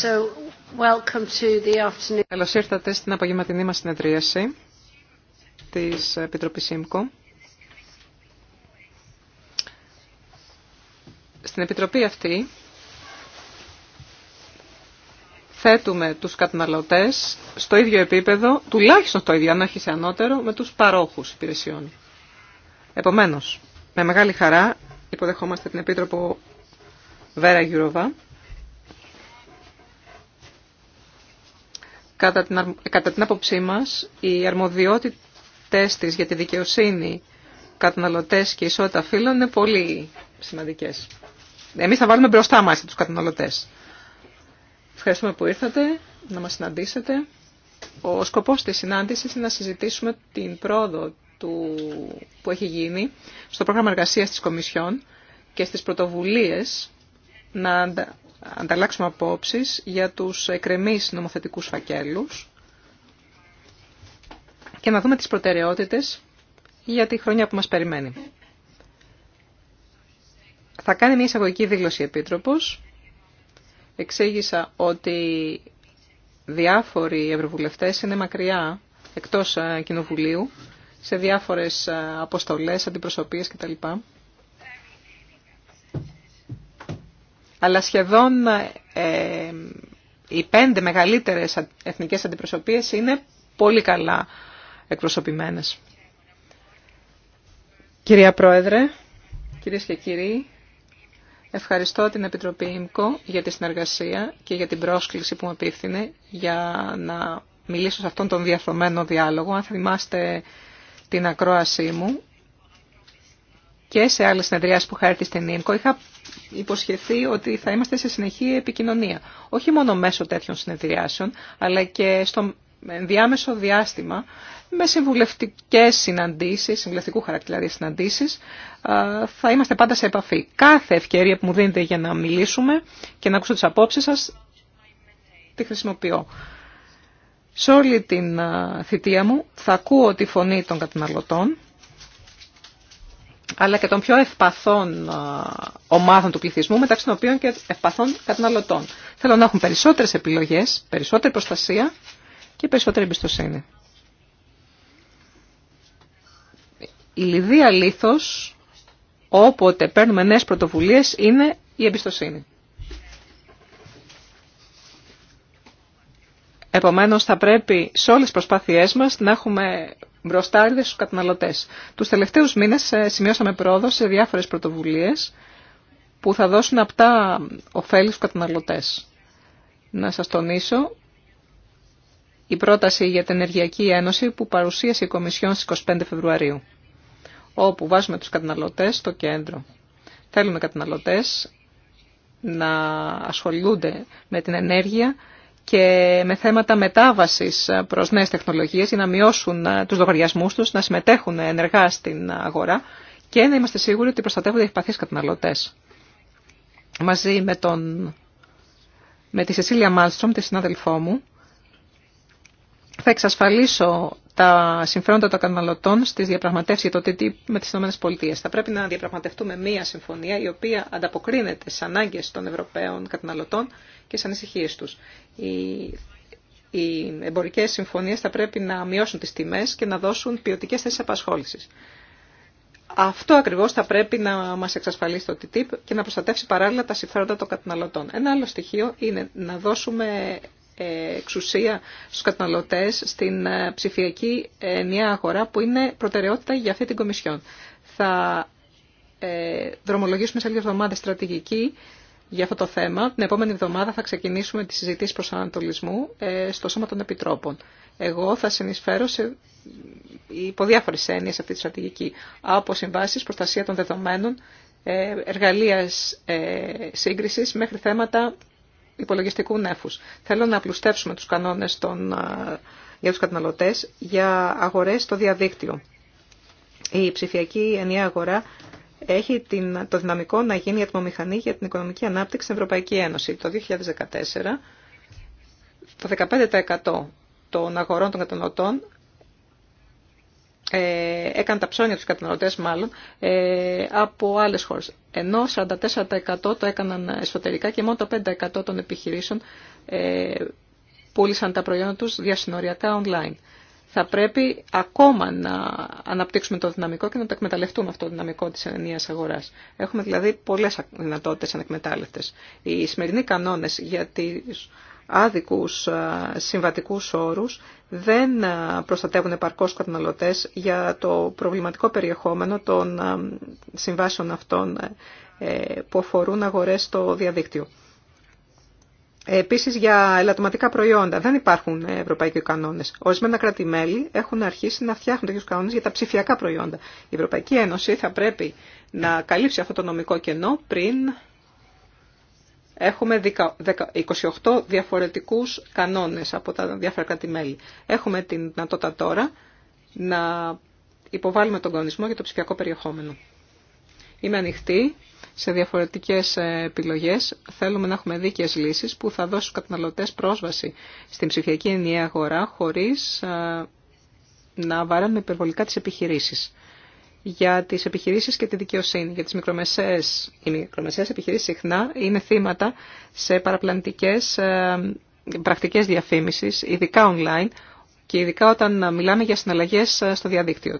Καλώ Καλώς ήρθατε στην απογευματινή μας συνεδρίαση της Επιτροπής ΣΥΜΚΟ. Στην Επιτροπή αυτή θέτουμε τους καταναλωτές στο ίδιο επίπεδο, τουλάχιστον στο ίδιο, αν όχι σε ανώτερο, με τους παρόχους υπηρεσιών. Επομένως, με μεγάλη χαρά υποδεχόμαστε την Επίτροπο Βέρα Γιουροβά, Κατά την, άποψή μας, οι αρμοδιότητες της για τη δικαιοσύνη, καταναλωτές και ισότητα φύλων είναι πολύ σημαντικές. Εμείς θα βάλουμε μπροστά μας τους καταναλωτές. Ευχαριστούμε που ήρθατε να μας συναντήσετε. Ο σκοπός της συνάντησης είναι να συζητήσουμε την πρόοδο του, που έχει γίνει στο πρόγραμμα εργασίας της Κομισιόν και στις πρωτοβουλίες να ανταλλάξουμε απόψεις για τους εκρεμείς νομοθετικούς φακέλους και να δούμε τις προτεραιότητες για τη χρονιά που μας περιμένει. Θα κάνει μια εισαγωγική δήλωση επίτροπος. Εξήγησα ότι διάφοροι ευρωβουλευτές είναι μακριά εκτός ε, κοινοβουλίου σε διάφορες ε, αποστολές, αντιπροσωπείες κτλ. αλλά σχεδόν ε, οι πέντε μεγαλύτερες εθνικές αντιπροσωπείες είναι πολύ καλά εκπροσωπημένες. Κυρία Πρόεδρε, κυρίες και κύριοι, ευχαριστώ την Επιτροπή ΙΜΚΟ για τη συνεργασία και για την πρόσκληση που μου επίφθηνε για να μιλήσω σε αυτόν τον διαρθρωμένο διάλογο. Αν θυμάστε την ακρόασή μου, και σε άλλες συνεδριάσεις που είχα έρθει στην ΕΝΚΟ είχα υποσχεθεί ότι θα είμαστε σε συνεχή επικοινωνία. Όχι μόνο μέσω τέτοιων συνεδριάσεων, αλλά και στο διάμεσο διάστημα με συμβουλευτικέ συναντήσεις, συμβουλευτικού χαρακτήρα δηλαδή συναντήσεις, θα είμαστε πάντα σε επαφή. Κάθε ευκαιρία που μου δίνετε για να μιλήσουμε και να ακούσω τις απόψει σα, τη χρησιμοποιώ. Σε όλη την θητεία μου θα ακούω τη φωνή των καταναλωτών, αλλά και των πιο ευπαθών ομάδων του πληθυσμού, μεταξύ των οποίων και ευπαθών καταναλωτών. Θέλω να έχουν περισσότερες επιλογές, περισσότερη προστασία και περισσότερη εμπιστοσύνη. Η λιδία λήθος, όποτε παίρνουμε νέες πρωτοβουλίες, είναι η εμπιστοσύνη. Επομένως θα πρέπει σε όλες τις προσπάθειές μας να έχουμε μπροστάριδες στους καταναλωτές. Τους τελευταίους μήνες ε, σημειώσαμε πρόοδο σε διάφορες πρωτοβουλίες που θα δώσουν απτά ωφέλη στους καταναλωτές. Να σας τονίσω η πρόταση για την Ενεργειακή Ένωση που παρουσίασε η Κομισιόν στις 25 Φεβρουαρίου, όπου βάζουμε τους καταναλωτές στο κέντρο. Θέλουμε καταναλωτές να ασχολούνται με την ενέργεια και με θέματα μετάβασης προς νέες τεχνολογίες για να μειώσουν ε, τους λογαριασμούς τους, να συμμετέχουν ενεργά στην αγορά και να είμαστε σίγουροι ότι προστατεύονται οι ευπαθείς καταναλωτές. Μαζί με, τον... με τη Σεσίλια Μάλστρομ, τη συνάδελφό μου, θα εξασφαλίσω τα συμφέροντα των καταναλωτών στις διαπραγματεύσεις για το TTIP με τις ΗΠΑ. Θα πρέπει να διαπραγματευτούμε μία συμφωνία η οποία ανταποκρίνεται στις ανάγκες των Ευρωπαίων καταναλωτών και τι ανησυχίε του. Οι, οι συμφωνίε συμφωνίε θα πρέπει να μειώσουν τι τιμέ και να δώσουν ποιοτικέ θέσει απασχόληση. Αυτό ακριβώ θα πρέπει να μα εξασφαλίσει το TTIP και να προστατεύσει παράλληλα τα συμφέροντα των καταναλωτών. Ένα άλλο στοιχείο είναι να δώσουμε ε, εξουσία στους καταναλωτές στην ε, ψηφιακή ενιαία αγορά που είναι προτεραιότητα για αυτή την Κομισιόν. Θα ε, δρομολογήσουμε σε λίγες εβδομάδες στρατηγική για αυτό το θέμα. Την επόμενη εβδομάδα θα ξεκινήσουμε τις συζητήσεις προσανατολισμού ανατολισμού ε, στο Σώμα των Επιτρόπων. Εγώ θα συνεισφέρω σε υπό διάφορε έννοιε αυτή τη στρατηγική. Από συμβάσει, προστασία των δεδομένων, ε, εργαλεία ε, σύγκριση μέχρι θέματα υπολογιστικού νέφους. Θέλω να απλουστεύσουμε τους κανόνες των, για τους καταναλωτές για αγορές στο διαδίκτυο. Η ψηφιακή ενιαία αγορά έχει την, το δυναμικό να γίνει η ατμομηχανή για την οικονομική ανάπτυξη στην Ευρωπαϊκή Ένωση. Το 2014, το 15% των αγορών των καταναλωτών ε, έκανε τα ψώνια τους καταναλωτές μάλλον ε, από άλλες χώρες. Ενώ 44% το έκαναν εσωτερικά και μόνο το 5% των επιχειρήσεων ε, πούλησαν τα προϊόντα τους διασυνοριακά online θα πρέπει ακόμα να αναπτύξουμε το δυναμικό και να το εκμεταλλευτούμε αυτό το δυναμικό της ενιαίας αγοράς. Έχουμε δηλαδή πολλές δυνατότητες ανεκμετάλλευτες. Οι σημερινοί κανόνες για τις άδικους συμβατικούς όρους δεν προστατεύουν επαρκώς καταναλωτές για το προβληματικό περιεχόμενο των συμβάσεων αυτών ε, που αφορούν αγορές στο διαδίκτυο. Ε, επίσης για ελαττωματικά προϊόντα δεν υπάρχουν ευρωπαϊκοί κανόνες. Ορισμένα κράτη-μέλη έχουν αρχίσει να φτιάχνουν τέτοιου κανόνε για τα ψηφιακά προϊόντα. Η Ευρωπαϊκή Ένωση θα πρέπει να καλύψει αυτό το νομικό κενό πριν έχουμε 28 διαφορετικούς κανόνες από τα διάφορα κράτη-μέλη. Έχουμε την δυνατότητα τώρα να υποβάλουμε τον κανονισμό για το ψηφιακό περιεχόμενο. Είμαι ανοιχτή σε διαφορετικές ε, επιλογές. Θέλουμε να έχουμε δίκαιες λύσεις που θα δώσουν καταναλωτές πρόσβαση στην ψηφιακή ενιαία αγορά χωρίς ε, να βαράνουμε υπερβολικά τις επιχειρήσεις. Για τις επιχειρήσεις και τη δικαιοσύνη, για τις μικρομεσαίες. Οι μικρομεσαίες επιχειρήσεις συχνά είναι θύματα σε παραπλανητικές ε, πρακτικές διαφήμισης, ειδικά online και ειδικά όταν μιλάμε για συναλλαγές στο διαδίκτυο.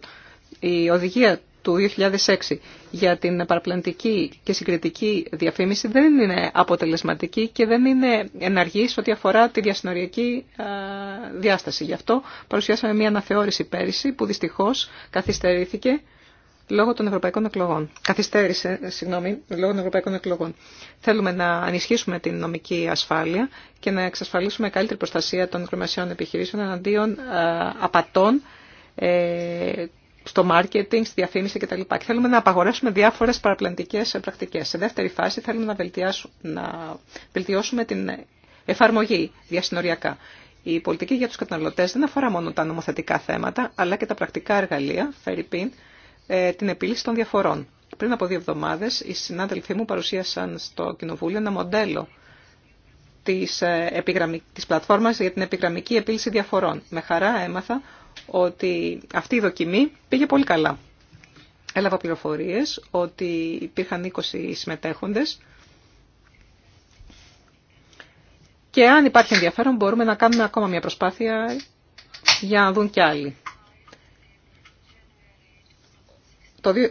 Η οδηγία του 2006 για την παραπλανητική και συγκριτική διαφήμιση δεν είναι αποτελεσματική και δεν είναι εναργή σε ό,τι αφορά τη διασυνοριακή διάσταση. Γι' αυτό παρουσιάσαμε μια αναθεώρηση πέρυσι που δυστυχώς καθυστερήθηκε λόγω των ευρωπαϊκών εκλογών. Καθυστέρησε, συγγνώμη, λόγω των ευρωπαϊκών εκλογών. Θέλουμε να ανισχύσουμε την νομική ασφάλεια και να εξασφαλίσουμε καλύτερη προστασία των μικρομεσαίων επιχειρήσεων εναντίον απατών ε, στο μάρκετινγκ, στη διαφήμιση κτλ. Και θέλουμε να απαγορεύσουμε διάφορες παραπλανητικές πρακτικές. Σε δεύτερη φάση θέλουμε να βελτιώσουμε την εφαρμογή διασυνοριακά. Η πολιτική για τους καταναλωτές δεν αφορά μόνο τα νομοθετικά θέματα, αλλά και τα πρακτικά εργαλεία, ε, την επίλυση των διαφορών. Πριν από δύο εβδομάδες, οι συνάδελφοί μου παρουσίασαν στο Κοινοβούλιο ένα μοντέλο της, ε, της πλατφόρμας για την επιγραμμική επίλυση διαφορών. Με χαρά έμαθα ότι αυτή η δοκιμή πήγε πολύ καλά. Έλαβα πληροφορίες ότι υπήρχαν 20 συμμετέχοντες και αν υπάρχει ενδιαφέρον μπορούμε να κάνουμε ακόμα μια προσπάθεια για να δουν κι άλλοι.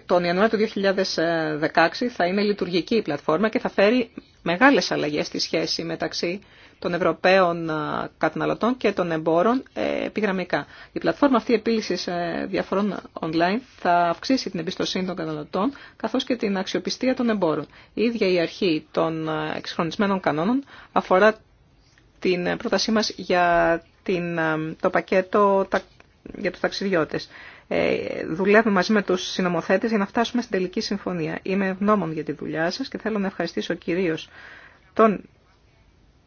Τον Ιανουάριο του 2016 θα είναι λειτουργική η πλατφόρμα και θα φέρει μεγάλες αλλαγές στη σχέση μεταξύ των Ευρωπαίων καταναλωτών και των εμπόρων ε, επιγραμμικά. Η πλατφόρμα αυτή επίλυση ε, διαφορών online θα αυξήσει την εμπιστοσύνη των καταναλωτών καθώ και την αξιοπιστία των εμπόρων. Η ίδια η αρχή των εξχρονισμένων κανόνων αφορά την πρότασή μα για την, το πακέτο για του ταξιδιώτε. Ε, δουλεύουμε μαζί με τους συνομοθέτες για να φτάσουμε στην τελική συμφωνία. Είμαι ευγνώμων για τη δουλειά σας και θέλω να ευχαριστήσω κυρίω τον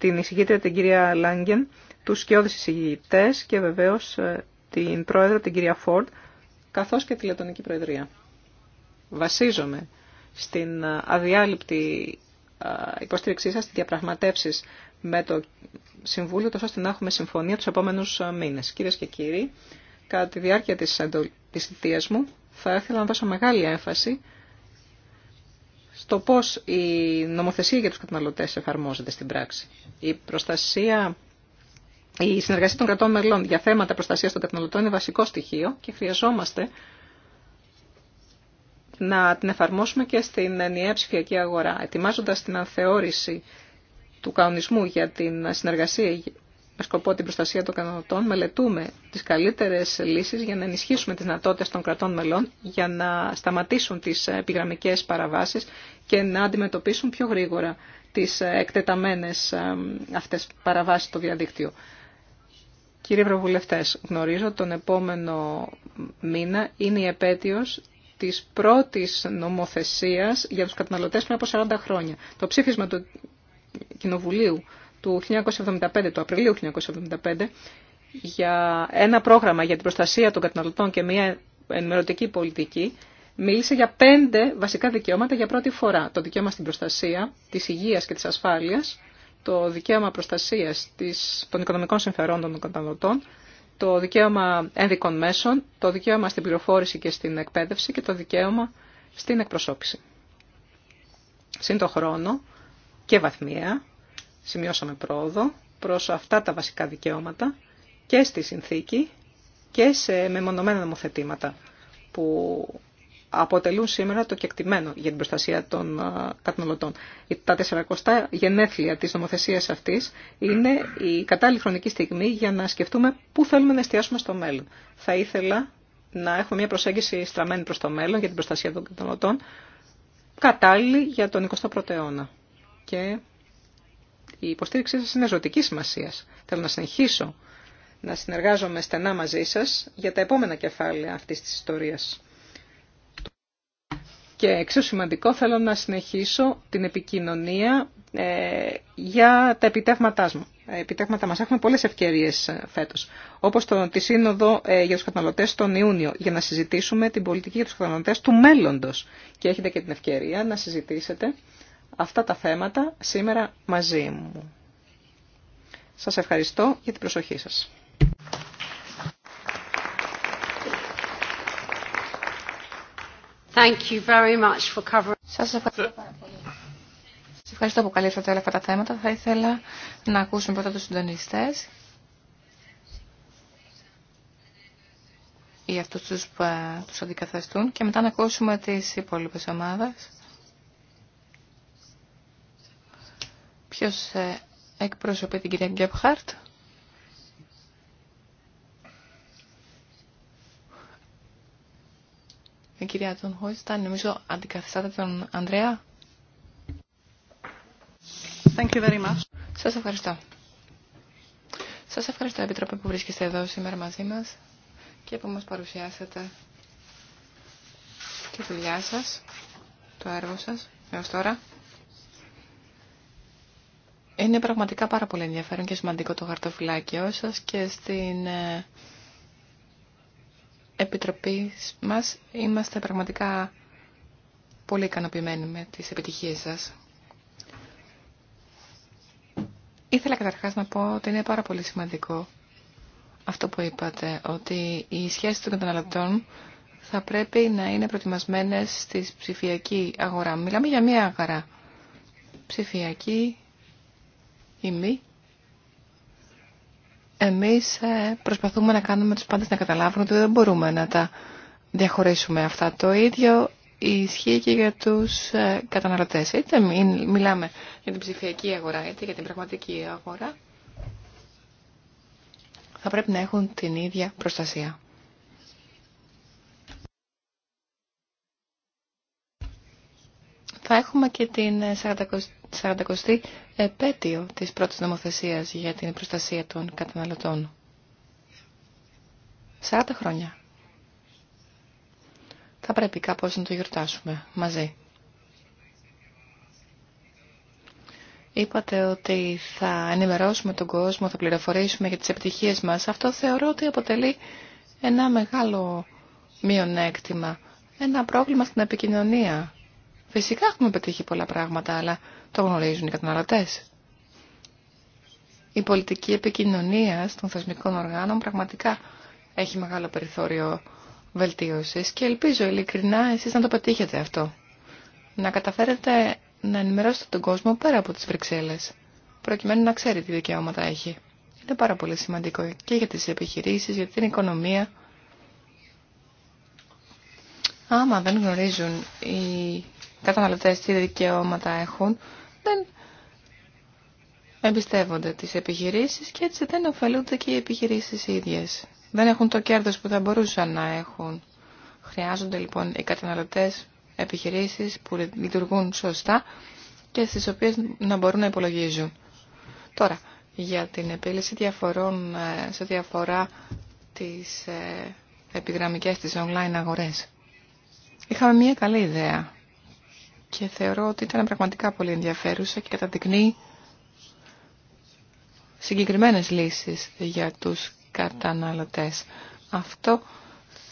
την εισηγήτρια την κυρία Λάγκεν, τους σκιώδεις εισηγητές και βεβαίως ε, την πρόεδρο την κυρία Φόρντ, καθώς και τη Λετωνική Προεδρία. Βασίζομαι στην ε, αδιάλειπτη ε, υποστήριξή σας, στις διαπραγματεύσεις με το Συμβούλιο, τόσο ώστε να έχουμε συμφωνία τους επόμενους μήνες. Κυρίες και κύριοι, κατά τη διάρκεια της θητείας μου θα ήθελα να δώσω μεγάλη έμφαση στο πώς η νομοθεσία για τους καταναλωτές εφαρμόζεται στην πράξη. Η προστασία, η συνεργασία των κρατών μελών για θέματα προστασίας των καταναλωτών είναι βασικό στοιχείο και χρειαζόμαστε να την εφαρμόσουμε και στην ενιαία ψηφιακή αγορά. Ετοιμάζοντας την ανθεώρηση του κανονισμού για την συνεργασία με σκοπό την προστασία των καταναλωτών, μελετούμε τι καλύτερε λύσει για να ενισχύσουμε τι δυνατότητε των κρατών μελών για να σταματήσουν τι επιγραμμικέ παραβάσει και να αντιμετωπίσουν πιο γρήγορα τι εκτεταμένε αυτέ παραβάσει στο διαδίκτυο. Κύριε Ευρωβουλευτέ, γνωρίζω τον επόμενο μήνα είναι η επέτειο τη πρώτη νομοθεσία για του καταναλωτέ πριν από 40 χρόνια. Το ψήφισμα του Κοινοβουλίου του 1975, του Απριλίου 1975, για ένα πρόγραμμα για την προστασία των καταναλωτών και μια ενημερωτική πολιτική, μίλησε για πέντε βασικά δικαιώματα για πρώτη φορά. Το δικαίωμα στην προστασία, τη υγείας και τη ασφάλειας, το δικαίωμα προστασίας των οικονομικών συμφερόντων των καταναλωτών, το δικαίωμα ένδικων μέσων, το δικαίωμα στην πληροφόρηση και στην εκπαίδευση και το δικαίωμα στην εκπροσώπηση. Συν το χρόνο και βαθμία σημειώσαμε πρόοδο προς αυτά τα βασικά δικαιώματα και στη συνθήκη και σε μεμονωμένα νομοθετήματα που αποτελούν σήμερα το κεκτημένο για την προστασία των καταναλωτών. Τα 400 γενέθλια της νομοθεσίας αυτής είναι η κατάλληλη χρονική στιγμή για να σκεφτούμε πού θέλουμε να εστιάσουμε στο μέλλον. Θα ήθελα να έχουμε μια προσέγγιση στραμμένη προς το μέλλον για την προστασία των καταναλωτών, κατάλληλη για τον 21ο αιώνα. Και η υποστήριξή σας είναι ζωτική σημασία. Θέλω να συνεχίσω να συνεργάζομαι στενά μαζί σας για τα επόμενα κεφάλαια αυτής της ιστορίας. Και εξίσου σημαντικό θέλω να συνεχίσω την επικοινωνία ε, για τα επιτεύγματά μου. Επιτεύγματα μας έχουμε πολλές ευκαιρίες ε, φέτος, όπως το, τη Σύνοδο ε, για τους καταναλωτές τον Ιούνιο, για να συζητήσουμε την πολιτική για τους καταναλωτές του μέλλοντος. Και έχετε και την ευκαιρία να συζητήσετε αυτά τα θέματα σήμερα μαζί μου. Σας ευχαριστώ για την προσοχή σας. Thank you very much for covering... Σας ευχαριστώ πολύ. Σας ευχαριστώ που καλύψατε όλα αυτά τα θέματα. Θα ήθελα να ακούσουμε πρώτα τους συντονιστές. Ή αυτούς τους, ε, τους αντικαθαστούν και μετά να ακούσουμε τις υπόλοιπες ομάδες. Ποιος ε, εκπροσωπεί την κυρία Γκέπχαρτ. Η κυρία Τον νομίζω αντικαθιστάτε τον Ανδρέα. Thank you very much. Σας ευχαριστώ. Σας ευχαριστώ, Επιτροπή, που βρίσκεστε εδώ σήμερα μαζί μας και που μας παρουσιάσατε τη δουλειά σας, το έργο σας έως τώρα. Είναι πραγματικά πάρα πολύ ενδιαφέρον και σημαντικό το χαρτοφυλάκιό σας και στην ε, Επιτροπή μας είμαστε πραγματικά πολύ ικανοποιημένοι με τις επιτυχίες σας. Ήθελα καταρχάς να πω ότι είναι πάρα πολύ σημαντικό αυτό που είπατε, ότι οι σχέσεις των καταναλωτών θα πρέπει να είναι προετοιμασμένες στη ψηφιακή αγορά. Μιλάμε για μία αγορά ψηφιακή Εμεί εμείς ε, προσπαθούμε να κάνουμε τους πάντες να καταλάβουν ότι δεν μπορούμε να τα διαχωρίσουμε αυτά. Το ίδιο ισχύει και για τους ε, καταναλωτές. Είτε μιλάμε για την ψηφιακή αγορά, είτε για την πραγματική αγορά, θα πρέπει να έχουν την ίδια προστασία. θα έχουμε και την 40η επέτειο της πρώτης νομοθεσίας για την προστασία των καταναλωτών. 40 χρόνια. Θα πρέπει κάπως να το γιορτάσουμε μαζί. Είπατε ότι θα ενημερώσουμε τον κόσμο, θα πληροφορήσουμε για τις επιτυχίες μας. Αυτό θεωρώ ότι αποτελεί ένα μεγάλο μειονέκτημα, ένα πρόβλημα στην επικοινωνία. Φυσικά έχουμε πετύχει πολλά πράγματα, αλλά το γνωρίζουν οι καταναλωτές. Η πολιτική επικοινωνία των θεσμικών οργάνων πραγματικά έχει μεγάλο περιθώριο βελτίωσης και ελπίζω ειλικρινά εσείς να το πετύχετε αυτό. Να καταφέρετε να ενημερώσετε τον κόσμο πέρα από τις Βρυξέλλες, προκειμένου να ξέρει τι δικαιώματα έχει. Είναι πάρα πολύ σημαντικό και για τις επιχειρήσεις, για την οικονομία. Άμα δεν γνωρίζουν οι καταναλωτές τι δικαιώματα έχουν, δεν εμπιστεύονται τις επιχειρήσεις και έτσι δεν ωφελούνται και οι επιχειρήσεις ίδιες. Δεν έχουν το κέρδος που θα μπορούσαν να έχουν. Χρειάζονται λοιπόν οι καταναλωτές επιχειρήσεις που λειτουργούν σωστά και στις οποίες να μπορούν να υπολογίζουν. Τώρα, για την επίλυση διαφορών ε, σε διαφορά τις ε, επιγραμμικές της online αγορές. Είχαμε μια καλή ιδέα και θεωρώ ότι ήταν πραγματικά πολύ ενδιαφέρουσα και καταδεικνύει συγκεκριμένες λύσεις για τους καταναλωτές. Αυτό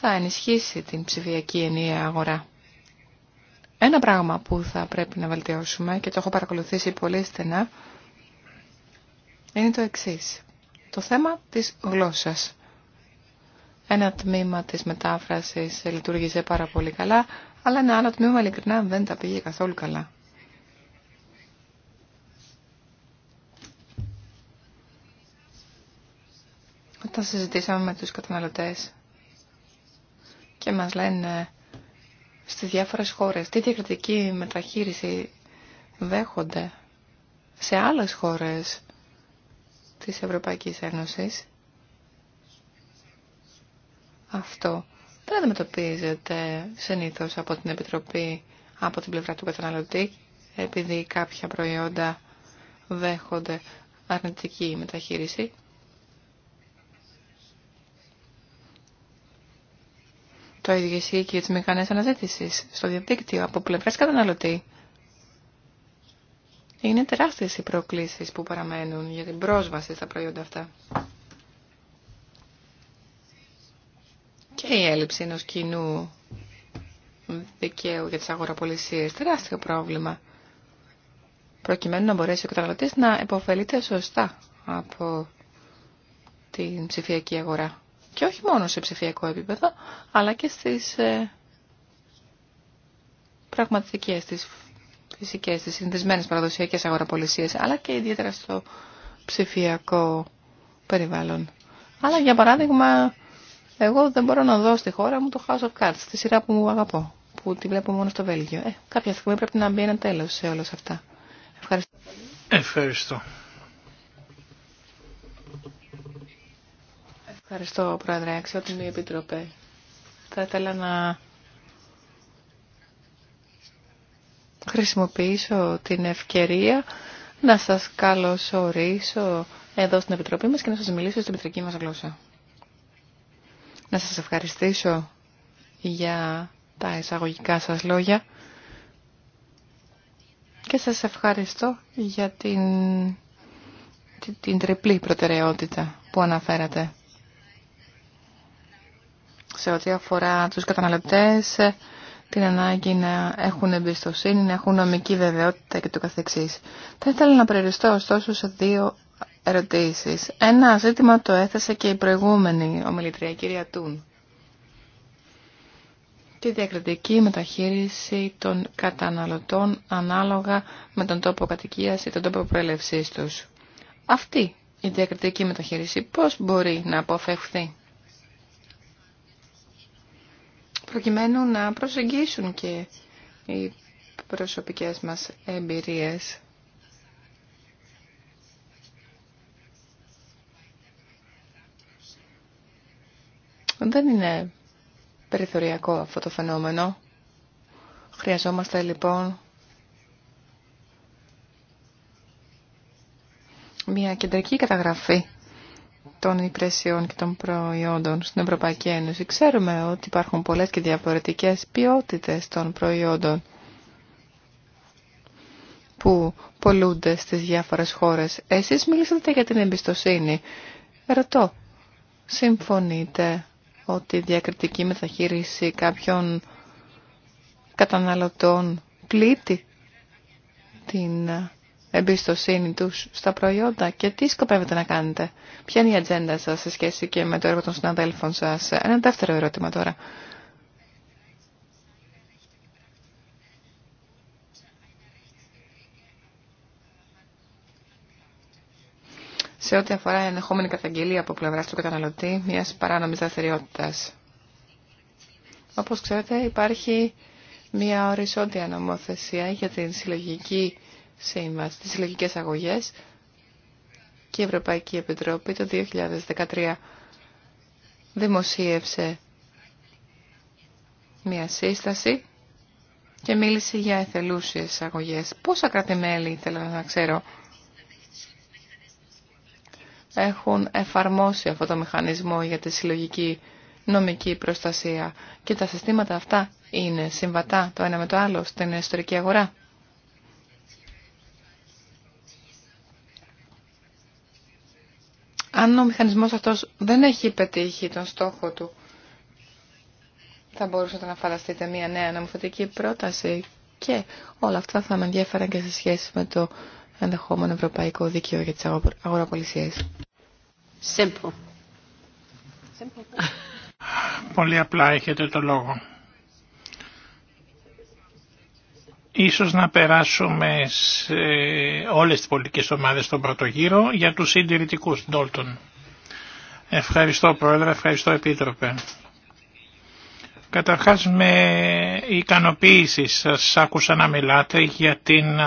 θα ενισχύσει την ψηφιακή ενιαία αγορά. Ένα πράγμα που θα πρέπει να βελτιώσουμε και το έχω παρακολουθήσει πολύ στενά είναι το εξής. Το θέμα της γλώσσας. Ένα τμήμα της μετάφρασης λειτουργήσε πάρα πολύ καλά, αλλά ένα άλλο τμήμα ειλικρινά δεν τα πήγε καθόλου καλά. Όταν συζητήσαμε με τους καταναλωτές και μας λένε στις διάφορες χώρες τι διακριτική μεταχείριση δέχονται σε άλλες χώρες της Ευρωπαϊκής Ένωσης, αυτό δεν αντιμετωπίζεται συνήθω από την Επιτροπή από την πλευρά του καταναλωτή, επειδή κάποια προϊόντα δέχονται αρνητική μεταχείριση. Το ίδιο ισχύει και για τι μηχανέ αναζήτηση στο διαδίκτυο από πλευρά καταναλωτή. Είναι τεράστιες οι προκλήσεις που παραμένουν για την πρόσβαση στα προϊόντα αυτά. και η έλλειψη ενό κοινού δικαίου για τι αγοραπολισίες. Τεράστιο πρόβλημα. Προκειμένου να μπορέσει ο καταναλωτή να επωφελείται σωστά από την ψηφιακή αγορά. Και όχι μόνο σε ψηφιακό επίπεδο, αλλά και στις ε, πραγματικέ, στις φυσικές, τις συνδεσμένες παραδοσιακές αγοραπολισίες, αλλά και ιδιαίτερα στο ψηφιακό περιβάλλον. Αλλά για παράδειγμα εγώ δεν μπορώ να δω στη χώρα μου το House of Cards, τη σειρά που μου αγαπώ, που τη βλέπω μόνο στο Βέλγιο. Ε, κάποια στιγμή πρέπει να μπει ένα τέλος σε όλα αυτά. Ευχαριστώ. Ευχαριστώ. Ευχαριστώ, Πρόεδρε, αξιότιμη Επιτροπέ. Θα ήθελα να χρησιμοποιήσω την ευκαιρία να σας καλωσορίσω εδώ στην Επιτροπή μας και να σας μιλήσω στην πιτρική μας γλώσσα να σας ευχαριστήσω για τα εισαγωγικά σας λόγια και σας ευχαριστώ για την, την τριπλή προτεραιότητα που αναφέρατε σε ό,τι αφορά τους καταναλωτές, την ανάγκη να έχουν εμπιστοσύνη, να έχουν νομική βεβαιότητα και το καθεξής. Θα ήθελα να περιοριστώ ωστόσο σε δύο ερωτήσεις. Ένα ζήτημα το έθεσε και η προηγούμενη ομιλητρία, η κυρία Τούν. Τη διακριτική μεταχείριση των καταναλωτών ανάλογα με τον τόπο κατοικίας ή τον τόπο προέλευσής τους. Αυτή η διακριτική μεταχείριση πώς μπορεί να αποφευχθεί προκειμένου να προσεγγίσουν και οι προσωπικές μας εμπειρίες Δεν είναι περιθωριακό αυτό το φαινόμενο. Χρειαζόμαστε λοιπόν μια κεντρική καταγραφή των υπηρεσιών και των προϊόντων στην Ευρωπαϊκή Ένωση. Ξέρουμε ότι υπάρχουν πολλές και διαφορετικές ποιότητες των προϊόντων που πολλούνται στις διάφορες χώρες. Εσείς μιλήσατε για την εμπιστοσύνη. Ρωτώ, συμφωνείτε ότι η διακριτική μεταχείριση κάποιων καταναλωτών πλήττει την εμπιστοσύνη τους στα προϊόντα και τι σκοπεύετε να κάνετε. Ποια είναι η ατζέντα σας σε σχέση και με το έργο των συναδέλφων σας. Ένα δεύτερο ερώτημα τώρα. σε ό,τι αφορά ενεχόμενη καταγγελία από πλευρά του καταναλωτή μιας παράνομης δραστηριότητα. Όπω ξέρετε υπάρχει μια οριζόντια νομοθεσία για την συλλογική σύμβαση, τις συλλογικές αγωγές και η Ευρωπαϊκή Επιτροπή το 2013 δημοσίευσε μια σύσταση και μίλησε για εθελούσιες αγωγές. Πόσα θέλω να ξέρω έχουν εφαρμόσει αυτό το μηχανισμό για τη συλλογική νομική προστασία και τα συστήματα αυτά είναι συμβατά το ένα με το άλλο στην ιστορική αγορά. Αν ο μηχανισμός αυτός δεν έχει πετύχει τον στόχο του, θα μπορούσατε να φανταστείτε μια νέα νομοθετική πρόταση και όλα αυτά θα με ενδιαφέραν και σε σχέση με το ενδεχόμενο ευρωπαϊκό δίκαιο για τις αγοραπολισίες. Simple. Πολύ απλά έχετε το λόγο. Ίσως να περάσουμε σε όλες τις πολιτικές ομάδες στον πρώτο γύρο για τους συντηρητικούς, Ντόλτον. Ευχαριστώ Πρόεδρε, ευχαριστώ Επίτροπε. Καταρχάς με ικανοποίηση σας άκουσα να μιλάτε για την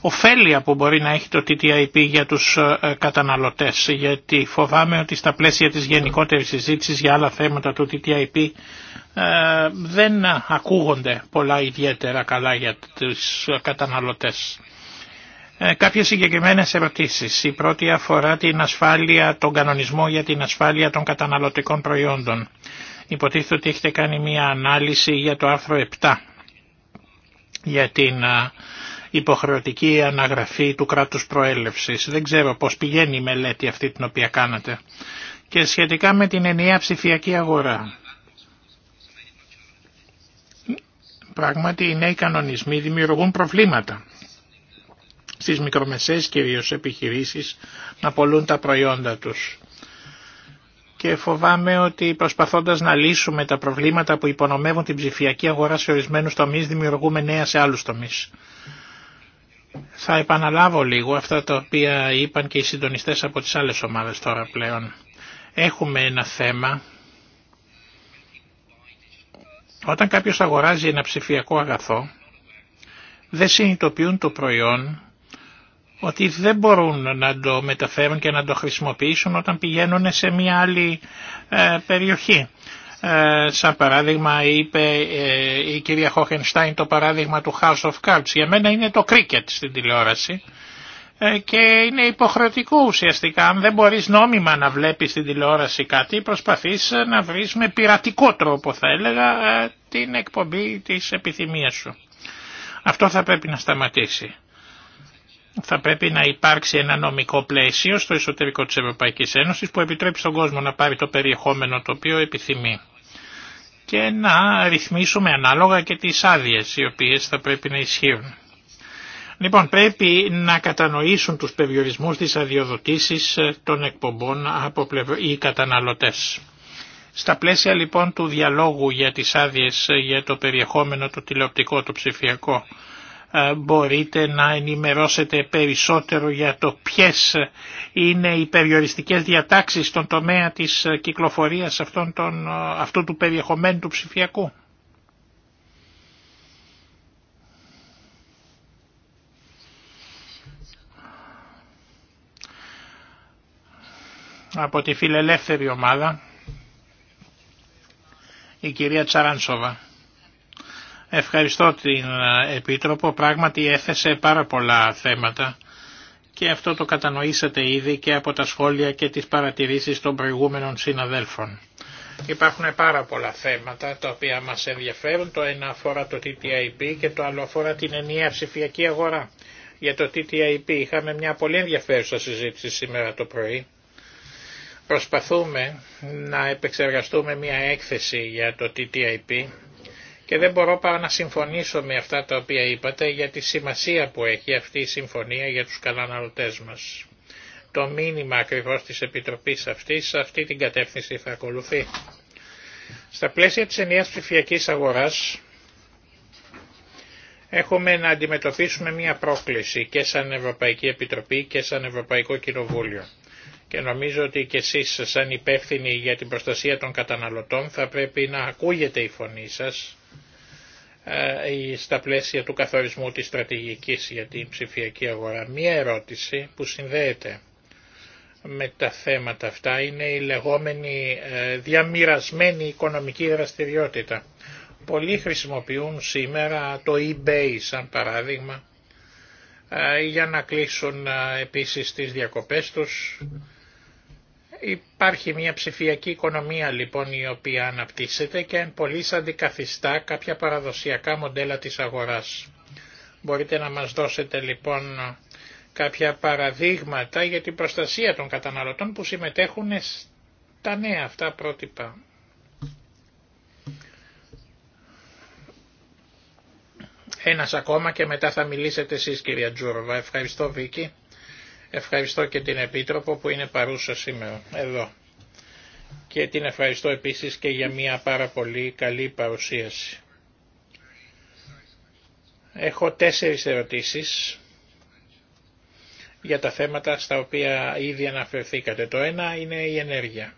ωφέλεια που μπορεί να έχει το TTIP για τους ε, καταναλωτές, γιατί φοβάμαι ότι στα πλαίσια της γενικότερης συζήτησης για άλλα θέματα του TTIP ε, δεν ακούγονται πολλά ιδιαίτερα καλά για τους ε, καταναλωτές. Κάποιες συγκεκριμένες ερωτήσεις. Η πρώτη αφορά την ασφάλεια, τον κανονισμό για την ασφάλεια των καταναλωτικών προϊόντων. Υποτίθεται ότι έχετε κάνει μία ανάλυση για το άρθρο 7 για την υποχρεωτική αναγραφή του κράτους προέλευσης. Δεν ξέρω πώς πηγαίνει η μελέτη αυτή την οποία κάνατε. Και σχετικά με την ενιαία ψηφιακή αγορά. Πράγματι οι νέοι κανονισμοί δημιουργούν προβλήματα στις μικρομεσαίες κυρίως επιχειρήσεις να πολλούν τα προϊόντα τους. Και φοβάμαι ότι προσπαθώντας να λύσουμε τα προβλήματα που υπονομεύουν την ψηφιακή αγορά σε ορισμένους τομείς δημιουργούμε νέα σε άλλους τομείς. Θα επαναλάβω λίγο αυτά τα οποία είπαν και οι συντονιστές από τις άλλες ομάδες τώρα πλέον. Έχουμε ένα θέμα. Όταν κάποιος αγοράζει ένα ψηφιακό αγαθό, δεν συνειδητοποιούν το προϊόν ότι δεν μπορούν να το μεταφέρουν και να το χρησιμοποιήσουν όταν πηγαίνουν σε μια άλλη ε, περιοχή. Ε, σαν παράδειγμα είπε ε, η κυρία Χόχενστάιν το παράδειγμα του House of Cards. Για μένα είναι το cricket στην τηλεόραση ε, και είναι υποχρεωτικό ουσιαστικά. Αν δεν μπορείς νόμιμα να βλέπεις στην τηλεόραση κάτι, προσπαθείς να βρεις με πειρατικό τρόπο θα έλεγα την εκπομπή της επιθυμίας σου. Αυτό θα πρέπει να σταματήσει θα πρέπει να υπάρξει ένα νομικό πλαίσιο στο εσωτερικό της Ευρωπαϊκής Ένωσης που επιτρέπει στον κόσμο να πάρει το περιεχόμενο το οποίο επιθυμεί και να ρυθμίσουμε ανάλογα και τις άδειε, οι οποίες θα πρέπει να ισχύουν. Λοιπόν, πρέπει να κατανοήσουν τους περιορισμούς της αδειοδοτήσης ε, των εκπομπών από οι καταναλωτές. Στα πλαίσια λοιπόν του διαλόγου για τις άδειε ε, για το περιεχόμενο το τηλεοπτικό, το ψηφιακό, ε, μπορείτε να ενημερώσετε περισσότερο για το ποιες είναι οι περιοριστικές διατάξεις στον τομέα της κυκλοφορίας αυτών αυτού του περιεχομένου του ψηφιακού. Από τη φιλελεύθερη ομάδα η κυρία Τσαράνσοβα. Ευχαριστώ την ε, Επίτροπο, πράγματι έθεσε πάρα πολλά θέματα και αυτό το κατανοήσατε ήδη και από τα σχόλια και τις παρατηρήσεις των προηγούμενων συναδέλφων. Υπάρχουν πάρα πολλά θέματα τα οποία μας ενδιαφέρουν, το ένα αφορά το TTIP και το άλλο αφορά την ενιαία ψηφιακή αγορά. Για το TTIP είχαμε μια πολύ ενδιαφέρουσα συζήτηση σήμερα το πρωί. Προσπαθούμε να επεξεργαστούμε μια έκθεση για το TTIP και δεν μπορώ παρά να συμφωνήσω με αυτά τα οποία είπατε για τη σημασία που έχει αυτή η συμφωνία για τους καταναλωτές μας. Το μήνυμα ακριβώς της Επιτροπής αυτής, αυτή την κατεύθυνση θα ακολουθεί. Στα πλαίσια της ενιαίας ψηφιακής αγοράς έχουμε να αντιμετωπίσουμε μία πρόκληση και σαν Ευρωπαϊκή Επιτροπή και σαν Ευρωπαϊκό Κοινοβούλιο. Και νομίζω ότι και εσείς σαν υπεύθυνοι για την προστασία των καταναλωτών θα πρέπει να ακούγεται η φωνή σας ε, στα πλαίσια του καθορισμού της στρατηγικής για την ψηφιακή αγορά. Μία ερώτηση που συνδέεται με τα θέματα αυτά είναι η λεγόμενη ε, διαμοιρασμένη οικονομική δραστηριότητα. Πολλοί χρησιμοποιούν σήμερα το eBay σαν παράδειγμα ε, για να κλείσουν επίσης τις διακοπές τους Υπάρχει μια ψηφιακή οικονομία λοιπόν η οποία αναπτύσσεται και εν πολύ αντικαθιστά κάποια παραδοσιακά μοντέλα της αγοράς. Μπορείτε να μας δώσετε λοιπόν κάποια παραδείγματα για την προστασία των καταναλωτών που συμμετέχουν στα νέα αυτά πρότυπα. Ένας ακόμα και μετά θα μιλήσετε εσείς κυρία Τζούροβα. Ευχαριστώ Βίκη. Ευχαριστώ και την Επίτροπο που είναι παρούσα σήμερα εδώ. Και την ευχαριστώ επίσης και για μια πάρα πολύ καλή παρουσίαση. Έχω τέσσερις ερωτήσεις για τα θέματα στα οποία ήδη αναφερθήκατε. Το ένα είναι η ενέργεια.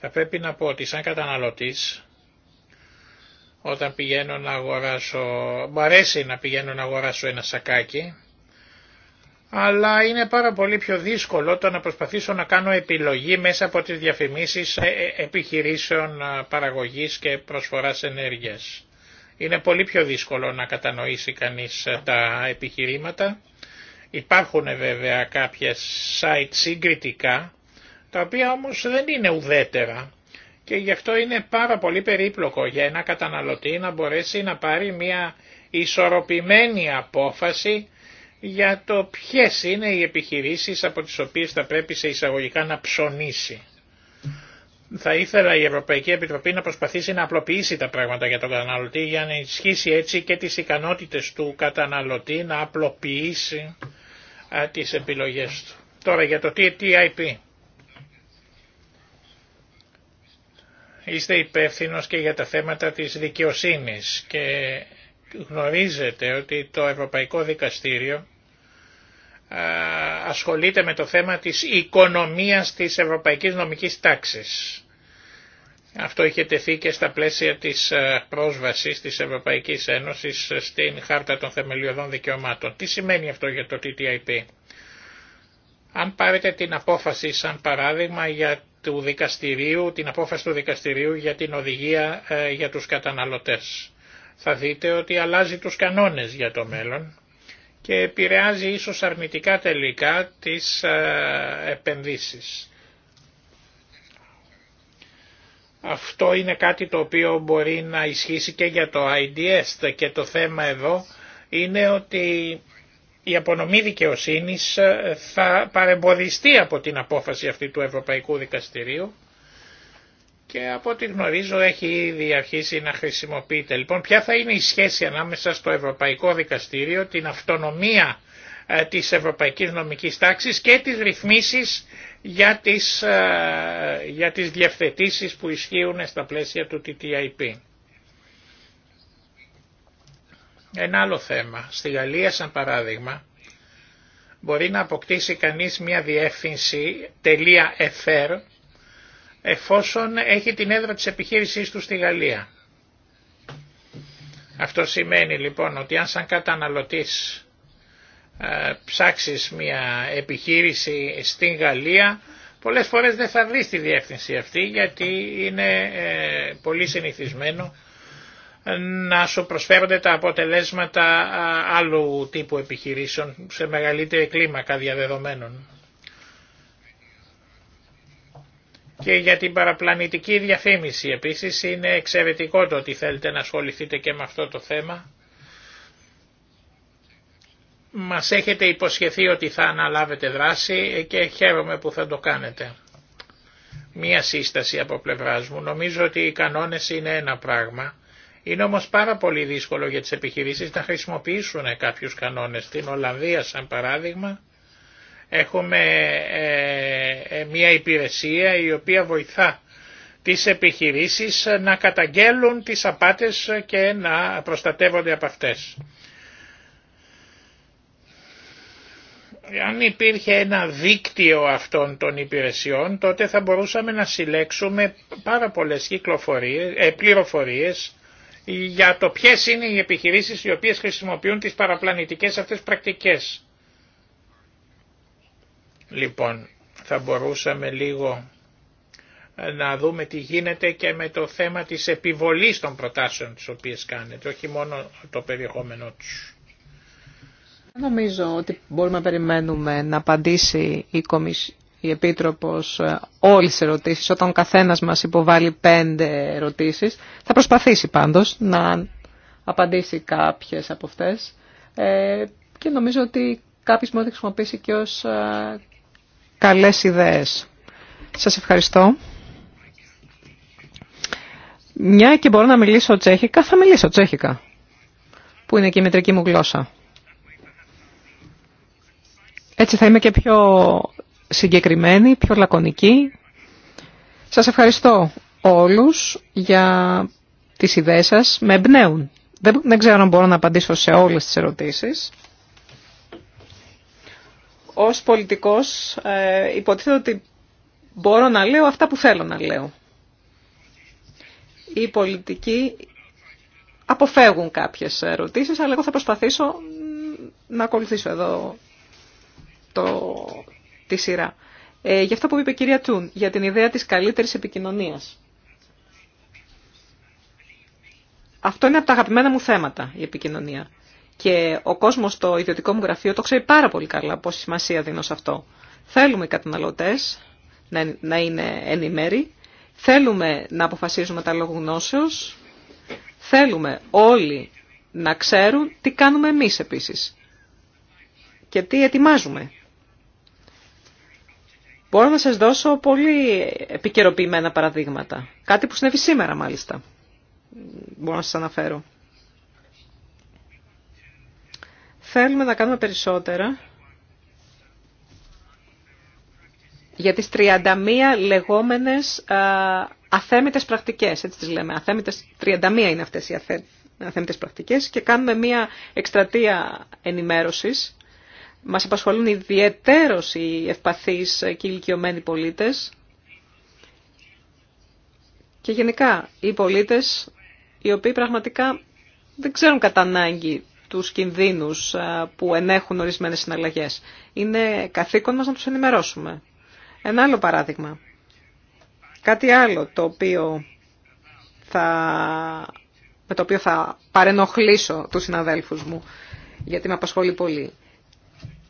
Θα πρέπει να πω ότι σαν καταναλωτής, όταν πηγαίνω να αγοράσω, μου αρέσει να πηγαίνω να αγοράσω ένα σακάκι, αλλά είναι πάρα πολύ πιο δύσκολο το να προσπαθήσω να κάνω επιλογή μέσα από τις διαφημίσεις ε, ε, επιχειρήσεων ε, παραγωγής και προσφοράς ενέργειας. Είναι πολύ πιο δύσκολο να κατανοήσει κανείς τα επιχειρήματα. Υπάρχουν βέβαια κάποια site συγκριτικά, τα οποία όμως δεν είναι ουδέτερα και γι' αυτό είναι πάρα πολύ περίπλοκο για ένα καταναλωτή να μπορέσει να πάρει μια ισορροπημένη απόφαση για το ποιε είναι οι επιχειρήσεις από τις οποίες θα πρέπει σε εισαγωγικά να ψωνίσει. Θα ήθελα η Ευρωπαϊκή Επιτροπή να προσπαθήσει να απλοποιήσει τα πράγματα για τον καταναλωτή για να ισχύσει έτσι και τις ικανότητες του καταναλωτή να απλοποιήσει α, τις επιλογές του. Τώρα για το TTIP. Είστε υπεύθυνο και για τα θέματα της δικαιοσύνης και γνωρίζετε ότι το Ευρωπαϊκό Δικαστήριο ε, ασχολείται με το θέμα της οικονομίας της ευρωπαϊκής νομικής τάξης. Αυτό είχε τεθεί και στα πλαίσια της ε, πρόσβασης της Ευρωπαϊκής Ένωσης στην Χάρτα των Θεμελιωδών Δικαιωμάτων. Τι σημαίνει αυτό για το TTIP. Αν πάρετε την απόφαση σαν παράδειγμα για του δικαστηρίου, την απόφαση του δικαστηρίου για την οδηγία ε, για τους καταναλωτές. Θα δείτε ότι αλλάζει τους κανόνες για το μέλλον και επηρεάζει ίσως αρνητικά τελικά τις ε, επενδύσεις. Αυτό είναι κάτι το οποίο μπορεί να ισχύσει και για το IDS και το θέμα εδώ είναι ότι η απονομή δικαιοσύνης ε, θα παρεμποδιστεί από την απόφαση αυτή του Ευρωπαϊκού Δικαστηρίου και από ό,τι γνωρίζω έχει ήδη αρχίσει να χρησιμοποιείται. Λοιπόν, ποια θα είναι η σχέση ανάμεσα στο Ευρωπαϊκό Δικαστήριο, την αυτονομία ε, της Ευρωπαϊκής Νομικής Τάξης και τις ρυθμίσεις για τις, ε, για διευθετήσεις που ισχύουν στα πλαίσια του TTIP. Ένα άλλο θέμα. Στη Γαλλία, σαν παράδειγμα, μπορεί να αποκτήσει κανείς μια διεύθυνση .fr εφόσον έχει την έδρα της επιχείρησής του στη Γαλλία. Αυτό σημαίνει λοιπόν ότι αν σαν καταναλωτής ε, ψάξεις μια επιχείρηση στην Γαλλία, πολλές φορές δεν θα βρεις τη διεύθυνση αυτή γιατί είναι ε, πολύ συνηθισμένο να σου προσφέρονται τα αποτελέσματα άλλου τύπου επιχειρήσεων σε μεγαλύτερη κλίμακα διαδεδομένων. Και για την παραπλανητική διαφήμιση επίσης είναι εξαιρετικό το ότι θέλετε να ασχοληθείτε και με αυτό το θέμα. Μας έχετε υποσχεθεί ότι θα αναλάβετε δράση και χαίρομαι που θα το κάνετε. Μία σύσταση από πλευράς μου. Νομίζω ότι οι κανόνες είναι ένα πράγμα. Είναι όμως πάρα πολύ δύσκολο για τις επιχειρήσεις να χρησιμοποιήσουν κάποιους κανόνες. Στην Ολλανδία σαν παράδειγμα Έχουμε ε, ε, μια υπηρεσία η οποία βοηθά τις επιχειρήσεις να καταγγέλουν τις απάτες και να προστατεύονται από αυτές. αν υπήρχε ένα δίκτυο αυτών των υπηρεσιών, τότε θα μπορούσαμε να συλλέξουμε πάρα πολλές ε, πληροφορίες για το ποιες είναι οι επιχειρήσεις οι οποίες χρησιμοποιούν τις παραπλανητικές αυτές πρακτικές. Λοιπόν, θα μπορούσαμε λίγο ε, να δούμε τι γίνεται και με το θέμα της επιβολής των προτάσεων τις οποίες κάνετε, όχι μόνο το περιεχόμενό τους. Νομίζω ότι μπορούμε να περιμένουμε να απαντήσει η, Κομισ... η Επίτροπος ε, όλες τις ερωτήσεις. Όταν ο καθένας μας υποβάλλει πέντε ερωτήσεις, θα προσπαθήσει πάντως να απαντήσει κάποιες από αυτές. Ε, και νομίζω ότι κάποιος μπορεί να χρησιμοποιήσει και ως καλές ιδέες. Σας ευχαριστώ. Μια και μπορώ να μιλήσω τσέχικα, θα μιλήσω τσέχικα, που είναι και η μετρική μου γλώσσα. Έτσι θα είμαι και πιο συγκεκριμένη, πιο λακωνική. Σας ευχαριστώ όλους για τις ιδέες σας. Με εμπνέουν. Δεν, δεν ξέρω αν μπορώ να απαντήσω σε όλες τις ερωτήσεις ως πολιτικός ε, υποτίθεται ότι μπορώ να λέω αυτά που θέλω να λέω. Οι πολιτικοί αποφεύγουν κάποιες ερωτήσεις, αλλά εγώ θα προσπαθήσω να ακολουθήσω εδώ το, τη σειρά. Ε, για αυτό που είπε η κυρία Τούν, για την ιδέα της καλύτερης επικοινωνίας. Αυτό είναι από τα αγαπημένα μου θέματα, η επικοινωνία. Και ο κόσμος στο ιδιωτικό μου γραφείο το ξέρει πάρα πολύ καλά πόση σημασία δίνω σε αυτό. Θέλουμε οι καταναλωτέ να είναι ενημέροι, θέλουμε να αποφασίζουμε τα λόγου γνώσεως, θέλουμε όλοι να ξέρουν τι κάνουμε εμείς επίσης και τι ετοιμάζουμε. Μπορώ να σας δώσω πολύ επικαιροποιημένα παραδείγματα. Κάτι που συνέβη σήμερα μάλιστα. Μπορώ να σας αναφέρω. Θέλουμε να κάνουμε περισσότερα για τις 31 λεγόμενες αθέμητες πρακτικές, έτσι τις λέμε. Αθέμητες, 31 είναι αυτές οι αθέμητες πρακτικές και κάνουμε μία εκστρατεία ενημέρωσης. Μας απασχολούν ιδιαιτέρως οι ευπαθείς και ηλικιωμένοι πολίτες και γενικά οι πολίτες οι οποίοι πραγματικά δεν ξέρουν κατά ανάγκη τους κινδύνους ε, που ενέχουν ορισμένες συναλλαγές. Είναι καθήκον μας να τους ενημερώσουμε. Ένα άλλο παράδειγμα. Κάτι άλλο το οποίο θα, με το οποίο θα παρενοχλήσω τους συναδέλφους μου, γιατί με απασχολεί πολύ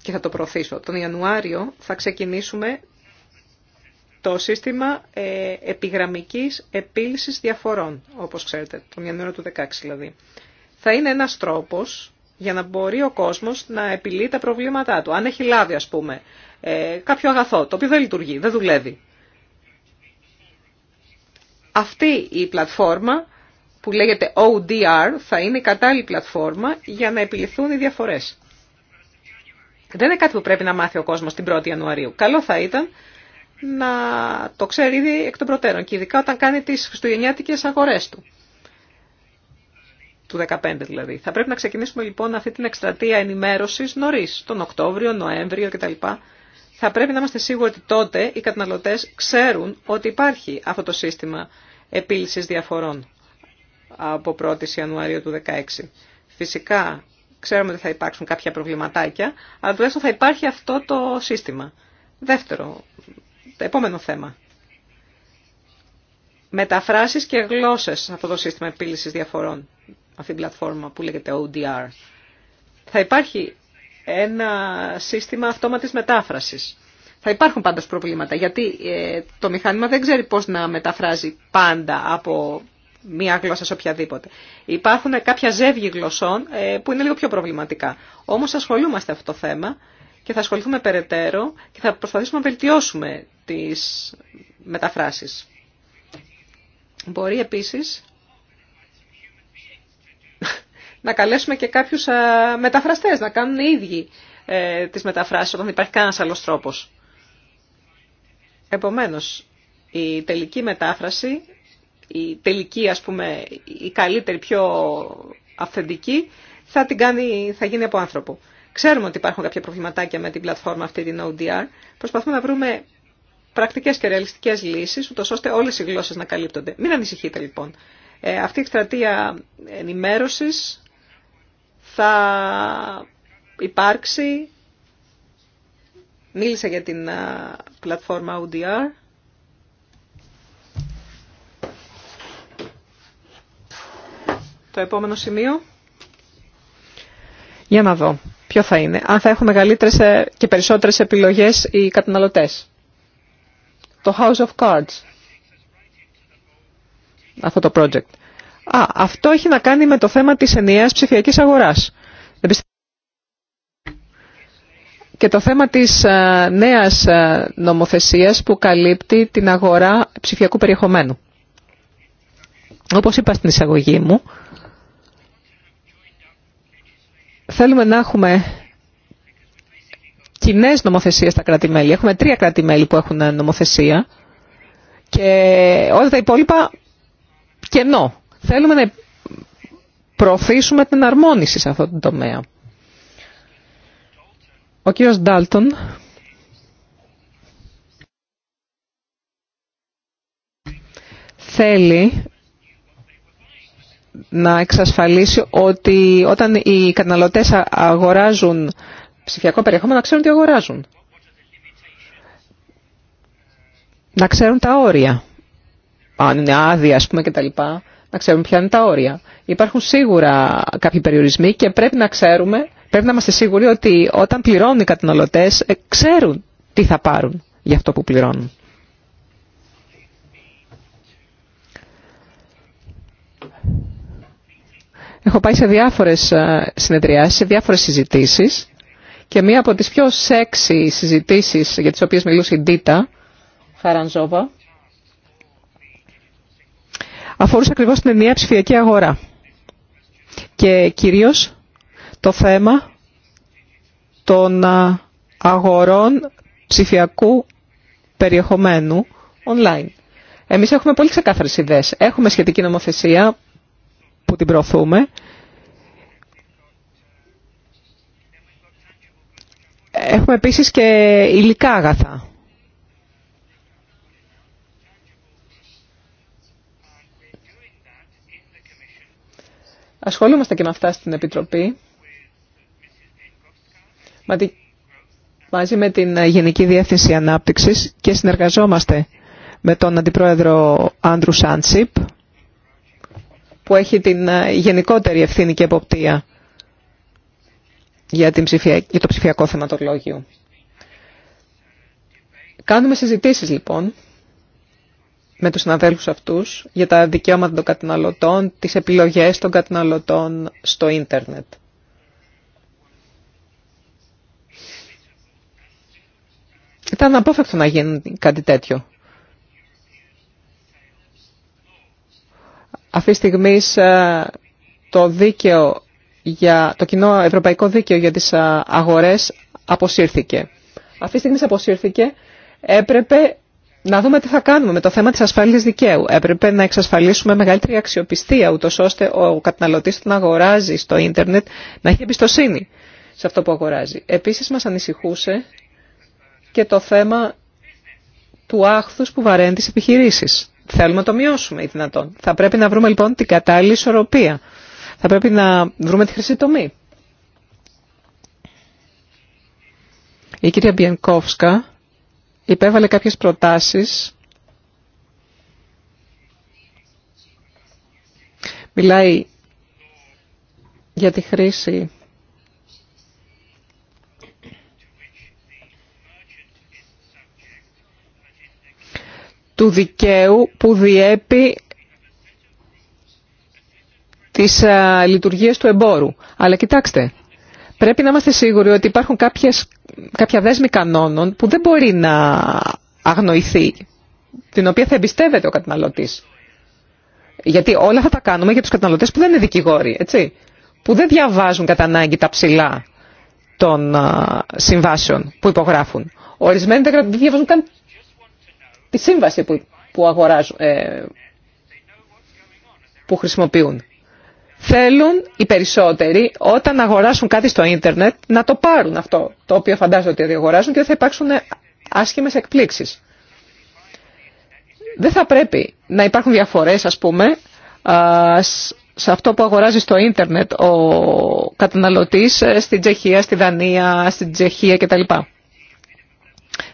και θα το προωθήσω. Τον Ιανουάριο θα ξεκινήσουμε το σύστημα ε, επιγραμμικής επίλυσης διαφορών, όπως ξέρετε, τον Ιανουάριο του 2016 δηλαδή. Θα είναι ένας τρόπος για να μπορεί ο κόσμος να επιλύει τα προβλήματά του. Αν έχει λάβει, ας πούμε, ε, κάποιο αγαθό, το οποίο δεν λειτουργεί, δεν δουλεύει. Αυτή η πλατφόρμα που λέγεται ODR θα είναι η κατάλληλη πλατφόρμα για να επιληθούν οι διαφορές. Δεν είναι κάτι που πρέπει να μάθει ο κόσμος την 1η Ιανουαρίου. Καλό θα ήταν να το ξέρει ήδη εκ των προτέρων και ειδικά όταν κάνει τις χριστουγεννιάτικες αγορές του του 2015 δηλαδή. Θα πρέπει να ξεκινήσουμε λοιπόν αυτή την εκστρατεία ενημέρωσης νωρίς, τον Οκτώβριο, Νοέμβριο κτλ. Θα πρέπει να είμαστε σίγουροι ότι τότε οι καταναλωτές ξέρουν ότι υπάρχει αυτό το σύστημα επίλυσης διαφορών από 1η Ιανουαρίου του 2016. Φυσικά ξέρουμε ότι θα υπάρξουν κάποια προβληματάκια, αλλά τουλάχιστον θα υπάρχει αυτό το σύστημα. Δεύτερο, το επόμενο θέμα. Μεταφράσεις και γλώσσες σε αυτό το σύστημα επίλυσης διαφορών αυτή την πλατφόρμα που λέγεται ODR. Θα υπάρχει ένα σύστημα αυτόματης μετάφρασης. Θα υπάρχουν πάντως προβλήματα, γιατί ε, το μηχάνημα δεν ξέρει πώς να μεταφράζει πάντα από μία γλώσσα σε οποιαδήποτε. Υπάρχουν κάποια ζεύγη γλωσσών ε, που είναι λίγο πιο προβληματικά. Όμως ασχολούμαστε αυτό το θέμα και θα ασχοληθούμε περαιτέρω και θα προσπαθήσουμε να βελτιώσουμε τις μεταφράσεις. Μπορεί επίσης να καλέσουμε και κάποιου μεταφραστέ, να κάνουν οι ίδιοι ε, τις μεταφράσεις όταν υπάρχει κανένα άλλο τρόπο. Επομένω, η τελική μετάφραση, η τελική ας πούμε, η καλύτερη, πιο αυθεντική, θα, την κάνει, θα γίνει από άνθρωπο. Ξέρουμε ότι υπάρχουν κάποια προβληματάκια με την πλατφόρμα αυτή την ODR. Προσπαθούμε να βρούμε πρακτικέ και ρεαλιστικέ λύσει, ούτω ώστε όλε οι γλώσσε να καλύπτονται. Μην ανησυχείτε λοιπόν. Ε, αυτή η εκστρατεία ενημέρωση θα υπάρξει. Μίλησα για την πλατφόρμα ODR. Το επόμενο σημείο. Για να δω ποιο θα είναι. Αν θα έχουμε μεγαλύτερες ε, και περισσότερες επιλογές οι καταναλωτές. Το House of Cards. Αυτό το project. Α, αυτό έχει να κάνει με το θέμα της ενιαίας ψηφιακής αγοράς. Και το θέμα της ε, νέας ε, νομοθεσίας που καλύπτει την αγορά ψηφιακού περιεχομένου. Όπως είπα στην εισαγωγή μου, θέλουμε να έχουμε κοινέ νομοθεσίες στα κράτη-μέλη. Έχουμε τρία κράτη-μέλη που έχουν νομοθεσία και όλα τα υπόλοιπα κενό. Θέλουμε να προωθήσουμε την αρμόνιση σε αυτό το τομέα. Ο κύριος Ντάλτον θέλει να εξασφαλίσει ότι όταν οι καταναλωτές αγοράζουν ψηφιακό περιεχόμενο, να ξέρουν τι αγοράζουν. Να ξέρουν τα όρια. Αν είναι άδεια, ας πούμε, και τα λοιπά να ξέρουμε ποια είναι τα όρια. Υπάρχουν σίγουρα κάποιοι περιορισμοί και πρέπει να ξέρουμε, πρέπει να είμαστε σίγουροι ότι όταν πληρώνουν οι καταναλωτές ε, ξέρουν τι θα πάρουν για αυτό που πληρώνουν. Έχω πάει σε διάφορες ε, συνεδριάσεις, σε διάφορες συζητήσεις και μία από τις πιο σεξι συζητήσεις για τις οποίες μιλούσε η Ντίτα Χαρανζόβα αφορούσε ακριβώς την ενιαία ψηφιακή αγορά. Και κυρίως το θέμα των αγορών ψηφιακού περιεχομένου online. Εμείς έχουμε πολύ ξεκάθαρες ιδέες. Έχουμε σχετική νομοθεσία που την προωθούμε. Έχουμε επίσης και υλικά αγαθά. Ασχολούμαστε και με αυτά στην Επιτροπή. Μαζί με την Γενική Διεύθυνση Ανάπτυξης και συνεργαζόμαστε με τον Αντιπρόεδρο Άντρου Σάντσιπ, που έχει την ε, γενικότερη ευθύνη και εποπτεία για, την για το ψηφιακό θεματολόγιο. Κάνουμε συζητήσεις λοιπόν με τους συναδέλφους αυτούς για τα δικαιώματα των καταναλωτών, τις επιλογές των καταναλωτών στο ίντερνετ. Ήταν απόφευκτο να γίνει κάτι τέτοιο. Αυτή τη στιγμή ε, το, δίκαιο για, το κοινό ευρωπαϊκό δίκαιο για τις ε, αγορές αποσύρθηκε. Αυτή τη στιγμή αποσύρθηκε, έπρεπε να δούμε τι θα κάνουμε με το θέμα της ασφάλειας δικαίου. Έπρεπε να εξασφαλίσουμε μεγαλύτερη αξιοπιστία, ούτω ώστε ο καταναλωτής να αγοράζει στο ίντερνετ να έχει εμπιστοσύνη σε αυτό που αγοράζει. Επίσης μας ανησυχούσε και το θέμα του άχθους που βαραίνει τις επιχειρήσεις. Θέλουμε να το μειώσουμε ή δυνατόν. Θα πρέπει να βρούμε λοιπόν την κατάλληλη ισορροπία. Θα πρέπει να βρούμε τη χρυσή τομή. Η κυρία Μπιενκόφσκα υπέβαλε κάποιες προτάσεις. Μιλάει για τη χρήση του δικαίου που διέπει τις ε, λειτουργίες του εμπόρου. Αλλά κοιτάξτε, Πρέπει να είμαστε σίγουροι ότι υπάρχουν κάποιες, κάποια δέσμη κανόνων που δεν μπορεί να αγνοηθεί, την οποία θα εμπιστεύεται ο καταναλωτής. Γιατί όλα θα τα κάνουμε για τους καταναλωτές που δεν είναι δικηγόροι, έτσι, που δεν διαβάζουν κατά ανάγκη τα ψηλά των συμβάσεων που υπογράφουν. Ορισμένοι δεν διαβάζουν καν τη σύμβαση που, που, αγοράζουν, ε, που χρησιμοποιούν θέλουν οι περισσότεροι όταν αγοράσουν κάτι στο ίντερνετ να το πάρουν αυτό το οποίο φαντάζονται ότι αγοράζουν και δεν θα υπάρξουν άσχημες εκπλήξεις. Δεν θα πρέπει να υπάρχουν διαφορές ας πούμε σε αυτό που αγοράζει στο ίντερνετ ο καταναλωτής ε, στην Τσεχία, στη Δανία, στην Τσεχία κτλ.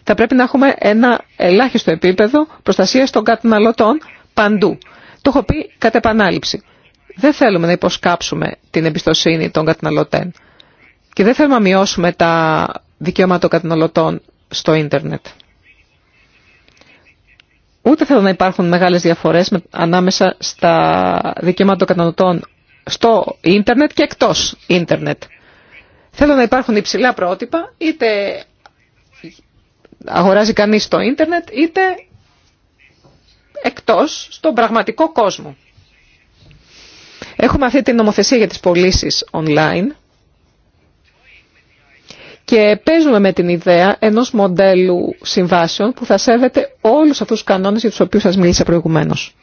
Θα πρέπει να έχουμε ένα ελάχιστο επίπεδο προστασίας των καταναλωτών παντού. Το έχω πει κατ' επανάληψη. Δεν θέλουμε να υποσκάψουμε την εμπιστοσύνη των καταναλωτών και δεν θέλουμε να μειώσουμε τα δικαιώματα των καταναλωτών στο ίντερνετ. Ούτε θέλω να υπάρχουν μεγάλες διαφορές ανάμεσα στα δικαιώματα των καταναλωτών στο ίντερνετ και εκτός ίντερνετ. Θέλω να υπάρχουν υψηλά πρότυπα, είτε αγοράζει κανείς στο ίντερνετ, είτε εκτός στον πραγματικό κόσμο. Έχουμε αυτή την νομοθεσία για τις πωλήσει online και παίζουμε με την ιδέα ενός μοντέλου συμβάσεων που θα σέβεται όλους αυτούς τους κανόνες για τους οποίους σας μίλησα προηγουμένως.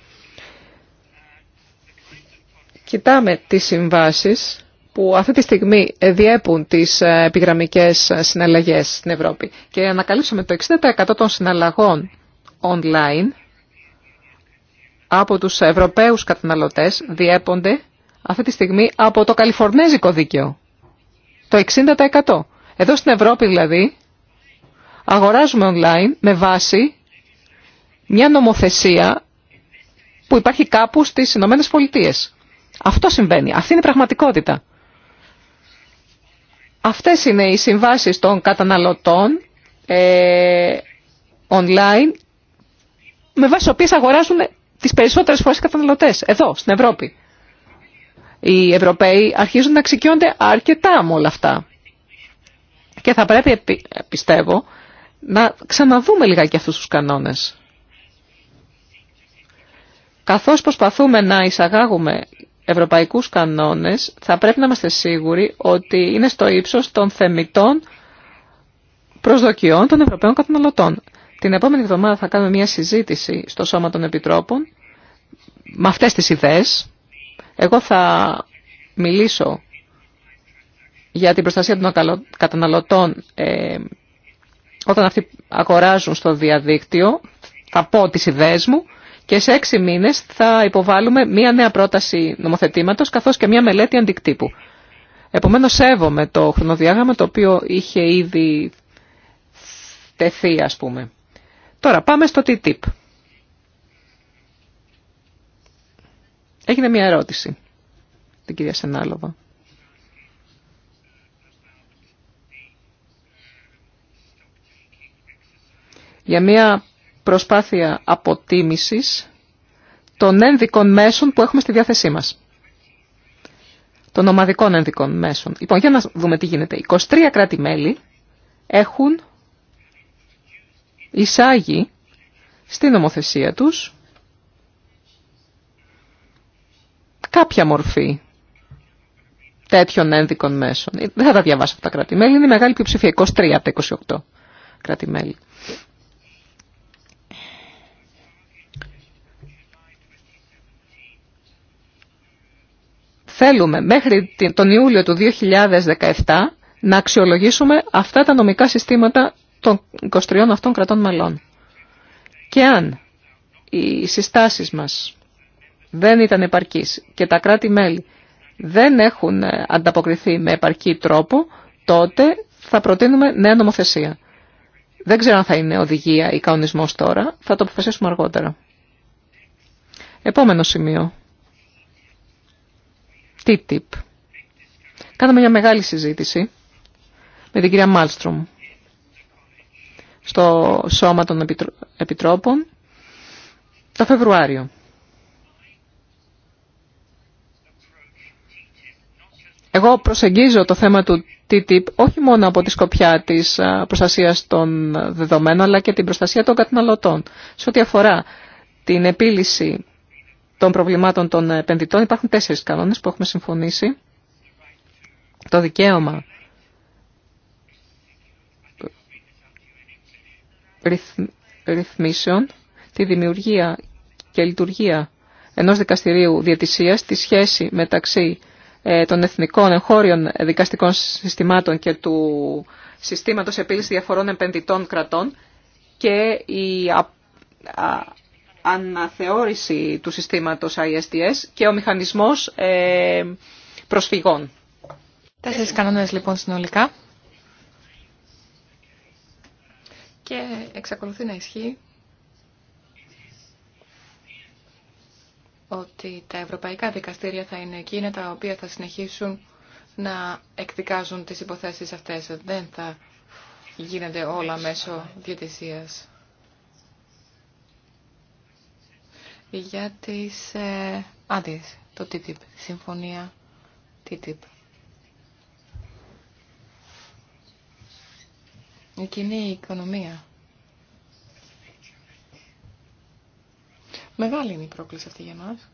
Κοιτάμε τις συμβάσεις που αυτή τη στιγμή διέπουν τις ε, επιγραμμικές ε, συναλλαγές στην Ευρώπη και ανακαλύψαμε το 60% των συναλλαγών online από τους Ευρωπαίους καταναλωτές διέπονται αυτή τη στιγμή από το καλιφορνέζικο δίκαιο. Το 60%. Εδώ στην Ευρώπη δηλαδή αγοράζουμε online με βάση μια νομοθεσία που υπάρχει κάπου στις Ηνωμένε Πολιτείε. Αυτό συμβαίνει. Αυτή είναι η πραγματικότητα. Αυτές είναι οι συμβάσεις των καταναλωτών ε, online με βάση οποίες αγοράζουν τις περισσότερες φορές καταναλωτές, εδώ, στην Ευρώπη. Οι Ευρωπαίοι αρχίζουν να ξικιώνται αρκετά με όλα αυτά. Και θα πρέπει, πιστεύω, να ξαναδούμε λιγάκι αυτούς τους κανόνες. Καθώς προσπαθούμε να εισαγάγουμε ευρωπαϊκούς κανόνες, θα πρέπει να είμαστε σίγουροι ότι είναι στο ύψος των θεμητών προσδοκιών των Ευρωπαίων καταναλωτών. Την επόμενη εβδομάδα θα κάνουμε μια συζήτηση στο Σώμα των Επιτρόπων με αυτές τις ιδέες. Εγώ θα μιλήσω για την προστασία των καταναλωτών ε, όταν αυτοί αγοράζουν στο διαδίκτυο. Θα πω τις ιδέες μου και σε έξι μήνες θα υποβάλουμε μία νέα πρόταση νομοθετήματος καθώς και μία μελέτη αντικτύπου. Επομένως σέβομαι το χρονοδιάγραμμα το οποίο είχε ήδη τεθεί ας πούμε. Τώρα πάμε στο TTIP. Έγινε μια ερώτηση την κυρία Σενάλοβα. Για μια προσπάθεια αποτίμησης των ένδικων μέσων που έχουμε στη διάθεσή μας. Των ομαδικών ένδικων μέσων. Λοιπόν, για να δούμε τι γίνεται. 23 κράτη-μέλη έχουν εισάγει στην νομοθεσία τους κάποια μορφή τέτοιων ένδικων μέσων. Δεν θα τα διαβάσω από τα κρατη είναι η μεγάλη πλειοψηφία, 23 από τα 28 κρατη Θέλουμε μέχρι τον Ιούλιο του 2017 να αξιολογήσουμε αυτά τα νομικά συστήματα των 23 αυτών κρατών μελών. Και αν οι συστάσεις μας δεν ήταν επαρκείς και τα κράτη-μέλη δεν έχουν ε, ανταποκριθεί με επαρκή τρόπο, τότε θα προτείνουμε νέα νομοθεσία. Δεν ξέρω αν θα είναι οδηγία ή καονισμός τώρα, θα το αποφασίσουμε αργότερα. Επόμενο σημείο. Τιτ-τυπ. Κάναμε μια μεγάλη συζήτηση με την κυρία Μάλστρομ στο Σώμα των Επιτρόπων το Φεβρουάριο. Εγώ προσεγγίζω το θέμα του TTIP όχι μόνο από τη σκοπιά της προστασίας των δεδομένων, αλλά και την προστασία των καταναλωτών. Σε ό,τι αφορά την επίλυση των προβλημάτων των επενδυτών, υπάρχουν τέσσερις κανόνες που έχουμε συμφωνήσει. Το δικαίωμα ρυθμίσεων τη δημιουργία και λειτουργία ενός δικαστηρίου διατησίας, τη σχέση μεταξύ ε, των εθνικών εγχώριων δικαστικών συστημάτων και του συστήματος επίλυσης διαφορών επενδυτών κρατών και η αναθεώρηση του συστήματος ISDS και ο μηχανισμός ε, προσφυγών. Τέσσερις κανόνες λοιπόν συνολικά και εξακολουθεί να ισχύει ότι τα ευρωπαϊκά δικαστήρια θα είναι εκείνα τα οποία θα συνεχίσουν να εκδικάζουν τις υποθέσεις αυτές. Δεν θα γίνεται όλα μέσω διατησίας. Για τις ε, άδειες, το TTIP, συμφωνία TTIP. η κοινή οικονομία. Μεγάλη είναι η πρόκληση αυτή για μας.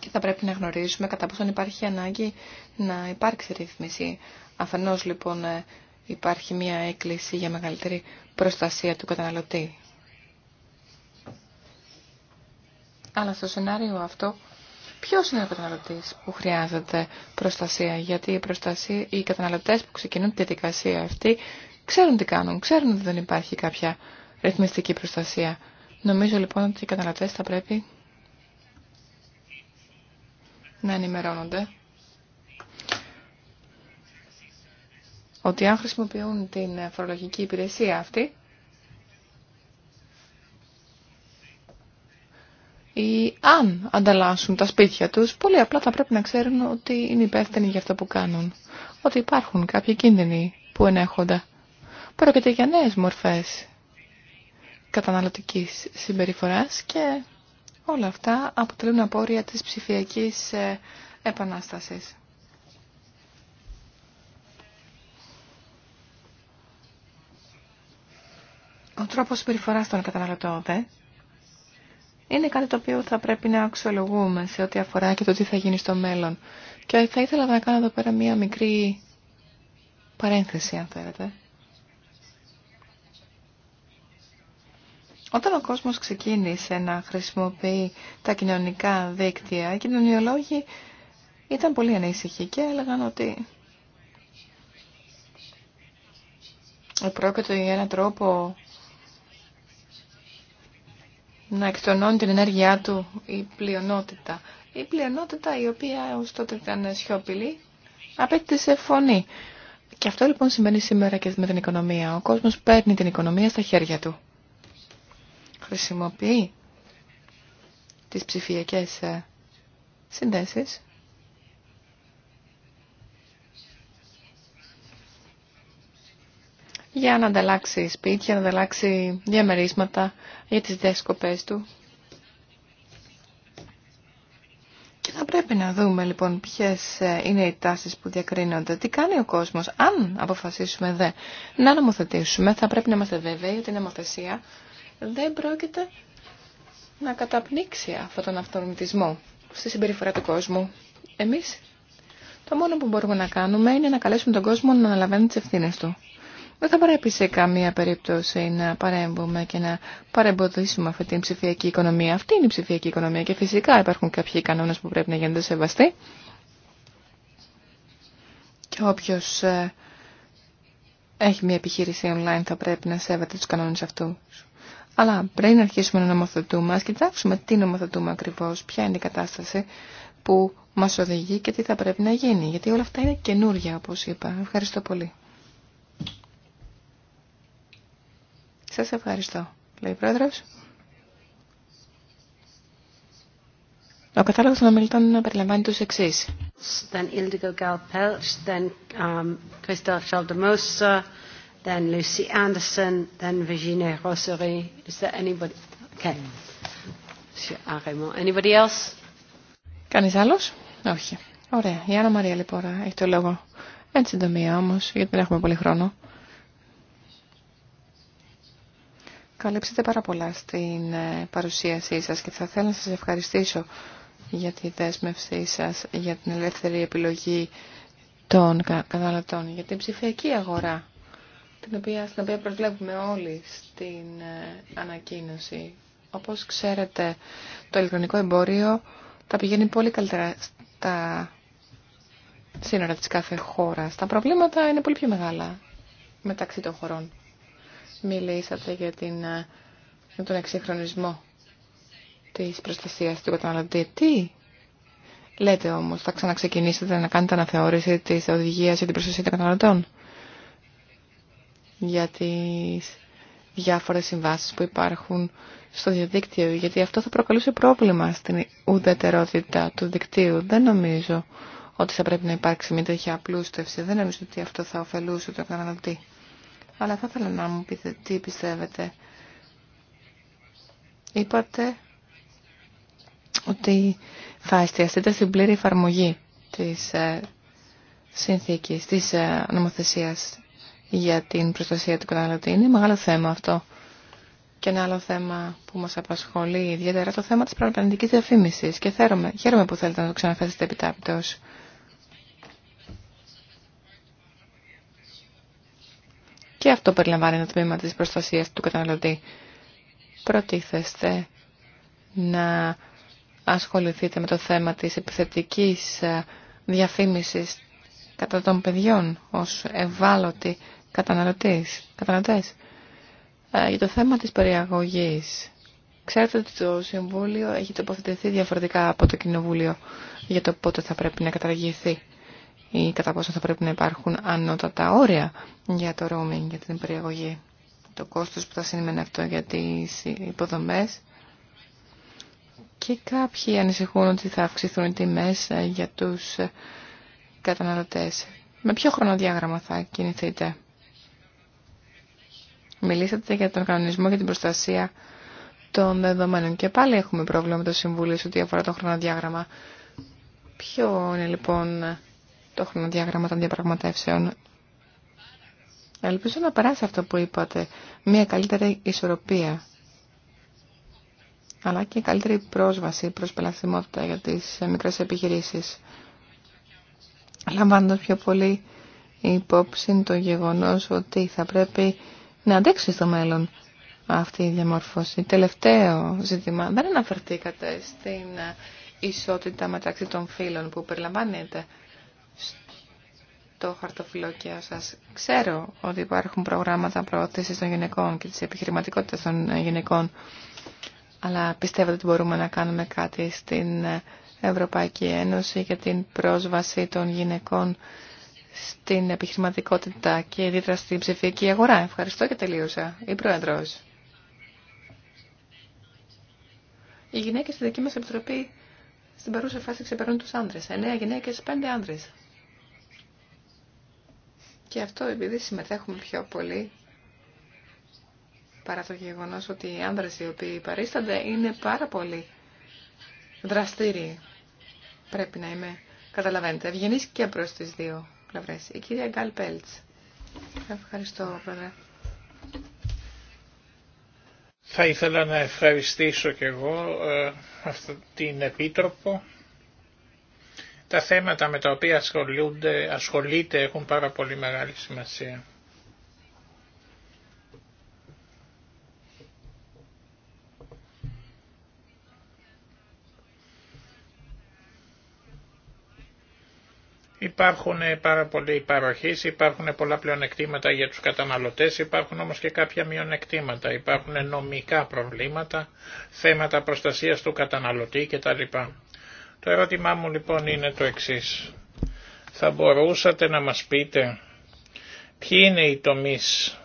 Και θα πρέπει να γνωρίζουμε κατά πόσον υπάρχει ανάγκη να υπάρξει ρύθμιση. Αφενός λοιπόν ε, υπάρχει μια έκκληση για μεγαλύτερη προστασία του καταναλωτή. Αλλά στο σενάριο αυτό Ποιο είναι ο καταναλωτή που χρειάζεται προστασία, γιατί οι, προστασία, οι καταναλωτές που ξεκινούν τη διαδικασία αυτή ξέρουν τι κάνουν, ξέρουν ότι δεν υπάρχει κάποια ρυθμιστική προστασία. Νομίζω λοιπόν ότι οι καταναλωτές θα πρέπει να ενημερώνονται ότι αν χρησιμοποιούν την φορολογική υπηρεσία αυτή, ή αν ανταλλάσσουν τα σπίτια τους, πολύ απλά θα πρέπει να ξέρουν ότι είναι υπεύθυνοι για αυτό που κάνουν. Ότι υπάρχουν κάποιοι κίνδυνοι που ενέχονται. Πρόκειται για νέες μορφές καταναλωτικής συμπεριφοράς και όλα αυτά αποτελούν απόρρια της ψηφιακής ε, επανάστασης. Ο τρόπος συμπεριφοράς των καταναλωτών, είναι κάτι το οποίο θα πρέπει να αξιολογούμε σε ό,τι αφορά και το τι θα γίνει στο μέλλον. Και θα ήθελα να κάνω εδώ πέρα μία μικρή παρένθεση, αν θέλετε. Όταν ο κόσμος ξεκίνησε να χρησιμοποιεί τα κοινωνικά δίκτυα, οι κοινωνιολόγοι ήταν πολύ ανήσυχοι και έλεγαν ότι πρόκειται για έναν τρόπο να εκτονώνει την ενέργειά του η πλειονότητα. Η πλειονότητα η οποία ω τότε ήταν σιωπηλή απέκτησε φωνή. Και αυτό λοιπόν σημαίνει σήμερα και με την οικονομία. Ο κόσμος παίρνει την οικονομία στα χέρια του. Χρησιμοποιεί τι ψηφιακέ. Ε, συνδέσεις για να ανταλλάξει σπίτια, να ανταλλάξει διαμερίσματα για τις δέσκοπές του. Και θα πρέπει να δούμε λοιπόν ποιες ε, είναι οι τάσεις που διακρίνονται, τι κάνει ο κόσμος. Αν αποφασίσουμε δε να νομοθετήσουμε, θα πρέπει να είμαστε βέβαιοι ότι η νομοθεσία δεν πρόκειται να καταπνίξει αυτόν τον αυτορμητισμό στη συμπεριφορά του κόσμου. Εμείς το μόνο που μπορούμε να κάνουμε είναι να καλέσουμε τον κόσμο να αναλαμβάνει τις ευθύνες του. Δεν θα πρέπει σε καμία περίπτωση να παρέμβουμε και να παρεμποδίσουμε αυτή την ψηφιακή οικονομία. Αυτή είναι η ψηφιακή οικονομία και φυσικά υπάρχουν κάποιοι κανόνες που πρέπει να γίνονται σεβαστοί. Και όποιος ε, έχει μια επιχείρηση online θα πρέπει να σέβεται τους κανόνες αυτούς. Αλλά πριν αρχίσουμε να νομοθετούμε, ας κοιτάξουμε τι νομοθετούμε ακριβώς, ποια είναι η κατάσταση που μας οδηγεί και τι θα πρέπει να γίνει. Γιατί όλα αυτά είναι καινούργια, όπως είπα. Ευχαριστώ πολύ. Σας ευχαριστώ, λέει η Πρόεδρος. Ο κατάλογος των ομιλητών περιλαμβάνει τους εξής. Then Ildiko Galpelch, then um, Christophe Chaldemosa, then Lucy Anderson, then Virginie Rosary. Is there anybody? Okay. Anybody else? Κανείς άλλος? Όχι. Ωραία. Η Άννα Μαρία λοιπόν έχει το λόγο. Εν συντομία όμως, γιατί δεν έχουμε πολύ χρόνο. καλύψετε πάρα πολλά στην ε, παρουσίασή σας και θα θέλω να σας ευχαριστήσω για τη δέσμευσή σας, για την ελεύθερη επιλογή των καταναλωτών, για την ψηφιακή αγορά, την οποία, στην οποία προσβλέπουμε όλοι στην ε, ανακοίνωση. Όπως ξέρετε, το ηλεκτρονικό εμπόριο τα πηγαίνει πολύ καλύτερα στα σύνορα της κάθε χώρας. Τα προβλήματα είναι πολύ πιο μεγάλα μεταξύ των χωρών μιλήσατε για, την, ε, για τον εξυγχρονισμό της προστασίας του καταναλωτή. Τι λέτε όμως, θα ξαναξεκινήσετε να κάνετε αναθεώρηση της οδηγίας για την προστασία των καταναλωτών. Για τις διάφορες συμβάσεις που υπάρχουν στο διαδίκτυο, γιατί αυτό θα προκαλούσε πρόβλημα στην ουδετερότητα του δικτύου. Δεν νομίζω ότι θα πρέπει να υπάρξει μια τέτοια απλούστευση. Δεν νομίζω ότι αυτό θα ωφελούσε τον καταναλωτή αλλά θα ήθελα να μου πείτε τι πιστεύετε. Είπατε ότι θα εστιαστείτε στην πλήρη εφαρμογή της ε, συνθήκης, της ε, νομοθεσίας για την προστασία του καταναλωτή. Είναι μεγάλο θέμα αυτό. Και ένα άλλο θέμα που μας απασχολεί ιδιαίτερα το θέμα της πραγματικής διαφήμισης και χαίρομαι, χαίρομαι που θέλετε να το ξαναθέσετε επιτάπητος. Και αυτό περιλαμβάνει ένα τμήμα της προστασίας του καταναλωτή. Προτίθεστε να ασχοληθείτε με το θέμα της επιθετικής ε, διαφήμισης κατά των παιδιών ως ευάλωτοι καταναλωτές. καταναλωτές. Ε, για το θέμα της περιαγωγής. Ξέρετε ότι το Συμβούλιο έχει τοποθετηθεί διαφορετικά από το Κοινοβούλιο για το πότε θα πρέπει να καταργηθεί ή κατά πόσο θα πρέπει να υπάρχουν ανώτατα όρια για το roaming, για την περιεγωγή. Το κόστος που θα σημαίνει αυτό για τις υποδομές και κάποιοι ανησυχούν ότι θα αυξηθούν οι τιμές ε, για τους ε, καταναλωτές. Με ποιο χρονοδιάγραμμα θα κινηθείτε. Μιλήσατε για τον κανονισμό και την προστασία των δεδομένων. Και πάλι έχουμε πρόβλημα με το Συμβούλιο σε ό,τι αφορά το χρονοδιάγραμμα. Ποιο είναι λοιπόν το χρονοδιάγραμμα των διαπραγματεύσεων. Ελπίζω να περάσει αυτό που είπατε, μια καλύτερη ισορροπία, αλλά και καλύτερη πρόσβαση προς πελαστημότητα για τις μικρές επιχειρήσεις. Λαμβάνοντας πιο πολύ υπόψη το γεγονός ότι θα πρέπει να αντέξει στο μέλλον αυτή η διαμόρφωση. Τελευταίο ζήτημα, δεν αναφερθήκατε στην ισότητα μεταξύ των φύλων που περιλαμβάνεται το χαρτοφυλόκια σας. Ξέρω ότι υπάρχουν προγράμματα προώθησης των γυναικών και της επιχειρηματικότητας των ε, γυναικών, αλλά πιστεύω ότι μπορούμε να κάνουμε κάτι στην ε, Ευρωπαϊκή Ένωση για την πρόσβαση των γυναικών στην επιχειρηματικότητα και ιδιαίτερα στην ψηφιακή αγορά. Ευχαριστώ και τελείωσα. Η Πρόεδρος. Οι γυναίκες στη δική μας επιτροπή στην παρούσα φάση ξεπερνούν τους άντρες. 9 γυναίκες, 5 άντρες. Και αυτό επειδή συμμετέχουμε πιο πολύ παρά το γεγονός ότι οι άνδρες οι οποίοι παρίστανται είναι πάρα πολύ δραστήριοι. Πρέπει να είμαι, καταλαβαίνετε, ευγενής και προς τις δύο πλευρές. Η κυρία Γκάλ Πέλτς. Ευχαριστώ, πρόεδρε. Θα ήθελα να ευχαριστήσω και εγώ ε, την Επίτροπο τα θέματα με τα οποία ασχολούνται, ασχολείται έχουν πάρα πολύ μεγάλη σημασία. Υπάρχουν πάρα πολλοί παροχείς, υπάρχουν πολλά πλεονεκτήματα για τους καταναλωτές, υπάρχουν όμως και κάποια μειονεκτήματα, υπάρχουν νομικά προβλήματα, θέματα προστασίας του καταναλωτή κτλ. Το ερώτημά μου λοιπόν είναι το εξής. Θα μπορούσατε να μας πείτε ποιοι είναι οι τομείς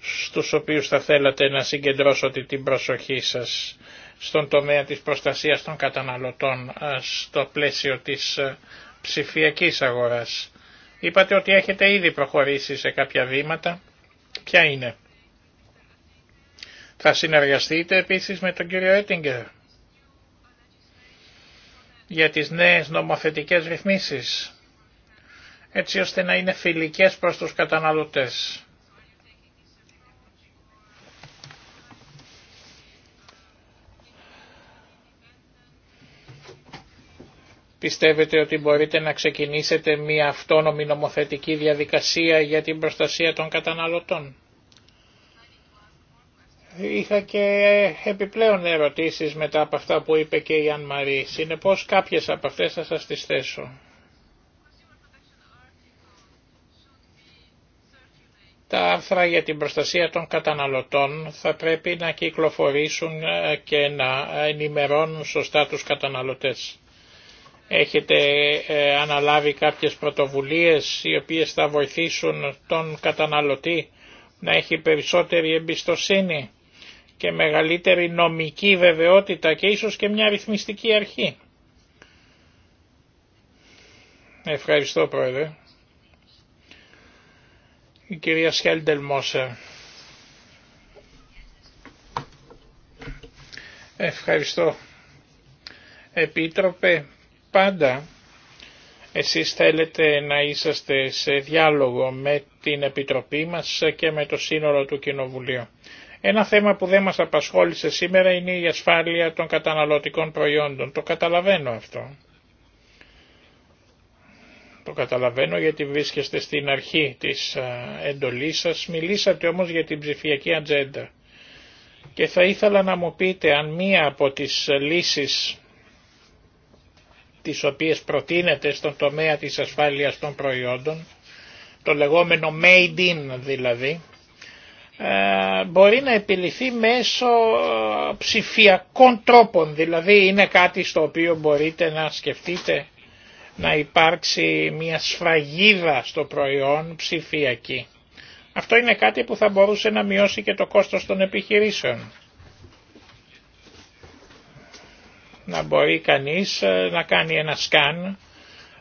στους οποίους θα θέλατε να συγκεντρώσετε την προσοχή σας στον τομέα της προστασίας των καταναλωτών στο πλαίσιο της ψηφιακής αγοράς. Είπατε ότι έχετε ήδη προχωρήσει σε κάποια βήματα. Ποια είναι. Θα συνεργαστείτε επίσης με τον κύριο Έτιγκερ για τις νέες νομοθετικές ρυθμίσεις, έτσι ώστε να είναι φιλικές προς τους καταναλωτές. Πιστεύετε ότι μπορείτε να ξεκινήσετε μια αυτόνομη νομοθετική διαδικασία για την προστασία των καταναλωτών. Είχα και επιπλέον ερωτήσεις μετά από αυτά που είπε και η Αν Μαρή. Συνεπώς κάποιες από αυτές θα σας τις θέσω. Τα άρθρα για την προστασία των καταναλωτών θα πρέπει να κυκλοφορήσουν ε, και να ενημερώνουν σωστά τους καταναλωτές. Έχετε ε, αναλάβει κάποιες πρωτοβουλίες οι οποίες θα βοηθήσουν τον καταναλωτή να έχει περισσότερη εμπιστοσύνη και μεγαλύτερη νομική βεβαιότητα και ίσως και μια ρυθμιστική αρχή. Ευχαριστώ Πρόεδρε. Η κυρία Σχέλντελ Μόσερ. Ευχαριστώ. Επίτροπε, πάντα εσείς θέλετε να είσαστε σε διάλογο με την Επιτροπή μας και με το σύνολο του Κοινοβουλίου. Ένα θέμα που δεν μας απασχόλησε σήμερα είναι η ασφάλεια των καταναλωτικών προϊόντων. Το καταλαβαίνω αυτό. Το καταλαβαίνω γιατί βρίσκεστε στην αρχή της εντολής σας. Μιλήσατε όμως για την ψηφιακή ατζέντα. Και θα ήθελα να μου πείτε αν μία από τις λύσεις τις οποίες προτείνεται στον τομέα της ασφάλειας των προϊόντων, το λεγόμενο made in δηλαδή, ε, μπορεί να επιληθεί μέσω ε, ψηφιακών τρόπων. Δηλαδή είναι κάτι στο οποίο μπορείτε να σκεφτείτε να υπάρξει μια σφραγίδα στο προϊόν ψηφιακή. Αυτό είναι κάτι που θα μπορούσε να μειώσει και το κόστος των επιχειρήσεων. Να μπορεί κανείς ε, να κάνει ένα σκάν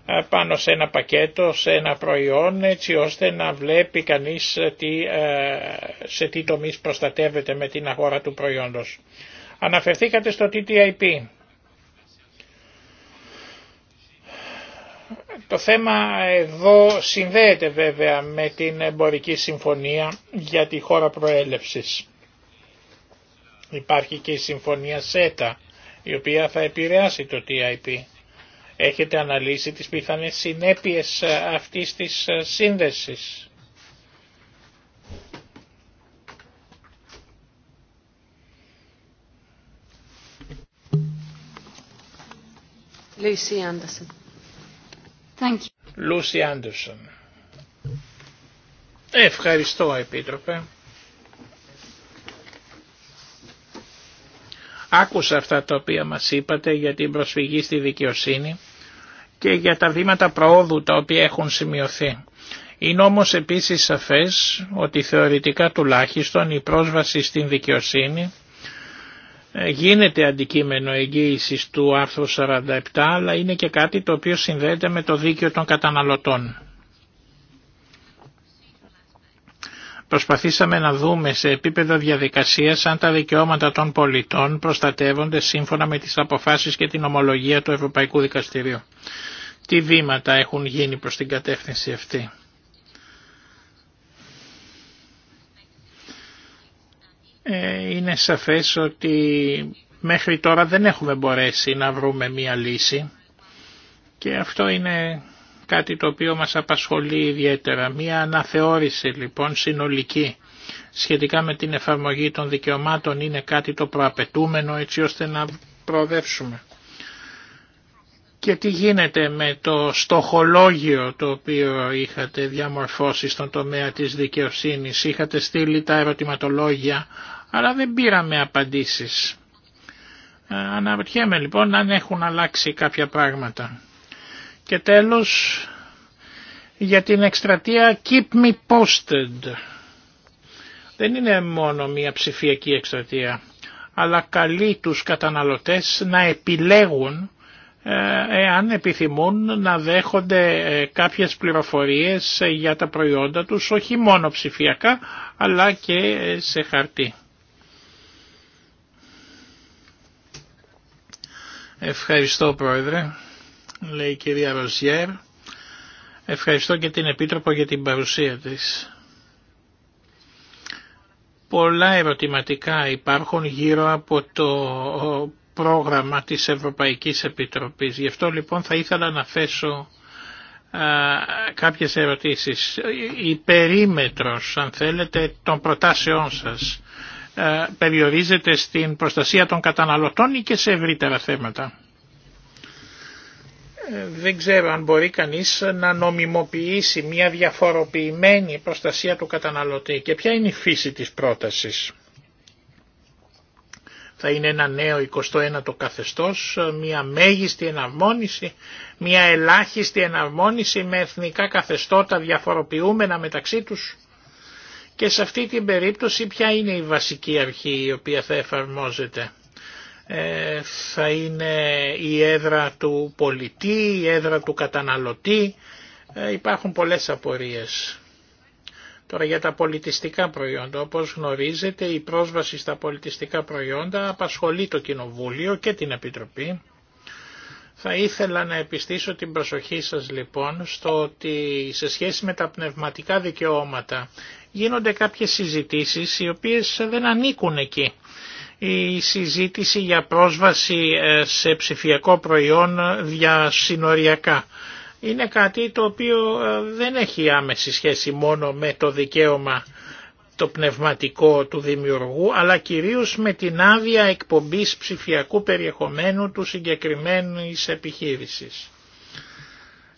ε, πάνω σε ένα πακέτο, σε ένα προϊόν έτσι ώστε να βλέπει κανείς τι, ε, σε τι τομείς προστατεύεται με την αγορά του προϊόντος. Αναφερθήκατε στο TTIP. Το θέμα εδώ συνδέεται βέβαια με την εμπορική συμφωνία για τη χώρα προέλευσης. Υπάρχει και η συμφωνία ΣΕΤΑ η οποία θα επηρεάσει το TIP. Έχετε αναλύσει τις πιθανές συνέπειες ε, αυτής της ε, σύνδεσης. Lucy Anderson. Thank you. Anderson. Ευχαριστώ, Επίτροπε. Άκουσα αυτά τα οποία μας είπατε για την προσφυγή στη δικαιοσύνη και για τα βήματα προόδου τα οποία έχουν σημειωθεί. Είναι όμως επίσης σαφές ότι θεωρητικά τουλάχιστον η πρόσβαση στην δικαιοσύνη ε, γίνεται αντικείμενο εγγύησης του άρθρου 47 αλλά είναι και κάτι το οποίο συνδέεται με το δίκαιο των καταναλωτών. Προσπαθήσαμε να δούμε σε επίπεδο διαδικασίας αν τα δικαιώματα των πολιτών προστατεύονται σύμφωνα με τις αποφάσεις και την ομολογία του Ευρωπαϊκού Δικαστηρίου. Τι βήματα έχουν γίνει προς την κατεύθυνση αυτή. Ε, είναι σαφές ότι μέχρι τώρα δεν έχουμε μπορέσει να βρούμε μία λύση και αυτό είναι κάτι το οποίο μας απασχολεί ιδιαίτερα. Μία αναθεώρηση λοιπόν συνολική σχετικά με την εφαρμογή των δικαιωμάτων είναι κάτι το προαπαιτούμενο έτσι ώστε να προοδεύσουμε. Και τι γίνεται με το στοχολόγιο το οποίο είχατε διαμορφώσει στον τομέα της δικαιοσύνης. Είχατε στείλει τα ερωτηματολόγια, αλλά δεν πήραμε απαντήσεις. Ε, αναρωτιέμαι λοιπόν αν έχουν αλλάξει κάποια πράγματα. Και τέλος για την εκστρατεία Keep Me Posted. Δεν είναι μόνο μια ψηφιακή εκστρατεία, αλλά καλεί τους καταναλωτές να επιλέγουν ε, εάν επιθυμούν να δέχονται ε, κάποιες πληροφορίες για τα προϊόντα τους, όχι μόνο ψηφιακά, αλλά και ε, σε χαρτί. Ευχαριστώ Πρόεδρε λέει η κυρία Ροζιέρ. Ευχαριστώ και την Επίτροπο για την παρουσία της. Πολλά ερωτηματικά υπάρχουν γύρω από το πρόγραμμα της Ευρωπαϊκής Επιτροπής. Γι' αυτό λοιπόν θα ήθελα να θέσω α, κάποιες ερωτήσεις. Η περίμετρος, αν θέλετε, των προτάσεών σας περιορίζεται στην προστασία των καταναλωτών ή και σε ευρύτερα θέματα. Ε, δεν ξέρω αν μπορεί κανείς να νομιμοποιήσει μια διαφοροποιημένη προστασία του καταναλωτή και ποια είναι η φύση της πρότασης. Θα είναι ένα νέο 21ο καθεστώς, μια μέγιστη εναρμόνιση, μια ελάχιστη εναρμόνιση με εθνικά καθεστώτα διαφοροποιούμενα μεταξύ τους. Και σε αυτή την περίπτωση ποια είναι η βασική αρχή η οποία θα εφαρμόζεται. Ε, θα είναι η έδρα του πολιτή, η έδρα του καταναλωτή. Ε, υπάρχουν πολλές απορίες. Τώρα για τα πολιτιστικά προϊόντα, όπως γνωρίζετε η πρόσβαση στα πολιτιστικά προϊόντα απασχολεί το Κοινοβούλιο και την Επιτροπή. Θα ήθελα να επιστήσω την προσοχή σας λοιπόν στο ότι σε σχέση με τα πνευματικά δικαιώματα γίνονται κάποιες συζητήσεις οι οποίες δεν ανήκουν εκεί η συζήτηση για πρόσβαση ε, σε ψηφιακό προϊόν διασυνοριακά. Είναι κάτι το οποίο ε, δεν έχει άμεση σχέση μόνο με το δικαίωμα το πνευματικό του δημιουργού, αλλά κυρίως με την άδεια εκπομπής ψηφιακού περιεχομένου του συγκεκριμένης επιχείρησης.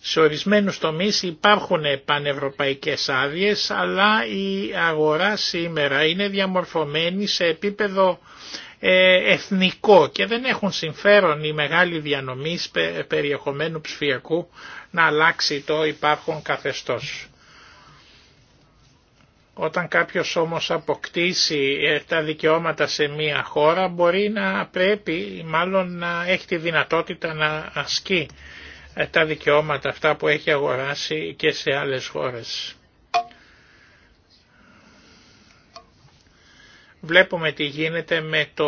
Σε ορισμένους τομείς υπάρχουν πανευρωπαϊκές άδειε, αλλά η αγορά σήμερα είναι διαμορφωμένη σε επίπεδο ε, εθνικό και δεν έχουν συμφέρον οι μεγάλοι διανομής περιεχομένου ψηφιακού να αλλάξει το υπάρχον καθεστώς. Όταν κάποιος όμως αποκτήσει ε, τα δικαιώματα σε μία χώρα μπορεί να πρέπει μάλλον να έχει τη δυνατότητα να ασκεί ε, τα δικαιώματα αυτά που έχει αγοράσει και σε άλλες χώρες. Βλέπουμε τι γίνεται με το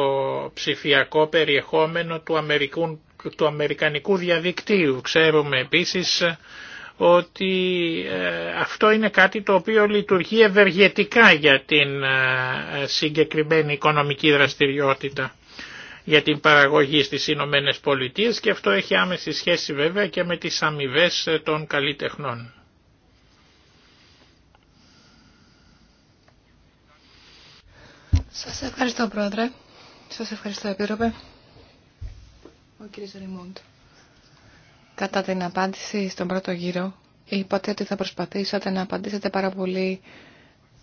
ψηφιακό περιεχόμενο του, του Αμερικανικού διαδικτύου. Ξέρουμε επίσης ότι ε, αυτό είναι κάτι το οποίο λειτουργεί ευεργετικά για την ε, συγκεκριμένη οικονομική δραστηριότητα για την παραγωγή στις Ηνωμένε Πολιτείες και αυτό έχει άμεση σχέση βέβαια και με τις αμοιβέ των καλλιτεχνών. Σας ευχαριστώ Πρόεδρε. Σας ευχαριστώ επίρροπε, Ο κ. Ριμούντ. Κατά την απάντηση στον πρώτο γύρο είπατε ότι θα προσπαθήσατε να απαντήσετε πάρα πολύ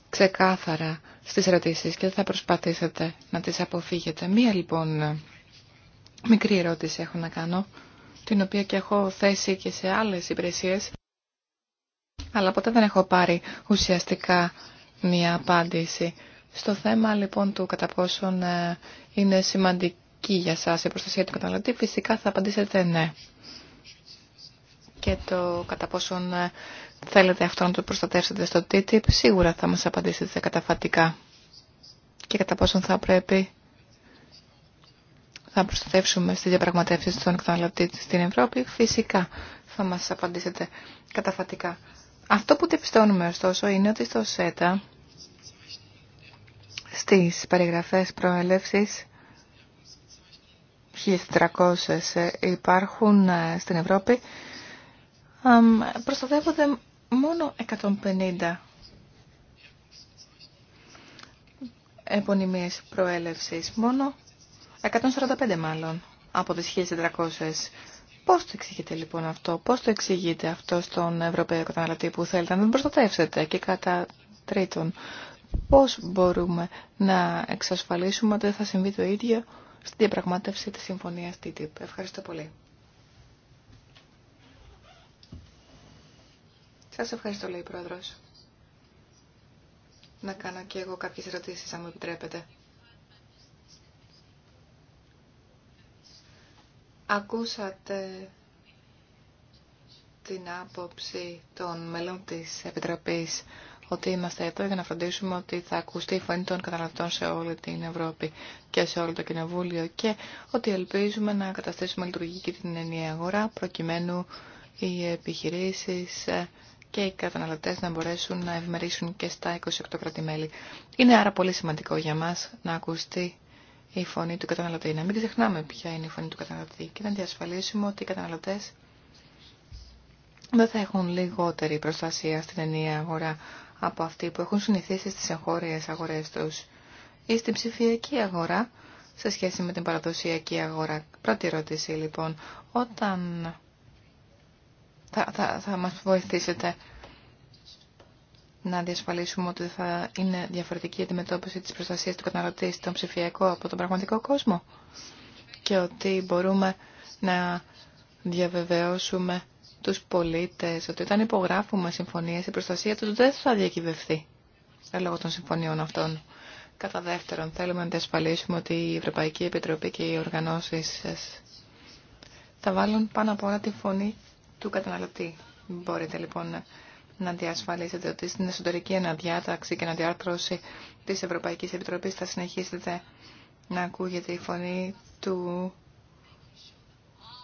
ξεκάθαρα στις ερωτήσεις και θα προσπαθήσετε να τις αποφύγετε. Μία λοιπόν μικρή ερώτηση έχω να κάνω, την οποία και έχω θέσει και σε άλλες υπηρεσίες, αλλά ποτέ δεν έχω πάρει ουσιαστικά μία απάντηση. Στο θέμα λοιπόν του κατά πόσον ε, είναι σημαντική για σας η προστασία του καταναλωτή, φυσικά θα απαντήσετε ναι. Και το κατά πόσον ε, θέλετε αυτό να το προστατεύσετε στο TTIP, σίγουρα θα μας απαντήσετε καταφατικά και κατά πόσον θα πρέπει να προστατεύσουμε στις διαπραγματεύσεις των καταναλωτή στην Ευρώπη, φυσικά θα μας απαντήσετε καταφατικά. Αυτό που διαπιστώνουμε ωστόσο είναι ότι στο ΣΕΤΑ στις περιγραφές προέλευσης 1.400 ε, υπάρχουν ε, στην Ευρώπη προστατεύονται μόνο 150 επωνυμίες προέλευσης, μόνο 145 μάλλον από τις 1400. Πώς το εξηγείτε λοιπόν αυτό, πώς το εξηγείτε αυτό στον Ευρωπαίο καταναλωτή που θέλετε να τον προστατεύσετε και κατά τρίτον, πώς μπορούμε να εξασφαλίσουμε ότι θα συμβεί το ίδιο στη διαπραγμάτευση της συμφωνίας TTIP. Ευχαριστώ πολύ. Σας ευχαριστώ, λέει η Πρόεδρος. Να κάνω και εγώ κάποιες ερωτήσεις, αν μου επιτρέπετε. Ακούσατε την άποψη των μελών της Επιτροπής ότι είμαστε εδώ για να φροντίσουμε ότι θα ακουστεί η φωνή των καταναλωτών σε όλη την Ευρώπη και σε όλο το Κοινοβούλιο και ότι ελπίζουμε να καταστήσουμε λειτουργική την ενιαία αγορά προκειμένου οι επιχειρήσεις και οι καταναλωτέ να μπορέσουν να ευμερίσουν και στα 28 κράτη-μέλη. Είναι άρα πολύ σημαντικό για μα να ακουστεί η φωνή του καταναλωτή. Να μην ξεχνάμε ποια είναι η φωνή του καταναλωτή και να διασφαλίσουμε ότι οι καταναλωτέ δεν θα έχουν λιγότερη προστασία στην ενιαία αγορά από αυτή που έχουν συνηθίσει στι εγχώριε αγορέ του ή στην ψηφιακή αγορά σε σχέση με την παραδοσιακή αγορά. Πρώτη ερώτηση λοιπόν, όταν θα, θα, θα μας βοηθήσετε να διασφαλίσουμε ότι θα είναι διαφορετική η αντιμετώπιση της προστασίας του καταναλωτή στον ψηφιακό από τον πραγματικό κόσμο και ότι μπορούμε να διαβεβαιώσουμε τους πολίτες ότι όταν υπογράφουμε συμφωνίες η προστασία του δεν θα διακυβευτεί λόγω των συμφωνιών αυτών. Κατά δεύτερον, θέλουμε να διασφαλίσουμε ότι η Ευρωπαϊκή Επιτροπή και οι οργανώσεις σας θα βάλουν πάνω από όλα τη φωνή του καταναλωτή. Μπορείτε λοιπόν να διασφαλίσετε ότι στην εσωτερική αναδιάταξη και αναδιάρθρωση της Ευρωπαϊκής Επιτροπής θα συνεχίσετε να ακούγεται η φωνή του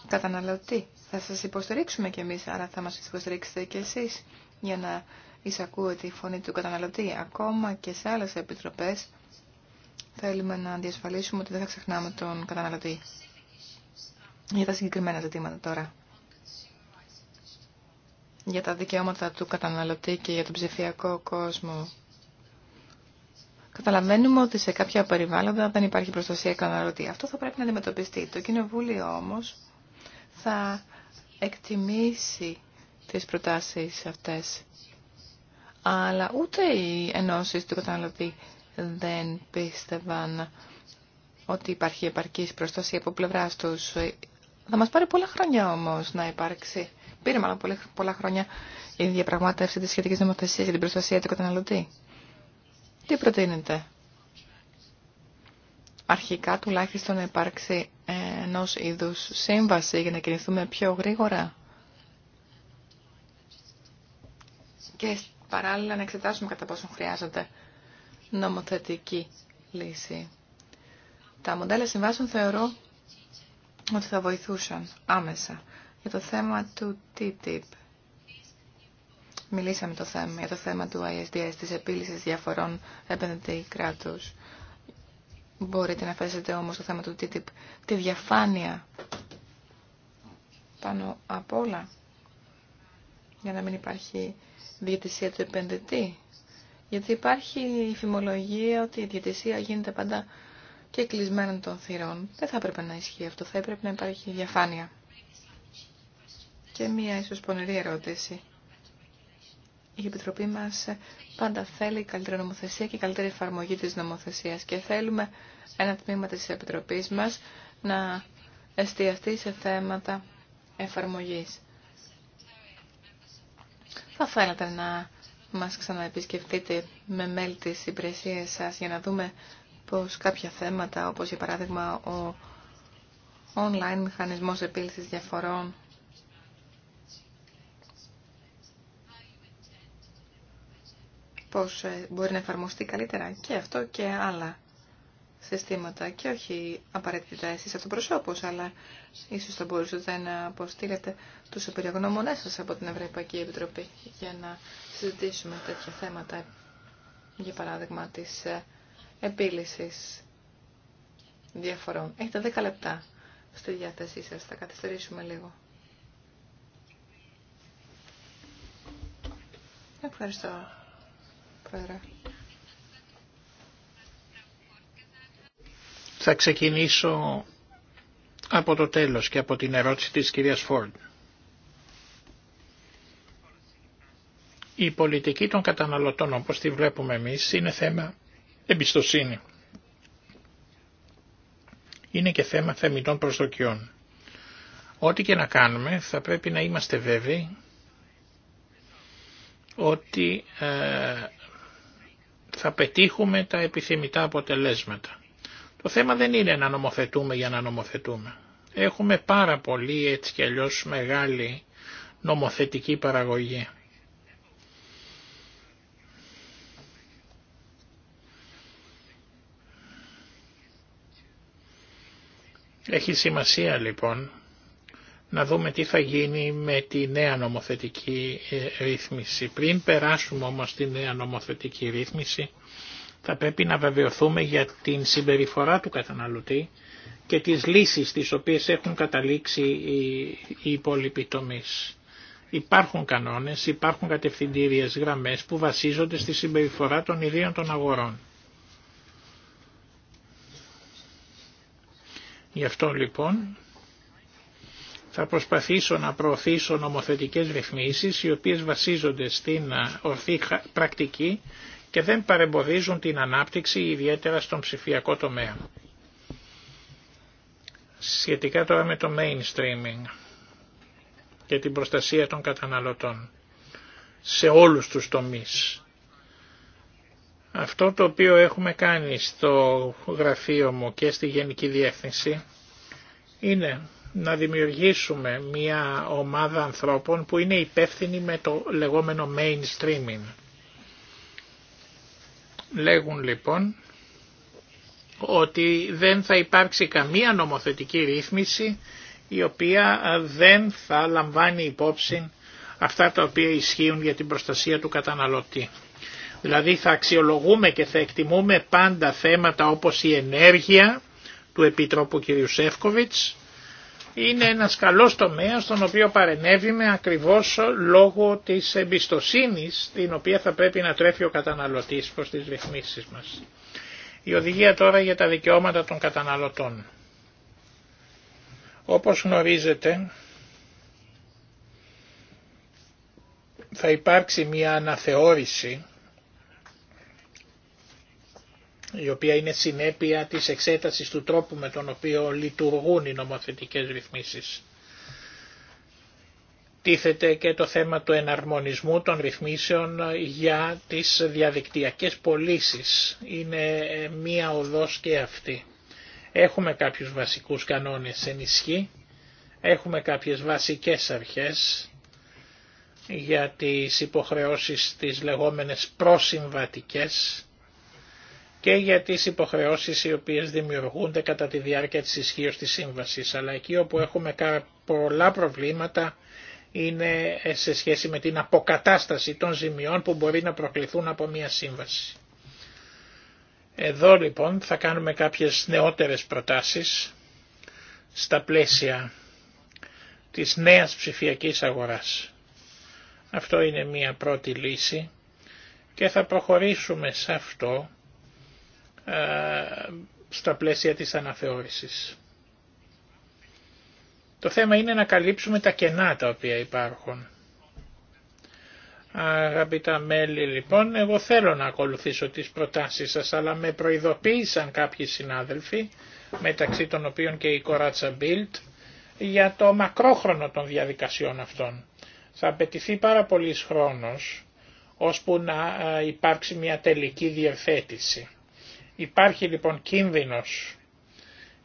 καταναλωτή. Θα σας υποστηρίξουμε κι εμείς, άρα θα μας υποστηρίξετε κι εσείς για να εισακούετε η φωνή του καταναλωτή. Ακόμα και σε άλλες επιτροπές θέλουμε να διασφαλίσουμε ότι δεν θα ξεχνάμε τον καταναλωτή. Για τα συγκεκριμένα ζητήματα τώρα για τα δικαιώματα του καταναλωτή και για τον ψηφιακό κόσμο. Καταλαβαίνουμε ότι σε κάποια περιβάλλοντα δεν υπάρχει προστασία καταναλωτή. Αυτό θα πρέπει να αντιμετωπιστεί. Το Κοινοβούλιο όμως θα εκτιμήσει τις προτάσεις αυτές. Αλλά ούτε οι ενώσεις του καταναλωτή δεν πίστευαν ότι υπάρχει επαρκής προστασία από πλευράς τους. Θα μας πάρει πολλά χρόνια όμως να υπάρξει πήρε μάλλον πολλά χρόνια η διαπραγμάτευση τη σχετική νομοθεσία για την προστασία του καταναλωτή. Τι προτείνετε? Αρχικά τουλάχιστον να υπάρξει ενό είδου σύμβαση για να κινηθούμε πιο γρήγορα. Και παράλληλα να εξετάσουμε κατά πόσο χρειάζεται νομοθετική λύση. Τα μοντέλα συμβάσεων θεωρώ ότι θα βοηθούσαν άμεσα για το θέμα του TTIP. Μιλήσαμε το θέμα, για το θέμα του ISDS, της επίλυσης διαφορών επενδυτή κράτους. Μπορείτε να φέσετε όμως το θέμα του TTIP, τη διαφάνεια πάνω απ' όλα, για να μην υπάρχει διαιτησία του επενδυτή. Γιατί υπάρχει η φημολογία ότι η διαιτησία γίνεται πάντα και κλεισμένων των θυρών. Δεν θα έπρεπε να ισχύει αυτό, θα έπρεπε να υπάρχει διαφάνεια. Και μία ίσως πονηρή ερώτηση. Η Επιτροπή μας πάντα θέλει καλύτερη νομοθεσία και καλύτερη εφαρμογή της νομοθεσίας και θέλουμε ένα τμήμα της Επιτροπής μας να εστιαστεί σε θέματα εφαρμογής. Θα θέλατε να μας ξαναεπισκεφτείτε με μέλη της υπηρεσίας σας για να δούμε πως κάποια θέματα, όπως για παράδειγμα ο online μηχανισμός επίλυσης διαφορών, πώς ε, μπορεί να εφαρμοστεί καλύτερα και αυτό και άλλα συστήματα και όχι απαραίτητα εσείς αυτοπροσώπους, αλλά ίσως θα μπορούσατε να αποστείλετε τους επιλογνώμονές σας από την Ευρωπαϊκή Επιτροπή για να συζητήσουμε τέτοια θέματα, για παράδειγμα της ε, επίλυσης διαφορών. Έχετε 10 λεπτά στη διάθεσή σας, θα καθυστερήσουμε λίγο. Ευχαριστώ. Θα ξεκινήσω από το τέλος και από την ερώτηση της κυρίας Φόρντ. Η πολιτική των καταναλωτών όπως τη βλέπουμε εμείς είναι θέμα εμπιστοσύνη. Είναι και θέμα θεμητών προσδοκιών. Ό,τι και να κάνουμε θα πρέπει να είμαστε βέβαιοι ότι ε, θα πετύχουμε τα επιθυμητά αποτελέσματα. Το θέμα δεν είναι να νομοθετούμε για να νομοθετούμε. Έχουμε πάρα πολύ έτσι κι αλλιώς μεγάλη νομοθετική παραγωγή. Έχει σημασία λοιπόν να δούμε τι θα γίνει με τη νέα νομοθετική ε, ρύθμιση. Πριν περάσουμε όμως τη νέα νομοθετική ρύθμιση, θα πρέπει να βεβαιωθούμε για την συμπεριφορά του καταναλωτή και τις λύσεις τις οποίες έχουν καταλήξει οι υπόλοιποι τομείς. Υπάρχουν κανόνες, υπάρχουν κατευθυντήριες γραμμές που βασίζονται στη συμπεριφορά των ιδίων των αγορών. Γι' αυτό λοιπόν θα προσπαθήσω να προωθήσω νομοθετικές ρυθμίσεις οι οποίες βασίζονται στην ε, ορθή πρακτική και δεν παρεμποδίζουν την ανάπτυξη ιδιαίτερα στον ψηφιακό τομέα. Σχετικά τώρα με το mainstreaming και την προστασία των καταναλωτών σε όλους τους τομείς. Αυτό το οποίο έχουμε κάνει στο γραφείο μου και στη Γενική Διεύθυνση είναι να δημιουργήσουμε μια ομάδα ανθρώπων που είναι υπεύθυνοι με το λεγόμενο mainstreaming. Λέγουν λοιπόν ότι δεν θα υπάρξει καμία νομοθετική ρύθμιση η οποία δεν θα λαμβάνει υπόψη αυτά τα οποία ισχύουν για την προστασία του καταναλωτή. Δηλαδή θα αξιολογούμε και θα εκτιμούμε πάντα θέματα όπως η ενέργεια του Επιτρόπου κ. Σεύκοβιτς, είναι ένας καλός τομέας στον οποίο παρενέβημε ακριβώς λόγω της εμπιστοσύνης την οποία θα πρέπει να τρέφει ο καταναλωτής προς τις ρυθμίσεις μας. Η οδηγία τώρα για τα δικαιώματα των καταναλωτών. Όπως γνωρίζετε θα υπάρξει μια αναθεώρηση η οποία είναι συνέπεια της εξέτασης του τρόπου με τον οποίο λειτουργούν οι νομοθετικές ρυθμίσεις. Τίθεται και το θέμα του εναρμονισμού των ρυθμίσεων για τις διαδικτυακές πωλήσει. Είναι μία οδός και αυτή. Έχουμε κάποιους βασικούς κανόνες ενισχύ, έχουμε κάποιες βασικές αρχές για τις υποχρεώσεις τις λεγόμενες προσυμβατικές, και για τις υποχρεώσεις οι οποίες δημιουργούνται κατά τη διάρκεια της ισχύω της σύμβασης. Αλλά εκεί όπου έχουμε πολλά προβλήματα είναι ε, σε σχέση με την αποκατάσταση των ζημιών που μπορεί να προκληθούν από μια σύμβαση. Εδώ λοιπόν θα κάνουμε κάποιες νεότερες προτάσεις στα πλαίσια της νέας ψηφιακής αγοράς. Αυτό είναι μια πρώτη λύση και θα προχωρήσουμε σε αυτό ε, στα πλαίσια της αναθεώρησης. Το θέμα είναι να καλύψουμε τα κενά τα οποία υπάρχουν. Αγαπητά μέλη λοιπόν, εγώ θέλω να ακολουθήσω τις προτάσεις σας, αλλά με προειδοποίησαν κάποιοι συνάδελφοι, μεταξύ των οποίων και η Κοράτσα Μπίλτ, για το μακρόχρονο των διαδικασιών αυτών. Θα απαιτηθεί πάρα πολύς χρόνος, ώσπου να ε, υπάρξει μια τελική διευθέτηση. Υπάρχει λοιπόν κίνδυνος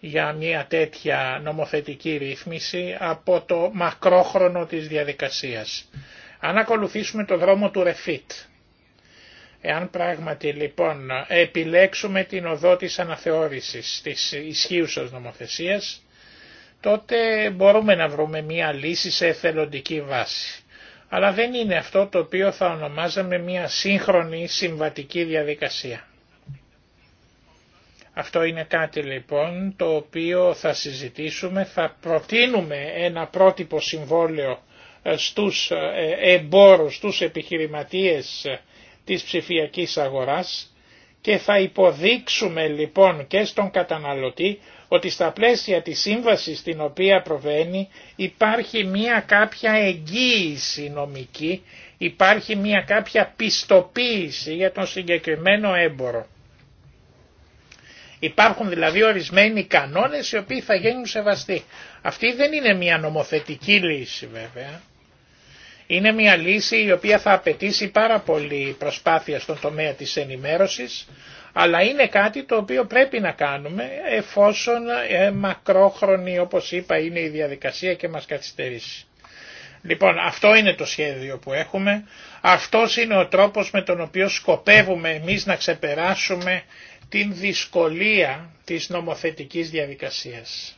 για μια τέτοια νομοθετική ρύθμιση από το μακρόχρονο της διαδικασίας. Αν ακολουθήσουμε το δρόμο του ρεφίτ, εάν πράγματι λοιπόν επιλέξουμε την οδό της αναθεώρησης της ισχύουσας νομοθεσίας, τότε μπορούμε να βρούμε μια λύση σε εθελοντική βάση. Αλλά δεν είναι αυτό το οποίο θα ονομάζαμε μια σύγχρονη συμβατική διαδικασία. Αυτό είναι κάτι λοιπόν το οποίο θα συζητήσουμε, θα προτείνουμε ένα πρότυπο συμβόλαιο ε, στους ε, εμπόρους, στους επιχειρηματίες ε, της ψηφιακής αγοράς και θα υποδείξουμε λοιπόν και στον καταναλωτή ότι στα πλαίσια της σύμβασης την οποία προβαίνει υπάρχει μία κάποια εγγύηση νομική, υπάρχει μία κάποια πιστοποίηση για τον συγκεκριμένο έμπορο. Υπάρχουν δηλαδή ορισμένοι κανόνες οι οποίοι θα γίνουν σεβαστοί. Αυτή δεν είναι μια νομοθετική λύση βέβαια. Είναι μια λύση η οποία θα απαιτήσει πάρα πολύ προσπάθεια στον τομέα της ενημέρωσης, αλλά είναι κάτι το οποίο πρέπει να κάνουμε εφόσον ε, μακρόχρονη όπως είπα είναι η διαδικασία και μας καθυστερήσει. Λοιπόν αυτό είναι το σχέδιο που έχουμε, αυτός είναι ο τρόπος με τον οποίο σκοπεύουμε εμείς να ξεπεράσουμε την δυσκολία της νομοθετικής διαδικασίας.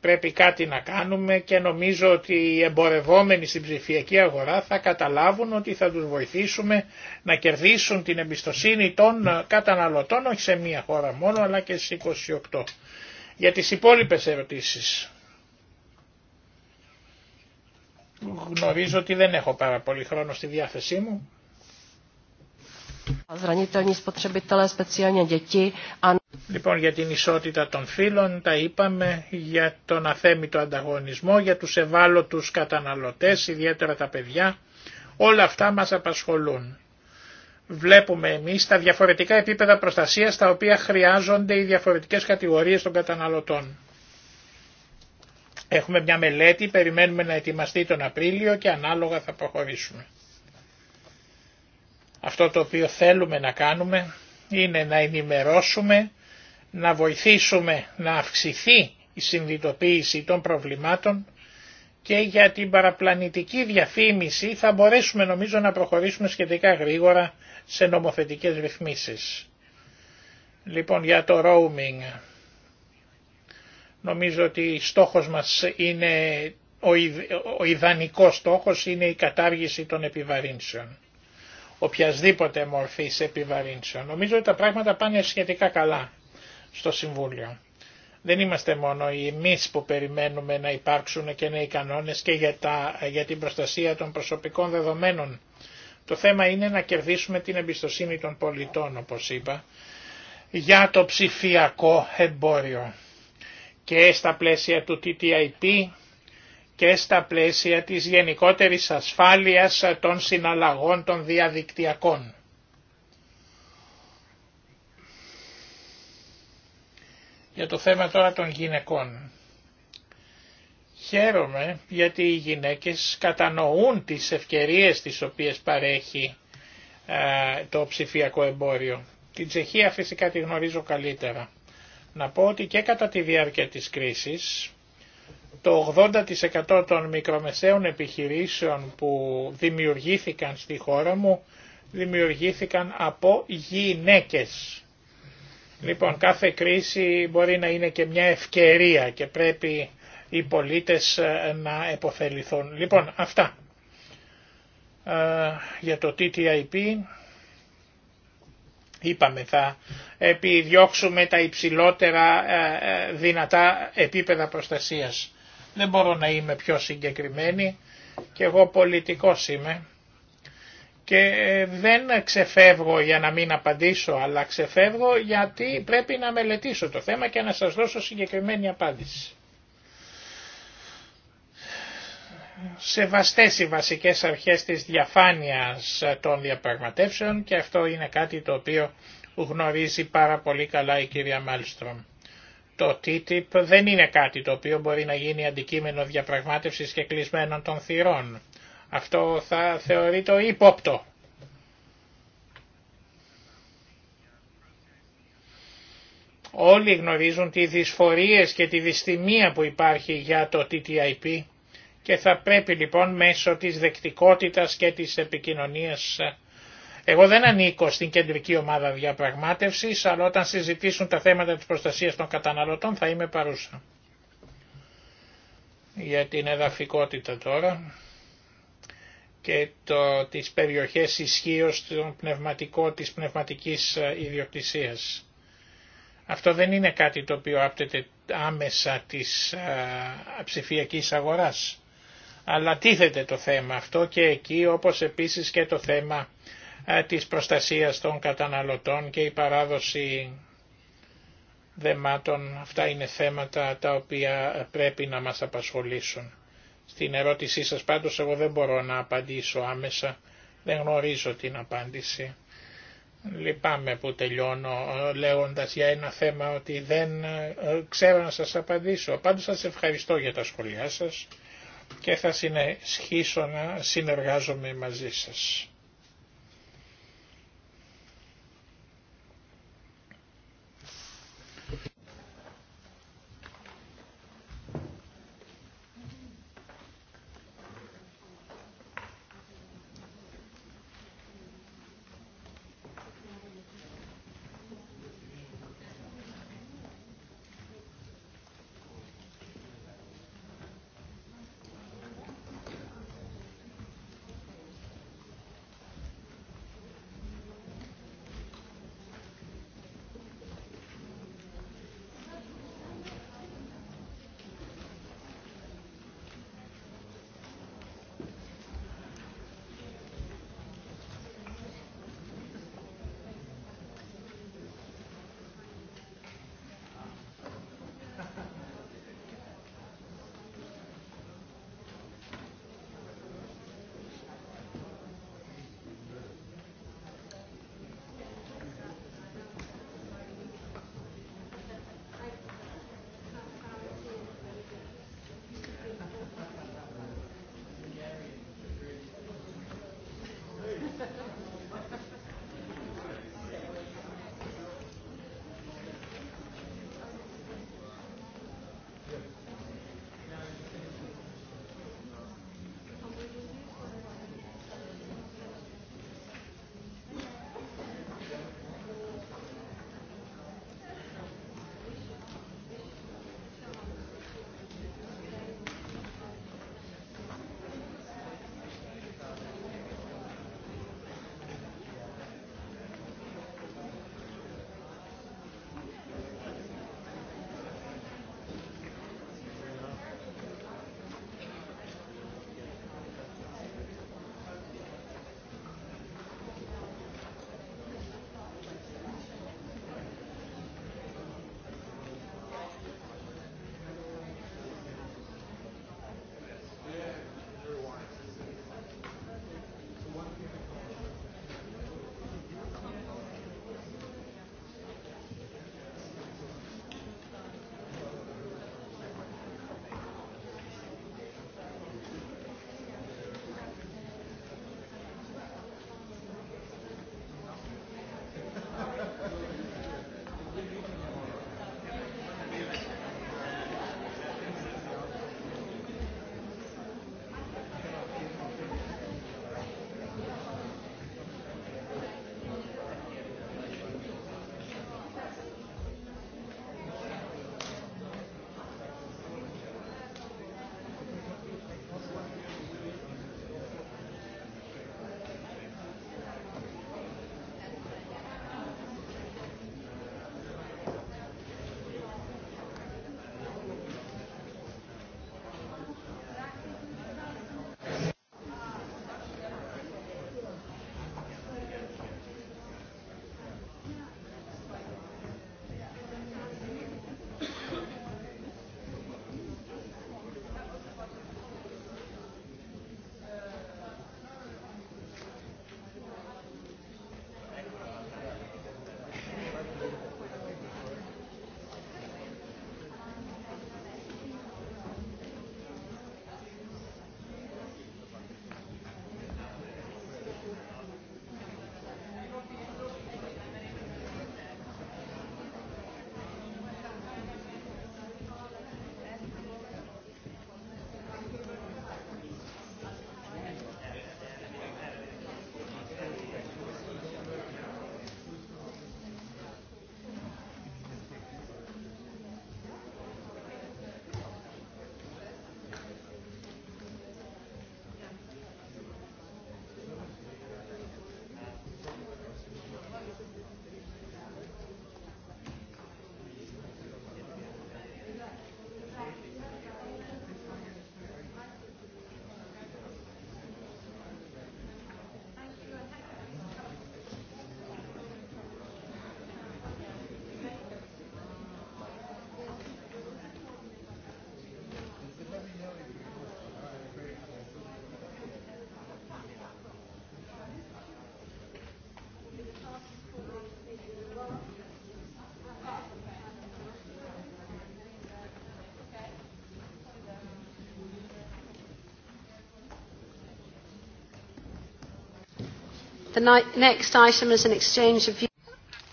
Πρέπει κάτι να κάνουμε και νομίζω ότι οι εμπορευόμενοι στην ψηφιακή αγορά θα καταλάβουν ότι θα τους βοηθήσουμε να κερδίσουν την εμπιστοσύνη των καταναλωτών όχι σε μία χώρα μόνο αλλά και στις 28. Για τις υπόλοιπες ερωτήσεις. Γνωρίζω ότι δεν έχω πάρα πολύ χρόνο στη διάθεσή μου. Λοιπόν, για την ισότητα των φύλων τα είπαμε, για τον αθέμητο ανταγωνισμό, για τους ευάλωτους καταναλωτές, ιδιαίτερα τα παιδιά, όλα αυτά μας απασχολούν. Βλέπουμε εμείς τα διαφορετικά επίπεδα προστασίας τα οποία χρειάζονται οι διαφορετικές κατηγορίες των καταναλωτών. Έχουμε μια μελέτη, περιμένουμε να ετοιμαστεί τον Απρίλιο και ανάλογα θα προχωρήσουμε. Αυτό το οποίο θέλουμε να κάνουμε είναι να ενημερώσουμε, να βοηθήσουμε να αυξηθεί η συνειδητοποίηση των προβλημάτων και για την παραπλανητική διαφήμιση θα μπορέσουμε νομίζω να προχωρήσουμε σχετικά γρήγορα σε νομοθετικές ρυθμίσεις. Λοιπόν για το roaming. Νομίζω ότι στόχος μας είναι, ο ιδανικός στόχος είναι η κατάργηση των επιβαρύνσεων οποιασδήποτε μορφής επιβαρύνσεων. Νομίζω ότι τα πράγματα πάνε σχετικά καλά στο Συμβούλιο. Δεν είμαστε μόνο οι εμείς που περιμένουμε να υπάρξουν και νέοι κανόνες και για, για την προστασία των προσωπικών δεδομένων. Το θέμα είναι να κερδίσουμε την εμπιστοσύνη των πολιτών, όπως είπα, για το ψηφιακό εμπόριο. Και στα πλαίσια του TTIP και στα πλαίσια της γενικότερης ασφάλειας των συναλλαγών των διαδικτυακών. Για το θέμα τώρα των γυναικών. Χαίρομαι γιατί οι γυναίκες κατανοούν τις ευκαιρίες τις οποίες παρέχει το ψηφιακό εμπόριο. Την Τσεχία φυσικά τη γνωρίζω καλύτερα. Να πω ότι και κατά τη διάρκεια της κρίσης το 80% των μικρομεσαίων επιχειρήσεων που δημιουργήθηκαν στη χώρα μου δημιουργήθηκαν από γυναίκες. Λοιπόν, κάθε κρίση μπορεί να είναι και μια ευκαιρία και πρέπει οι πολίτες ε, να εποφεληθούν. Λοιπόν, αυτά ε, για το TTIP. Είπαμε θα επιδιώξουμε τα υψηλότερα ε, δυνατά επίπεδα προστασίας. Δεν μπορώ να είμαι πιο συγκεκριμένη και εγώ πολιτικός είμαι και ε, δεν ξεφεύγω για να μην απαντήσω αλλά ξεφεύγω γιατί πρέπει να μελετήσω το θέμα και να σας δώσω συγκεκριμένη απάντηση. Σεβαστές οι βασικές αρχές της διαφάνειας των διαπραγματεύσεων και αυτό είναι κάτι το οποίο γνωρίζει πάρα πολύ καλά η κυρία Μάλστρομ το TTIP δεν είναι κάτι το οποίο μπορεί να γίνει αντικείμενο διαπραγμάτευσης και κλεισμένων των θυρών. Αυτό θα θεωρεί το ύποπτο. Όλοι γνωρίζουν τι δυσφορίες και τη δυστημία που υπάρχει για το TTIP και θα πρέπει λοιπόν μέσω της δεκτικότητας και της επικοινωνίας εγώ δεν ανήκω στην κεντρική ομάδα διαπραγματεύση, αλλά όταν συζητήσουν τα θέματα τη προστασία των καταναλωτών θα είμαι παρούσα. Για την εδαφικότητα τώρα και το, τις περιοχές ισχύω των πνευματικό, της πνευματικής ε, ιδιοκτησίας. Αυτό δεν είναι κάτι το οποίο άπτεται άμεσα της α, ε, ψηφιακής αγοράς. Αλλά τίθεται το θέμα αυτό και εκεί όπως επίσης και το θέμα ε, της προστασίας των καταναλωτών και η παράδοση δεμάτων. Αυτά είναι θέματα τα οποία πρέπει να μας απασχολήσουν. Στην ερώτησή σας πάντως εγώ δεν μπορώ να απαντήσω άμεσα, δεν γνωρίζω την απάντηση. Λυπάμαι που τελειώνω ε, λέγοντας για ένα θέμα ότι δεν ε, ξέρω να σας απαντήσω. Πάντως σας ευχαριστώ για τα σχόλιά σας και θα συνεχίσω να συνεργάζομαι μαζί σας.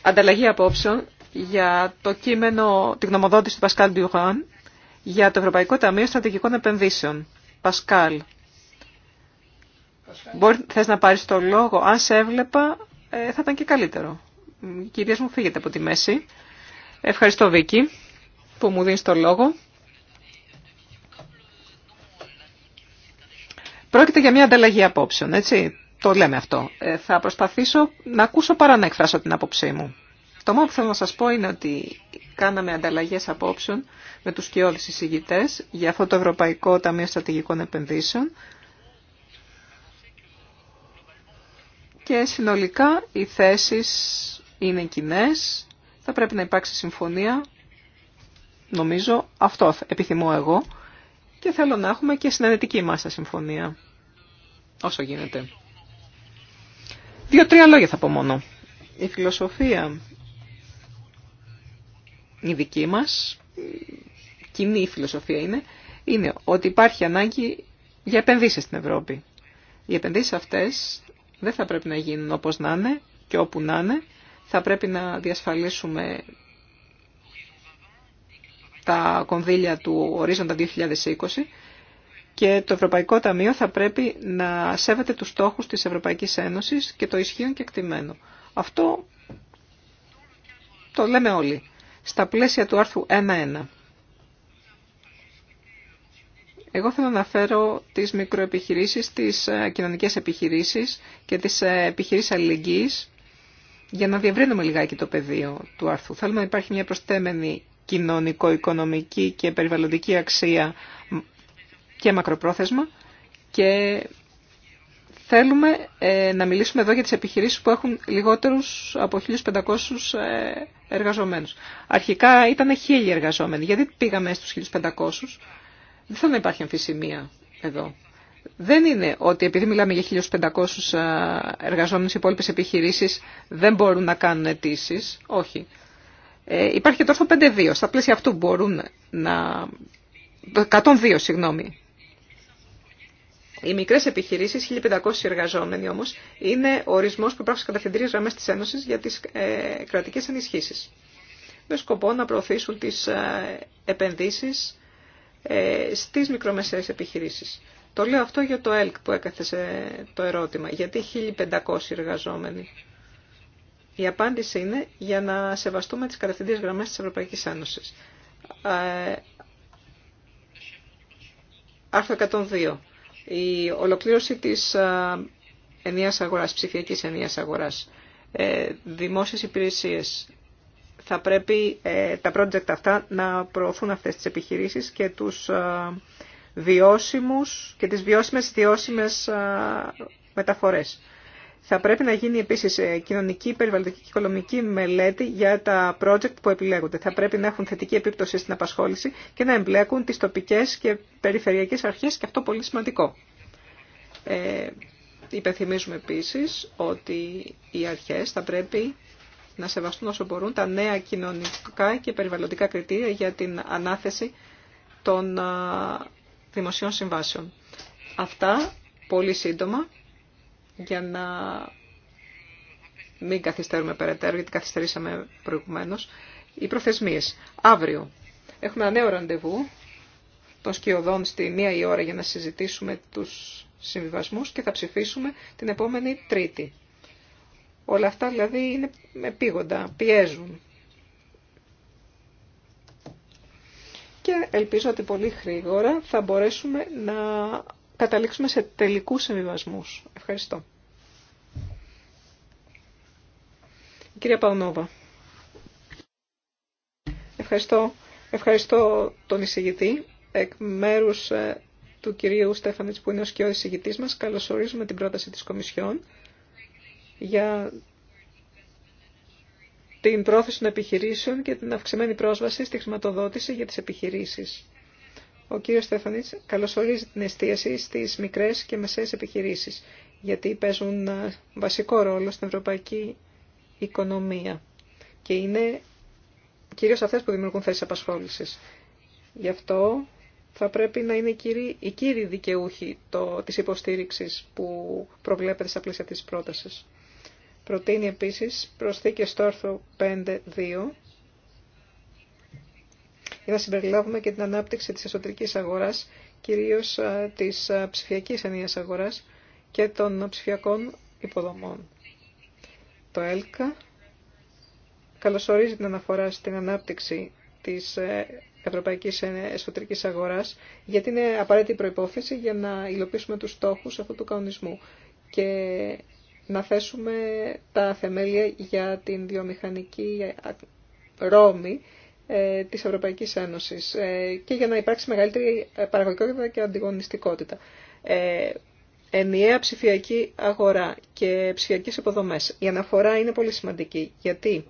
Ανταλλαγή απόψεων για το κείμενο, την γνωμοδότηση του Πασκάλ Μπιουγάν για το Ευρωπαϊκό Ταμείο Στρατηγικών Επενδύσεων. Πασκάλ, Μπορεί, θες να πάρεις το λόγο. Αν σε έβλεπα, ε, θα ήταν και καλύτερο. Κυρίες μου, φύγετε από τη μέση. Ευχαριστώ, Βίκη, που μου δίνεις το λόγο. Πρόκειται για μια ανταλλαγή απόψεων, έτσι το λέμε αυτό. Ε, θα προσπαθήσω να ακούσω παρά να εκφράσω την άποψή μου. Το μόνο που θέλω να σας πω είναι ότι κάναμε ανταλλαγές απόψεων με τους κοιόδης συζητητές για αυτό το Ευρωπαϊκό Ταμείο Στρατηγικών Επενδύσεων και συνολικά οι θέσεις είναι κοινέ. Θα πρέπει να υπάρξει συμφωνία, νομίζω, αυτό επιθυμώ εγώ και θέλω να έχουμε και συνενετική μας συμφωνία όσο γίνεται. Δύο-τρία λόγια θα πω μόνο. Η φιλοσοφία η δική μας, κοινή φιλοσοφία είναι, είναι ότι υπάρχει ανάγκη για επενδύσεις στην Ευρώπη. Οι επενδύσεις αυτές δεν θα πρέπει να γίνουν όπως να είναι και όπου να είναι. Θα πρέπει να διασφαλίσουμε τα κονδύλια του ορίζοντα 2020 και το Ευρωπαϊκό Ταμείο θα πρέπει να σέβεται τους στόχους της Ευρωπαϊκής Ένωσης και το ισχύον και εκτιμένο. Αυτό το λέμε όλοι. Στα πλαίσια του άρθρου 1.1. Εγώ θέλω να αναφέρω τις μικροεπιχειρήσεις, τις ε, κοινωνικές επιχειρήσεις και τις ε, επιχειρήσεις αλληλεγγύης για να διευρύνουμε λιγάκι το πεδίο του άρθρου. Θέλουμε να υπάρχει μια προστέμενη κοινωνικο-οικονομική και περιβαλλοντική αξία και μακροπρόθεσμα και θέλουμε ε, να μιλήσουμε εδώ για τις επιχειρήσεις που έχουν λιγότερους από 1.500 ε, εργαζομένους. Αρχικά ήταν 1.000 εργαζόμενοι. Γιατί πήγαμε στους 1.500. Δεν θέλω να υπάρχει αμφισημία εδώ. Δεν είναι ότι επειδή μιλάμε για 1.500 ε, εργαζόμενους, οι υπόλοιπε επιχειρήσεις δεν μπορούν να κάνουν αιτήσει. Όχι. Ε, υπάρχει και το 5 5.2. Στα πλαίσια αυτού μπορούν να... 102, συγγνώμη. Οι μικρές επιχειρήσεις, 1.500 εργαζόμενοι όμω, είναι ο ορισμός που υπάρχουν στι κατευθυντήριε γραμμές της Ένωσης για τις ε, κρατικές ενισχύσεις. Με σκοπό να προωθήσουν τις ε, επενδύσεις ε, στις μικρομεσαίες επιχειρήσεις. Το λέω αυτό για το ΕΛΚ που έκαθε το ερώτημα. Γιατί 1.500 εργαζόμενοι. Η απάντηση είναι για να σεβαστούμε τις κατευθυντήριες γραμμές της Ευρωπαϊκής Ένωσης. Ε, άρθρο 102 η ολοκλήρωση της ε, ενίας αγοράς, ψηφιακής ενίας αγοράς, ε, δημόσιες υπηρεσίες. Θα πρέπει ε, τα project αυτά να προωθούν αυτές τις επιχειρήσεις και τους βιώσιμους και τις βιώσιμες διώσιμες μεταφορές. Θα πρέπει να γίνει επίσης ε, κοινωνική, περιβαλλοντική και οικονομική μελέτη για τα project που επιλέγονται. Θα πρέπει να έχουν θετική επίπτωση στην απασχόληση και να εμπλέκουν τις τοπικές και περιφερειακές αρχές και αυτό πολύ σημαντικό. Ε, υπενθυμίζουμε επίσης ότι οι αρχές θα πρέπει να σεβαστούν όσο μπορούν τα νέα κοινωνικά και περιβαλλοντικά κριτήρια για την ανάθεση των ε, δημοσίων συμβάσεων. Αυτά πολύ σύντομα για να μην καθυστερούμε περαιτέρω, γιατί καθυστερήσαμε προηγουμένως, οι προθεσμίες. Αύριο έχουμε ένα νέο ραντεβού των σκιωδών στη μία η ώρα για να συζητήσουμε τους συμβιβασμούς και θα ψηφίσουμε την επόμενη Τρίτη. Όλα αυτά δηλαδή είναι επίγοντα, πιέζουν. Και ελπίζω ότι πολύ γρήγορα θα μπορέσουμε να καταλήξουμε σε τελικούς συμβιβασμούς. Ευχαριστώ. κυρία Παουνόβα. Ευχαριστώ. Ευχαριστώ τον εισηγητή. Εκ μέρους ε, του κυρίου Στέφανιτς που είναι ο σκιώδης εισηγητής μας, καλωσορίζουμε την πρόταση της Κομισιόν για την πρόθεση των επιχειρήσεων και την αυξημένη πρόσβαση στη χρηματοδότηση για τις επιχειρήσεις ο κύριος Στέφανης καλωσορίζει την εστίαση στις μικρές και μεσαίες επιχειρήσεις, γιατί παίζουν ε, βασικό ρόλο στην ευρωπαϊκή οικονομία και είναι κυρίως αυτές που δημιουργούν θέσεις απασχόλησης. Γι' αυτό θα πρέπει να είναι οι κύριοι, δικαιούχοι το, της υποστήριξης που προβλέπεται στα πλαίσια της πρότασης. Προτείνει επίσης προσθήκες στο άρθρο 5.2 για να συμπεριλάβουμε και την ανάπτυξη της εσωτερικής αγοράς, κυρίως ε, της ε, ψηφιακής ενίας αγοράς και των ψηφιακών υποδομών. Το ΕΛΚΑ καλωσορίζει την αναφορά στην ανάπτυξη της ε, ευρωπαϊκής εσωτερικής αγοράς, γιατί είναι απαραίτητη προϋπόθεση για να υλοποιήσουμε τους στόχους αυτού του κανονισμού και να θέσουμε τα θεμέλια για την βιομηχανική ρόμη, ε, της Ευρωπαϊκής Ένωσης ε, και για να υπάρξει μεγαλύτερη παραγωγικότητα και αντιγωνιστικότητα. Ε, ενιαία ψηφιακή αγορά και ψηφιακές υποδομές. Η αναφορά είναι πολύ σημαντική γιατί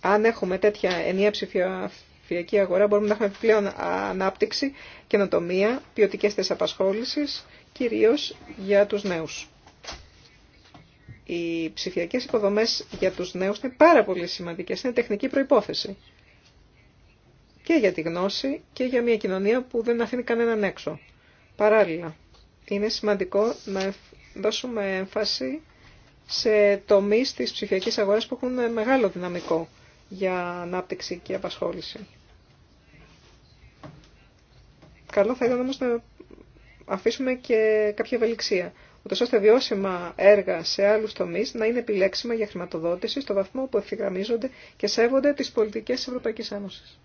αν έχουμε τέτοια ενιαία ψηφιακή αγορά μπορούμε να έχουμε πλέον ανάπτυξη, καινοτομία, ποιοτικές θέσεις απασχόλησης, κυρίως για τους νέους οι ψηφιακές υποδομές για τους νέους είναι πάρα πολύ σημαντικές, είναι τεχνική προϋπόθεση. Και για τη γνώση και για μια κοινωνία που δεν αφήνει κανέναν έξω. Παράλληλα, είναι σημαντικό να δώσουμε έμφαση σε τομείς της ψηφιακής αγοράς που έχουν μεγάλο δυναμικό για ανάπτυξη και απασχόληση. Καλό θα ήταν όμως να αφήσουμε και κάποια ευελιξία ούτω ώστε βιώσιμα έργα σε άλλους τομείς να είναι επιλέξιμα για χρηματοδότηση στο βαθμό που ευθυγραμμίζονται και σέβονται τις πολιτικές της Ευρωπαϊκής Ένωσης.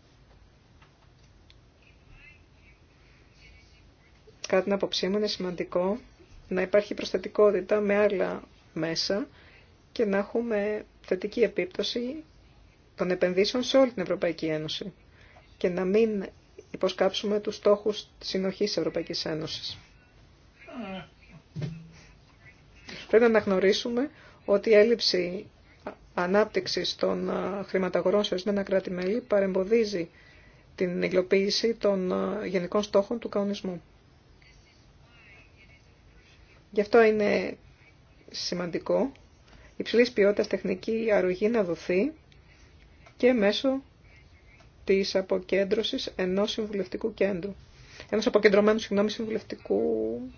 Κάτι να απόψή μου είναι σημαντικό να υπάρχει προσθετικότητα με άλλα μέσα και να έχουμε θετική επίπτωση των επενδύσεων σε όλη την Ευρωπαϊκή Ένωση και να μην υποσκάψουμε τους στόχους της συνοχής της Ευρωπαϊκής Ένωσης. Πρέπει να αναγνωρίσουμε ότι η έλλειψη ανάπτυξη των ε, χρηματαγορών σε ορισμένα κράτη-μέλη παρεμποδίζει την υλοποίηση των ε, γενικών στόχων του καονισμού. Γι' αυτό είναι σημαντικό υψηλής ποιότητας τεχνική αρρωγή να δοθεί και μέσω της αποκέντρωσης ενός συμβουλευτικού κέντρου. Ενός αποκεντρωμένου, συμβουλευτικού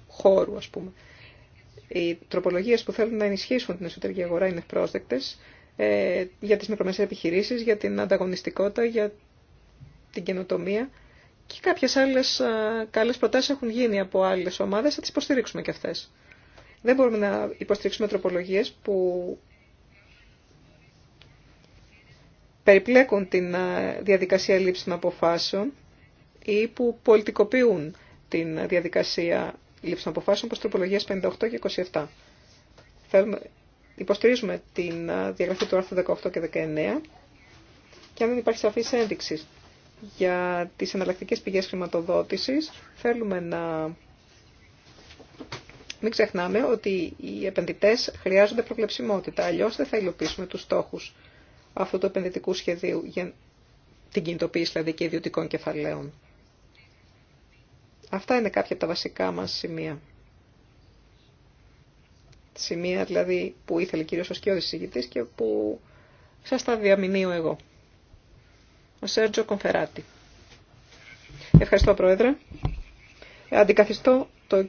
χώρου, πούμε. Οι τροπολογίες που θέλουν να ενισχύσουν την εσωτερική αγορά είναι πρόσδεκτες ε, για τις μικρομεσαίες επιχειρήσεις, για την ανταγωνιστικότητα, για την καινοτομία και κάποιες άλλες ε, καλές προτάσεις έχουν γίνει από άλλες ομάδες, θα τις υποστηρίξουμε και αυτές. Δεν μπορούμε να υποστηρίξουμε τροπολογίες που περιπλέκουν την ε, διαδικασία λήψης των αποφάσεων ή που πολιτικοποιούν την διαδικασία λήψη αποφάσεων προς τροπολογίες 58 και 27. Θέλουμε, υποστηρίζουμε την διαγραφή του άρθρου 18 και 19 και αν δεν υπάρχει σαφή ένδειξη για τις εναλλακτικές πηγές χρηματοδότησης, θέλουμε να μην ξεχνάμε ότι οι επενδυτές χρειάζονται προβλεψιμότητα, αλλιώς δεν θα υλοποιήσουμε τους στόχους αυτού του επενδυτικού σχεδίου για την κινητοποίηση δηλαδή και ιδιωτικών κεφαλαίων. Αυτά είναι κάποια από τα βασικά μας σημεία. Σημεία δηλαδή που ήθελε κυρίως ο Σκιώδης συζητητής και που σας τα διαμηνύω εγώ. Ο Σέρτζο Κονφεράτη. Ευχαριστώ Πρόεδρε. Αντικαθιστώ τον,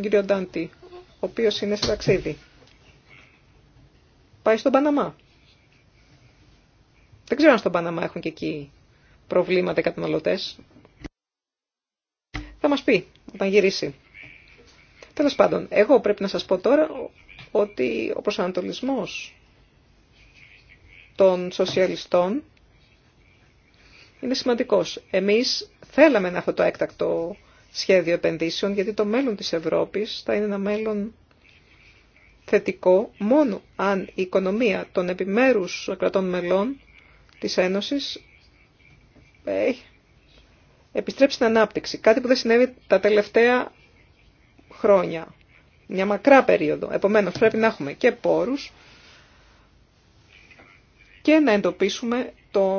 κύριο Ντάντι, ο οποίος είναι σε ταξίδι. Πάει στον Παναμά. Δεν ξέρω αν στον Παναμά έχουν και εκεί προβλήματα οι καταναλωτές. Θα μας πει όταν γυρίσει. Τέλος πάντων, εγώ πρέπει να σας πω τώρα ότι ο προσανατολισμός των σοσιαλιστών είναι σημαντικός. Εμείς θέλαμε να αυτό το έκτακτο σχέδιο επενδύσεων, γιατί το μέλλον της Ευρώπης θα είναι ένα μέλλον θετικό μόνο αν η οικονομία των επιμέρους κρατών μελών της Ένωσης επιστρέψει στην ανάπτυξη. Κάτι που δεν συνέβη τα τελευταία χρόνια. Μια μακρά περίοδο. Επομένως πρέπει να έχουμε και πόρους και να εντοπίσουμε το,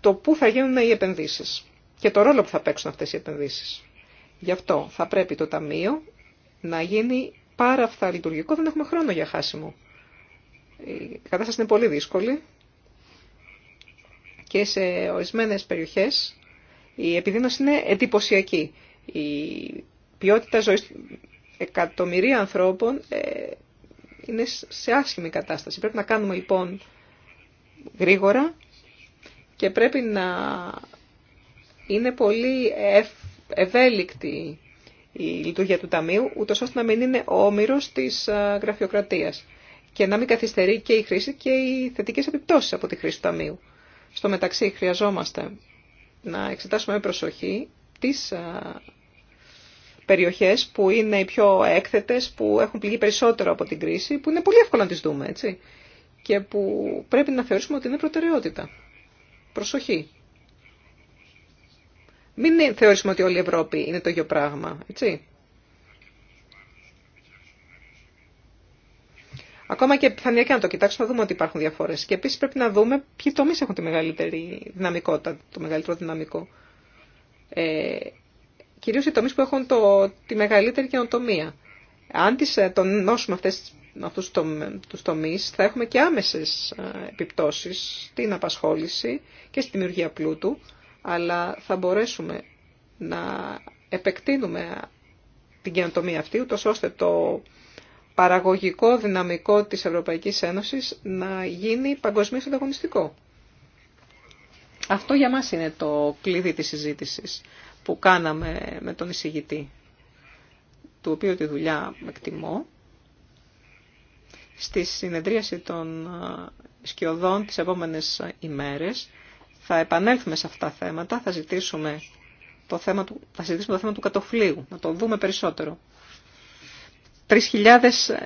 το πού θα γίνουν οι επενδύσεις και το ρόλο που θα παίξουν αυτές οι επενδύσεις. Γι' αυτό θα πρέπει το Ταμείο να γίνει πάρα αυτά λειτουργικό. Δεν έχουμε χρόνο για χάσιμο. Η κατάσταση είναι πολύ δύσκολη και σε ορισμένες περιοχές η επιδείνωση είναι εντυπωσιακή. Η ποιότητα ζωής εκατομμυρία ανθρώπων ε, είναι σε άσχημη κατάσταση. Πρέπει να κάνουμε λοιπόν γρήγορα και πρέπει να είναι πολύ ευέλικτη η λειτουργία του Ταμείου, ούτω ώστε να μην είναι ο όμοιρος της γραφειοκρατίας και να μην καθυστερεί και η χρήση και οι θετικές επιπτώσεις από τη χρήση του Ταμείου. Στο μεταξύ χρειαζόμαστε να εξετάσουμε με προσοχή τις περιοχές που είναι οι πιο έκθετες, που έχουν πληγεί περισσότερο από την κρίση, που είναι πολύ εύκολο να τις δούμε, έτσι, και που πρέπει να θεωρήσουμε ότι είναι προτεραιότητα. Προσοχή. Μην θεωρήσουμε ότι όλη η Ευρώπη είναι το ίδιο πράγμα, έτσι. Ακόμα και και να το κοιτάξουμε, θα δούμε ότι υπάρχουν διαφορέ. Και επίση πρέπει να δούμε ποιοι τομεί έχουν τη μεγαλύτερη δυναμικότητα, το μεγαλύτερο δυναμικό. Ε, Κυρίω οι τομεί που έχουν το, τη μεγαλύτερη καινοτομία. Αν τις ε, τονώσουμε αυτές, αυτούς τους τομείς, θα έχουμε και άμεσες ε, επιπτώσεις στην απασχόληση και στη δημιουργία πλούτου, αλλά θα μπορέσουμε να επεκτείνουμε την καινοτομία αυτή, ούτως ώστε το παραγωγικό δυναμικό της Ευρωπαϊκής Ένωσης να γίνει παγκοσμίως ανταγωνιστικό. Αυτό για μας είναι το κλειδί της συζήτησης που κάναμε με τον εισηγητή, του οποίου τη δουλειά με εκτιμώ. Στη συνεδρίαση των σκιωδών τις επόμενες ημέρες θα επανέλθουμε σε αυτά τα θέματα, θα ζητήσουμε το θέμα του, θα το θέμα του κατοφλίου, να το δούμε περισσότερο. 3.000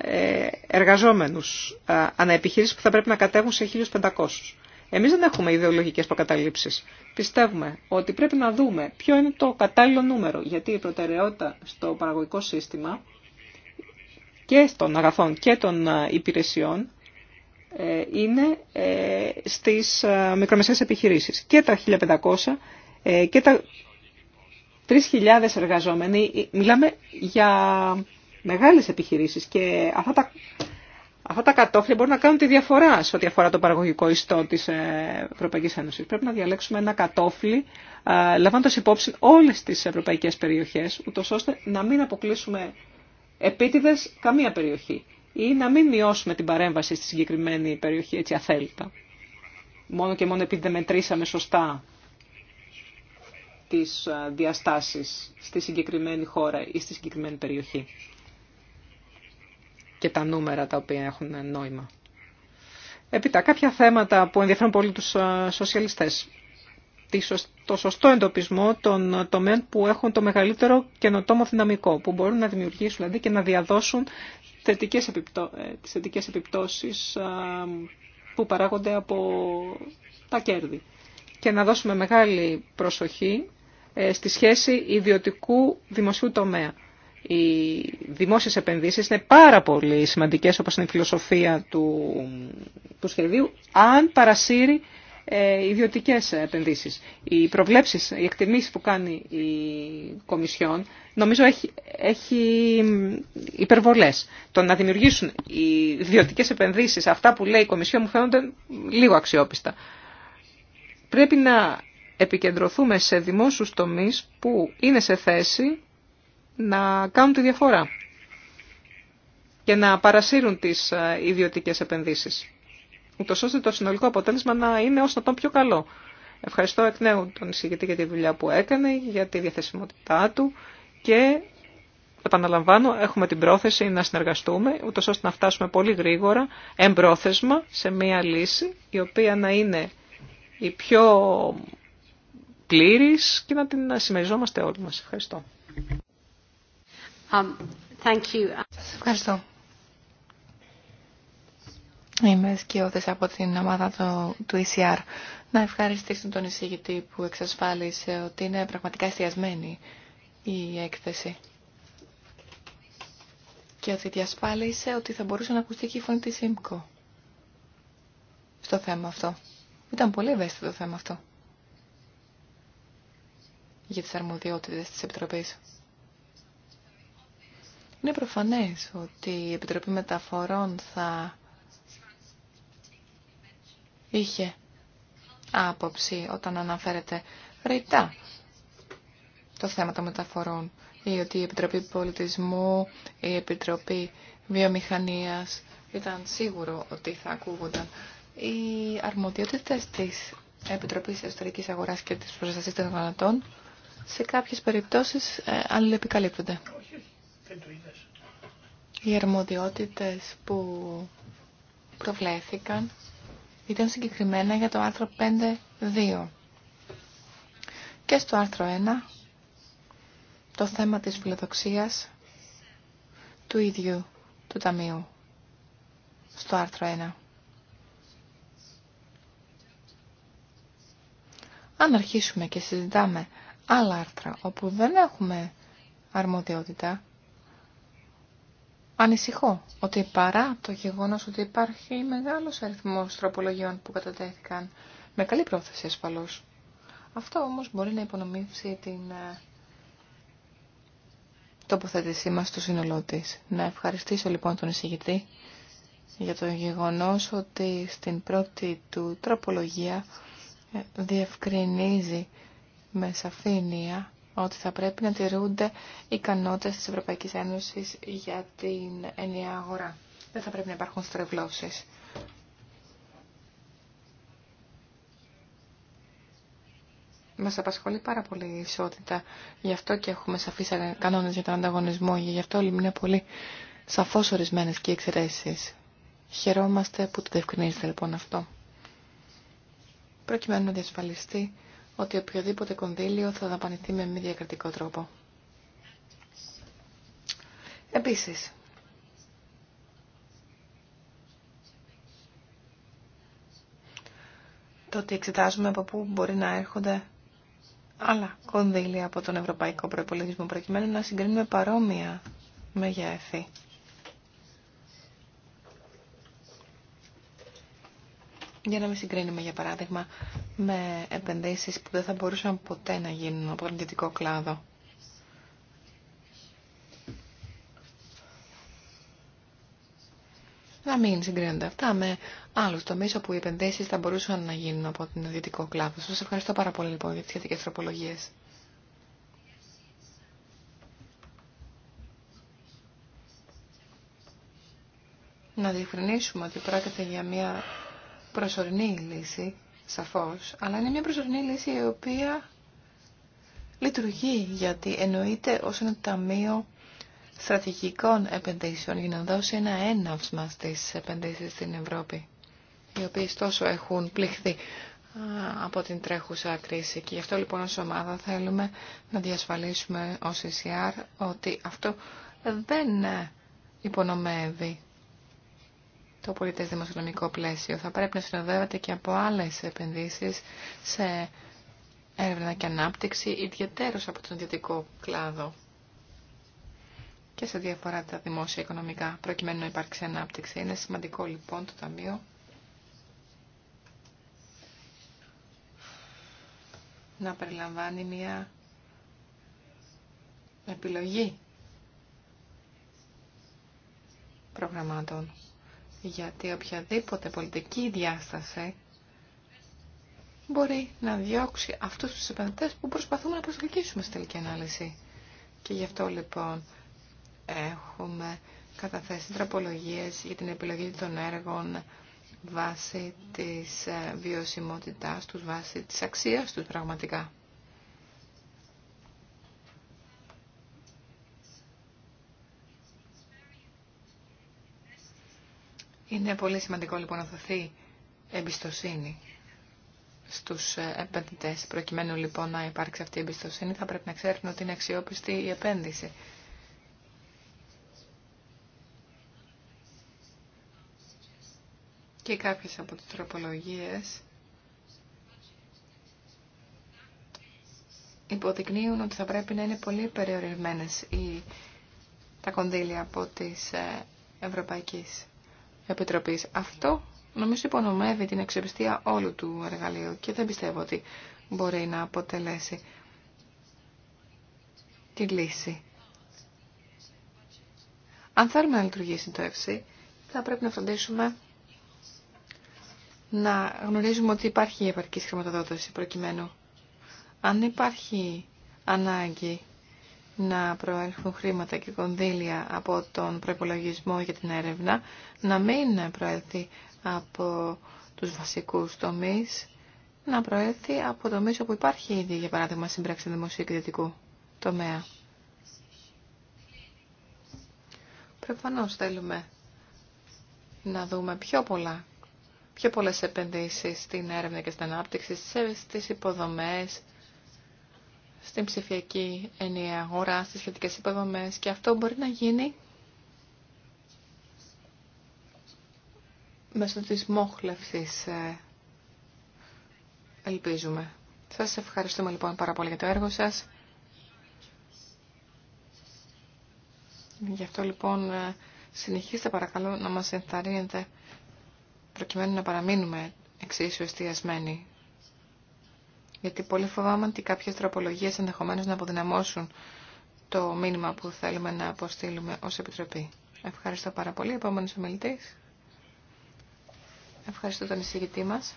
ε, εργαζόμενους ε, αναεπιχείρηση που θα πρέπει να κατέχουν σε 1.500. Εμείς δεν έχουμε ιδεολογικές προκαταλήψεις. Πιστεύουμε ότι πρέπει να δούμε ποιο είναι το κατάλληλο νούμερο, γιατί η προτεραιότητα στο παραγωγικό σύστημα και των αγαθών και των ε, υπηρεσιών είναι στις μικρομεσαίες επιχειρήσεις. Και τα 1.500 και τα 3.000 εργαζόμενοι. Μιλάμε για μεγάλες επιχειρήσεις και αυτά τα, αυτά τα κατόφλια μπορούν να κάνουν τη διαφορά σε ό,τι αφορά το παραγωγικό ιστό της ε, Ευρωπαϊκής Ένωσης. Πρέπει να διαλέξουμε ένα κατόφλι ε, λαμβάνοντα υπόψη όλες τις ευρωπαϊκές περιοχές, ούτως ώστε να μην αποκλείσουμε επίτηδες καμία περιοχή ή να μην μειώσουμε την παρέμβαση στη συγκεκριμένη περιοχή έτσι αθέλητα. Μόνο και μόνο επειδή δεν μετρήσαμε σωστά τις ε, διαστάσεις στη συγκεκριμένη χώρα ή στη συγκεκριμένη περιοχή και τα νούμερα τα οποία έχουν νόημα. Επίτα, κάποια θέματα που ενδιαφέρουν πολύ τους ε, σοσιαλιστές. Το σωστό εντοπισμό των τομέων που έχουν το μεγαλύτερο καινοτόμο δυναμικό, που μπορούν να δημιουργήσουν δηλαδή, και να διαδώσουν θετικές, επιπτώ, ε, θετικές επιπτώσεις ε, που παράγονται από τα κέρδη. Και να δώσουμε μεγάλη προσοχή στη σχέση ιδιωτικού δημοσίου τομέα οι δημόσιες επενδύσεις είναι πάρα πολύ σημαντικές όπως είναι η φιλοσοφία του, σχεδίου αν παρασύρει ε, ιδιωτικές επενδύσεις. Οι προβλέψεις, οι εκτιμήσεις που κάνει η Κομισιόν νομίζω έχει, έχει υπερβολές. Το να δημιουργήσουν οι ιδιωτικές επενδύσεις, αυτά που λέει η Κομισιόν μου φαίνονται λίγο αξιόπιστα. Πρέπει να επικεντρωθούμε σε δημόσιους τομείς που είναι σε θέση να κάνουν τη διαφορά και να παρασύρουν τις ε, ιδιωτικές επενδύσεις, ούτως ώστε το συνολικό αποτέλεσμα να είναι όσο το πιο καλό. Ευχαριστώ εκ νέου τον εισηγητή για τη δουλειά που έκανε, για τη διαθεσιμότητά του και επαναλαμβάνω, έχουμε την πρόθεση να συνεργαστούμε, ούτω ώστε να φτάσουμε πολύ γρήγορα, εμπρόθεσμα, σε μία λύση, η οποία να είναι η πιο πλήρης και να την συμμεριζόμαστε όλοι μας. Ευχαριστώ. Um, Σας ευχαριστώ. Είμαι σκιώδης από την ομάδα του, του e ECR. Να ευχαριστήσω τον εισηγητή που εξασφάλισε ότι είναι πραγματικά εστιασμένη η έκθεση. Και ότι διασφάλισε ότι θα μπορούσε να ακουστεί και η φωνή της ΣΥΜΚΟ στο θέμα αυτό. Ήταν πολύ ευαίσθητο το θέμα αυτό για τις αρμοδιότητες της Επιτροπής. Είναι προφανές ότι η Επιτροπή Μεταφορών θα είχε άποψη όταν αναφέρεται ρητά το θέμα των μεταφορών ή ότι η Επιτροπή Πολιτισμού, η Επιτροπή Βιομηχανίας ήταν σίγουρο ότι θα ακούγονταν οι αρμοδιότητες της Επιτροπής Εσωτερικής Αγοράς και της Προστασίας των Γονατών σε κάποιες περιπτώσεις ε, αλληλεπικαλύπτονται. Οι αρμοδιότητες που προβλέθηκαν ήταν συγκεκριμένα για το άρθρο 5.2. Και στο άρθρο 1 το θέμα της φιλοδοξίας του ίδιου του Ταμείου. Στο άρθρο 1. Αν αρχίσουμε και συζητάμε άλλα άρθρα όπου δεν έχουμε αρμοδιότητα, Ανησυχώ ότι παρά το γεγονός ότι υπάρχει μεγάλος αριθμός τροπολογιών που κατατέθηκαν με καλή πρόθεση ασφαλώς. Αυτό όμως μπορεί να υπονομεύσει την ε, τοποθέτησή μας στο σύνολό τη. Να ευχαριστήσω λοιπόν τον εισηγητή για το γεγονός ότι στην πρώτη του τροπολογία ε, διευκρινίζει με σαφήνεια ότι θα πρέπει να τηρούνται οι κανόνες της Ευρωπαϊκής Ένωσης για την ενιαία αγορά. Δεν θα πρέπει να υπάρχουν στρεβλώσεις. Μας απασχολεί πάρα πολύ η ισότητα. Γι' αυτό και έχουμε σαφεί κανόνες για τον ανταγωνισμό. Γι' αυτό όλοι είναι πολύ σαφώς ορισμένες και εξαιρέσει. Χαιρόμαστε που το διευκρινίζετε λοιπόν αυτό. Προκειμένου να διασφαλιστεί ότι οποιοδήποτε κονδύλιο θα δαπανηθεί με μη διακριτικό τρόπο. Επίσης, το ότι εξετάζουμε από πού μπορεί να έρχονται άλλα κονδύλια από τον Ευρωπαϊκό Προϋπολογισμό προκειμένου να συγκρίνουμε παρόμοια μεγέθη. Για να μην συγκρίνουμε, για παράδειγμα, με επενδύσεις που δεν θα μπορούσαν ποτέ να γίνουν από τον δυτικό κλάδο. Να μην συγκρίνονται αυτά με άλλους τομείς όπου οι επενδύσεις θα μπορούσαν να γίνουν από τον δυτικό κλάδο. Σας ευχαριστώ πάρα πολύ λοιπόν για τις σχετικές τροπολογίες. Να διευκρινίσουμε ότι πρόκειται για μια προσωρινή λύση σαφώς, αλλά είναι μια προσωρινή λύση η οποία λειτουργεί γιατί εννοείται ως ένα ταμείο στρατηγικών επενδύσεων για να δώσει ένα έναυσμα στις επενδύσεις στην Ευρώπη οι οποίες τόσο έχουν πληχθεί από την τρέχουσα κρίση και γι' αυτό λοιπόν ως ομάδα θέλουμε να διασφαλίσουμε ως ECR ότι αυτό δεν υπονομεύει το πολιτές δημοσιονομικό πλαίσιο. Θα πρέπει να συνοδεύεται και από άλλες επενδύσεις σε έρευνα και ανάπτυξη, ιδιαίτερως από τον ιδιωτικό κλάδο και σε διαφορά τα δημόσια οικονομικά, προκειμένου να υπάρξει ανάπτυξη. Είναι σημαντικό λοιπόν το Ταμείο να περιλαμβάνει μια επιλογή προγραμμάτων γιατί οποιαδήποτε πολιτική διάσταση μπορεί να διώξει αυτούς τους επενδυτές που προσπαθούμε να προσελκύσουμε στη τελική ανάλυση. Και γι' αυτό λοιπόν έχουμε καταθέσει τραπολογίες για την επιλογή των έργων βάσει της ε, βιωσιμότητάς τους, βάσει της αξίας τους πραγματικά. Είναι πολύ σημαντικό λοιπόν να δοθεί εμπιστοσύνη στους ε, επενδυτές. Προκειμένου λοιπόν να υπάρξει αυτή η εμπιστοσύνη θα πρέπει να ξέρουν ότι είναι αξιόπιστη η επένδυση. Και κάποιες από τις τροπολογίες υποδεικνύουν ότι θα πρέπει να είναι πολύ περιορισμένες οι, τα κονδύλια από τις ε, Ευρωπαϊκής αυτό νομίζω υπονομεύει την αξιοπιστία όλου του εργαλείου και δεν πιστεύω ότι μπορεί να αποτελέσει τη λύση. Αν θέλουμε να λειτουργήσει το ΕΦΣΥ, θα πρέπει να φροντίσουμε να γνωρίζουμε ότι υπάρχει επαρκής χρηματοδότηση προκειμένου. Αν υπάρχει ανάγκη να προέλθουν χρήματα και κονδύλια από τον προπολογισμό για την έρευνα, να μην προέλθει από τους βασικούς τομείς, να προέλθει από τομείς όπου υπάρχει ήδη, για παράδειγμα, σύμπραξη δημοσίου τομέα. Προφανώς θέλουμε να δούμε πιο πολλά, πιο πολλές επενδύσεις στην έρευνα και στην ανάπτυξη, στις υποδομές, στην ψηφιακή ενιαία αγορά, στις σχετικές υποδομές και αυτό μπορεί να γίνει μέσω της μόχλευσης, ε, ελπίζουμε. Σας ευχαριστούμε λοιπόν πάρα πολύ για το έργο σας. Γι' αυτό λοιπόν ε, συνεχίστε παρακαλώ να μας ενθαρρύνετε προκειμένου να παραμείνουμε εξίσου εστιασμένοι γιατί πολύ φοβάμαι ότι κάποιες τροπολογίε ενδεχομένω να αποδυναμώσουν το μήνυμα που θέλουμε να αποστείλουμε ω Επιτροπή. Ευχαριστώ πάρα πολύ. επόμενο ομιλητή. Ευχαριστώ τον εισηγητή μας.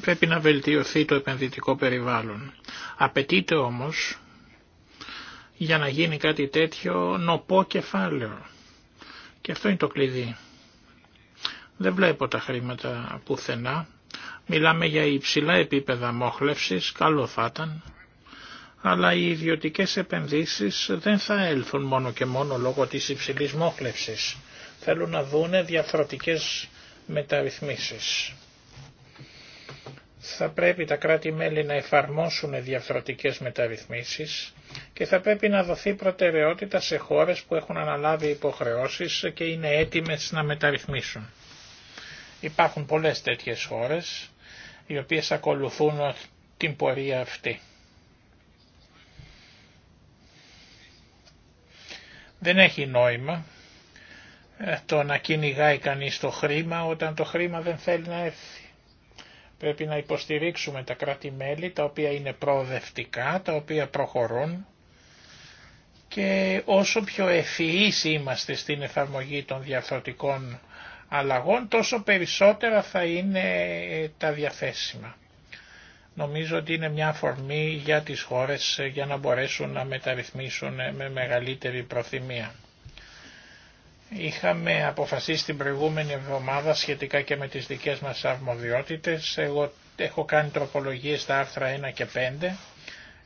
Πρέπει να βελτιωθεί το επενδυτικό περιβάλλον. Απαιτείται όμω για να γίνει κάτι τέτοιο νοπό κεφάλαιο. Και αυτό είναι το κλειδί. Δεν βλέπω τα χρήματα πουθενά Μιλάμε για υψηλά επίπεδα μόχλευσης, καλό θα ήταν, αλλά οι ιδιωτικές επενδύσεις δεν θα έλθουν μόνο και μόνο λόγω της υψηλής μόχλευσης. Θέλουν να δούνε διαφορετικές μεταρρυθμίσεις. Θα πρέπει τα κράτη-μέλη να εφαρμόσουν διαφορετικές μεταρρυθμίσεις και θα πρέπει να δοθεί προτεραιότητα σε χώρες που έχουν αναλάβει υποχρεώσεις και είναι έτοιμες να μεταρρυθμίσουν. Υπάρχουν πολλές τέτοιες χώρες οι οποίες ακολουθούν την πορεία αυτή. Δεν έχει νόημα ε, το να κυνηγάει κανείς το χρήμα όταν το χρήμα δεν θέλει να έρθει. Πρέπει να υποστηρίξουμε τα κράτη-μέλη τα οποία είναι προοδευτικά, τα οποία προχωρούν και όσο πιο ευφυείς είμαστε στην εφαρμογή των διαφορετικών αλλαγών τόσο περισσότερα θα είναι ε, τα διαθέσιμα. Νομίζω ότι είναι μια αφορμή για τις χώρες ε, για να μπορέσουν να μεταρρυθμίσουν ε, με μεγαλύτερη προθυμία. Είχαμε αποφασίσει την προηγούμενη εβδομάδα σχετικά και με τις δικές μας αρμοδιότητες. Εγώ έχω κάνει τροπολογίες στα άρθρα 1 και 5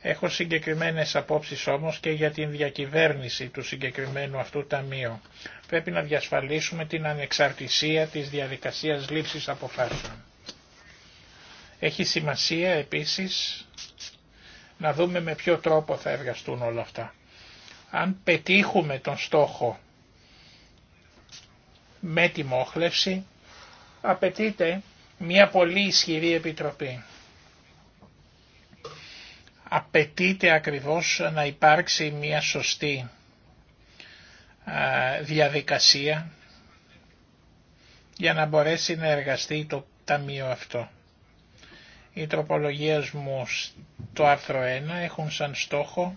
Έχω συγκεκριμένες απόψεις όμως και για την διακυβέρνηση του συγκεκριμένου αυτού ταμείου. Πρέπει να διασφαλίσουμε την ανεξαρτησία της διαδικασίας λήψης αποφάσεων. Έχει σημασία επίσης να δούμε με ποιο τρόπο θα εργαστούν όλα αυτά. Αν πετύχουμε τον στόχο με τη μόχλευση, απαιτείται μια πολύ ισχυρή επιτροπή απαιτείται ακριβώς να υπάρξει μια σωστή διαδικασία για να μπορέσει να εργαστεί το ταμείο αυτό. Οι τροπολογίες μου στο άρθρο 1 έχουν σαν στόχο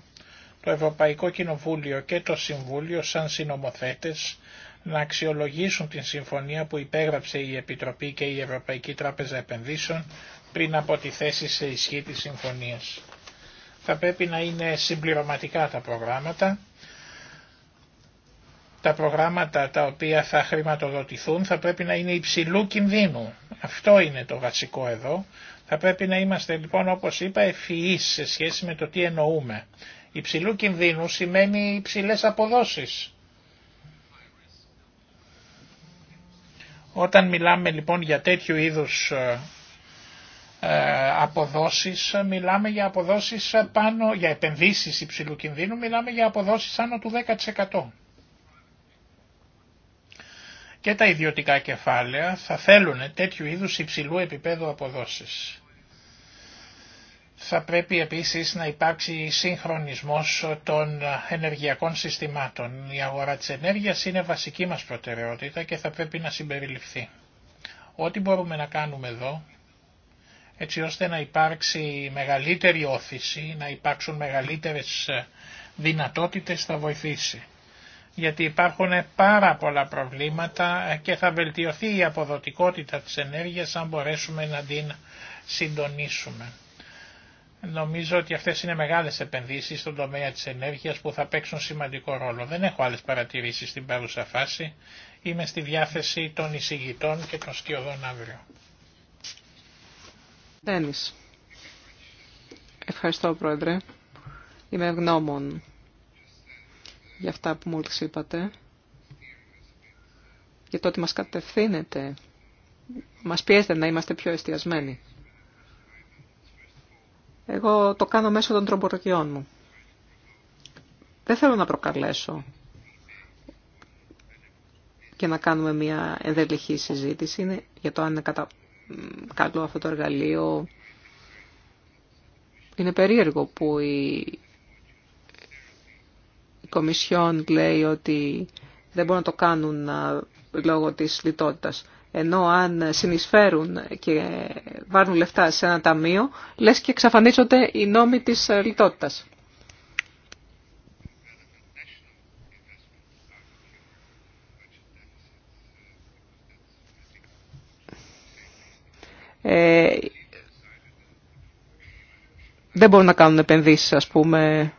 το Ευρωπαϊκό Κοινοβούλιο και το Συμβούλιο σαν συνομοθέτες να αξιολογήσουν την συμφωνία που υπέγραψε η Επιτροπή και η Ευρωπαϊκή Τράπεζα Επενδύσεων πριν από τη θέση σε ισχύ της συμφωνίας θα πρέπει να είναι συμπληρωματικά τα προγράμματα. Τα προγράμματα τα οποία θα χρηματοδοτηθούν θα πρέπει να είναι υψηλού κινδύνου. Αυτό είναι το βασικό εδώ. Θα πρέπει να είμαστε λοιπόν όπως είπα ευφυείς σε σχέση με το τι εννοούμε. Υψηλού κινδύνου σημαίνει υψηλές αποδόσεις. Όταν μιλάμε λοιπόν για τέτοιου είδους ε, ε, αποδόσεις, μιλάμε για αποδόσεις πάνω, για επενδύσεις υψηλού κινδύνου, μιλάμε για αποδόσεις άνω του 10%. Και τα ιδιωτικά κεφάλαια θα θέλουν τέτοιου είδους υψηλού επίπεδου αποδόσεις. Θα πρέπει επίσης να υπάρξει συγχρονισμός των ενεργειακών συστημάτων. Η αγορά της ενέργειας είναι βασική μας προτεραιότητα και θα πρέπει να συμπεριληφθεί. Ό,τι μπορούμε να κάνουμε εδώ έτσι ώστε να υπάρξει μεγαλύτερη όθηση, να υπάρξουν μεγαλύτερες ε, δυνατότητες θα βοηθήσει. Γιατί υπάρχουν πάρα πολλά προβλήματα ε, και θα βελτιωθεί η αποδοτικότητα της ενέργειας αν μπορέσουμε να την συντονίσουμε. Νομίζω ότι αυτές είναι μεγάλες επενδύσεις στον τομέα της ενέργειας που θα παίξουν σημαντικό ρόλο. Δεν έχω άλλες παρατηρήσεις στην παρούσα φάση. Είμαι στη διάθεση των εισηγητών και των σκιωδών αύριο. Ευχαριστώ, Πρόεδρε. Είμαι ευγνώμων για αυτά που μόλις είπατε. Για το ότι μας κατευθύνεται. μας πιέζετε να είμαστε πιο εστιασμένοι. Εγώ το κάνω μέσω των τροπολογιών μου. Δεν θέλω να προκαλέσω και να κάνουμε μια ενδελεχή συζήτηση για το αν είναι κατα καλό αυτό το εργαλείο. Είναι περίεργο που η, η Κομισιόν λέει ότι δεν μπορούν να το κάνουν λόγω της λιτότητας. Ενώ αν συνεισφέρουν και βάρουν λεφτά σε ένα ταμείο, λες και εξαφανίζονται οι νόμοι της ε, λιτότητας. Ε, δεν μπορούν να κάνουν επενδύσεις, ας πούμε,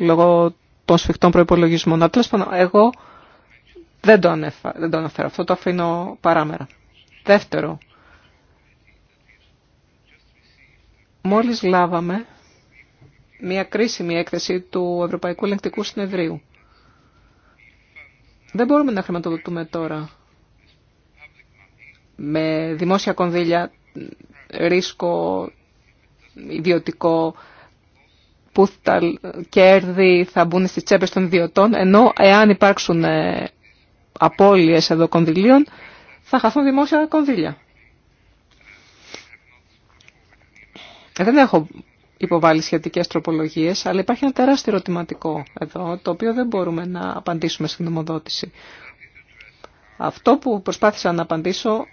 λόγω των σφιχτών προϋπολογισμών. εγώ δεν το, δεν το αναφέρω. Αυτό το αφήνω παράμερα. Δεύτερο, μόλις λάβαμε μια κρίσιμη έκθεση του Ευρωπαϊκού Ελεγκτικού Συνεδρίου. Δεν μπορούμε να χρηματοδοτούμε τώρα με δημόσια κονδύλια ρίσκο ιδιωτικό που τα κέρδη θα μπουν στις τσέπες των ιδιωτών, ενώ εάν υπάρξουν ε, απώλειες εδώ κονδυλίων, θα χαθούν δημόσια κονδύλια. Δεν έχω υποβάλει σχετικές τροπολογίες, αλλά υπάρχει ένα τεράστιο ερωτηματικό εδώ, το οποίο δεν μπορούμε να απαντήσουμε στην νομοδότηση. Αυτό που προσπάθησα να απαντήσω,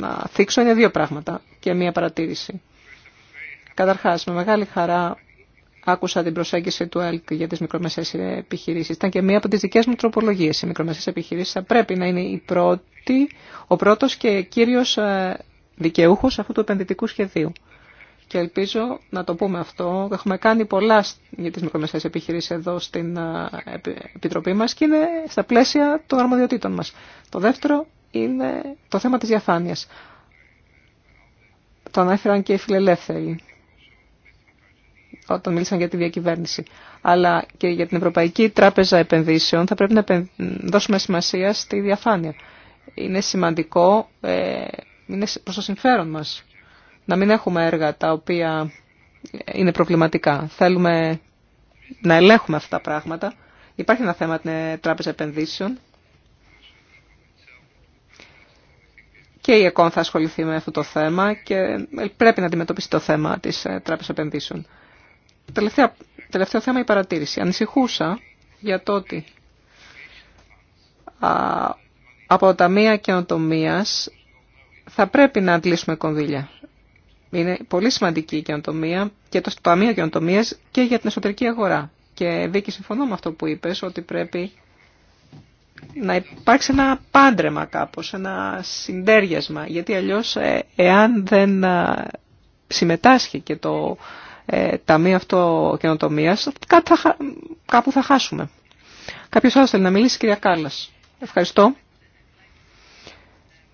να θίξω, είναι δύο πράγματα και μία παρατήρηση. Καταρχάς, με μεγάλη χαρά άκουσα την προσέγγιση του ΕΛΚ για τις μικρομεσαίες επιχειρήσεις. Ήταν και μία από τις δικές μου τροπολογίες. Οι μικρομεσαίες επιχειρήσεις θα πρέπει να είναι η πρώτη, ο πρώτος και κύριος ε, δικαιούχος αυτού του επενδυτικού σχεδίου και ελπίζω να το πούμε αυτό. Έχουμε κάνει πολλά για τις μικρομεσαίες επιχειρήσεις εδώ στην Επιτροπή μας και είναι στα πλαίσια των αρμοδιοτήτων μας. Το δεύτερο είναι το θέμα της διαφάνειας. Το ανέφεραν και οι φιλελεύθεροι όταν μίλησαν για τη διακυβέρνηση. Αλλά και για την Ευρωπαϊκή Τράπεζα Επενδύσεων θα πρέπει να δώσουμε σημασία στη διαφάνεια. Είναι σημαντικό, ε, είναι προς το συμφέρον μας να μην έχουμε έργα τα οποία είναι προβληματικά. Θέλουμε να ελέγχουμε αυτά τα πράγματα. Υπάρχει ένα θέμα την Τράπεζα Επενδύσεων. Και η ΕΚΟΝ θα ασχοληθεί με αυτό το θέμα και πρέπει να αντιμετωπίσει το θέμα της ε, Τράπεζα Επενδύσεων. Τελευταίο, τελευταίο θέμα η παρατήρηση. Ανησυχούσα για το ότι από τα μία καινοτομία θα πρέπει να αντλήσουμε κονδύλια. Είναι πολύ σημαντική η καινοτομία και το Ταμείο Καινοτομία και για την εσωτερική αγορά. Και Βίκη, συμφωνώ με αυτό που είπε, ότι πρέπει να υπάρξει ένα πάντρεμα κάπως, ένα συντέριασμα, γιατί αλλιώς ε, εάν δεν ε, συμμετάσχει και το ε, Ταμείο αυτό καινοτομία, κάπου θα χάσουμε. Κάποιος άλλος θέλει να μιλήσει, κυρία Κάλλας. Ευχαριστώ.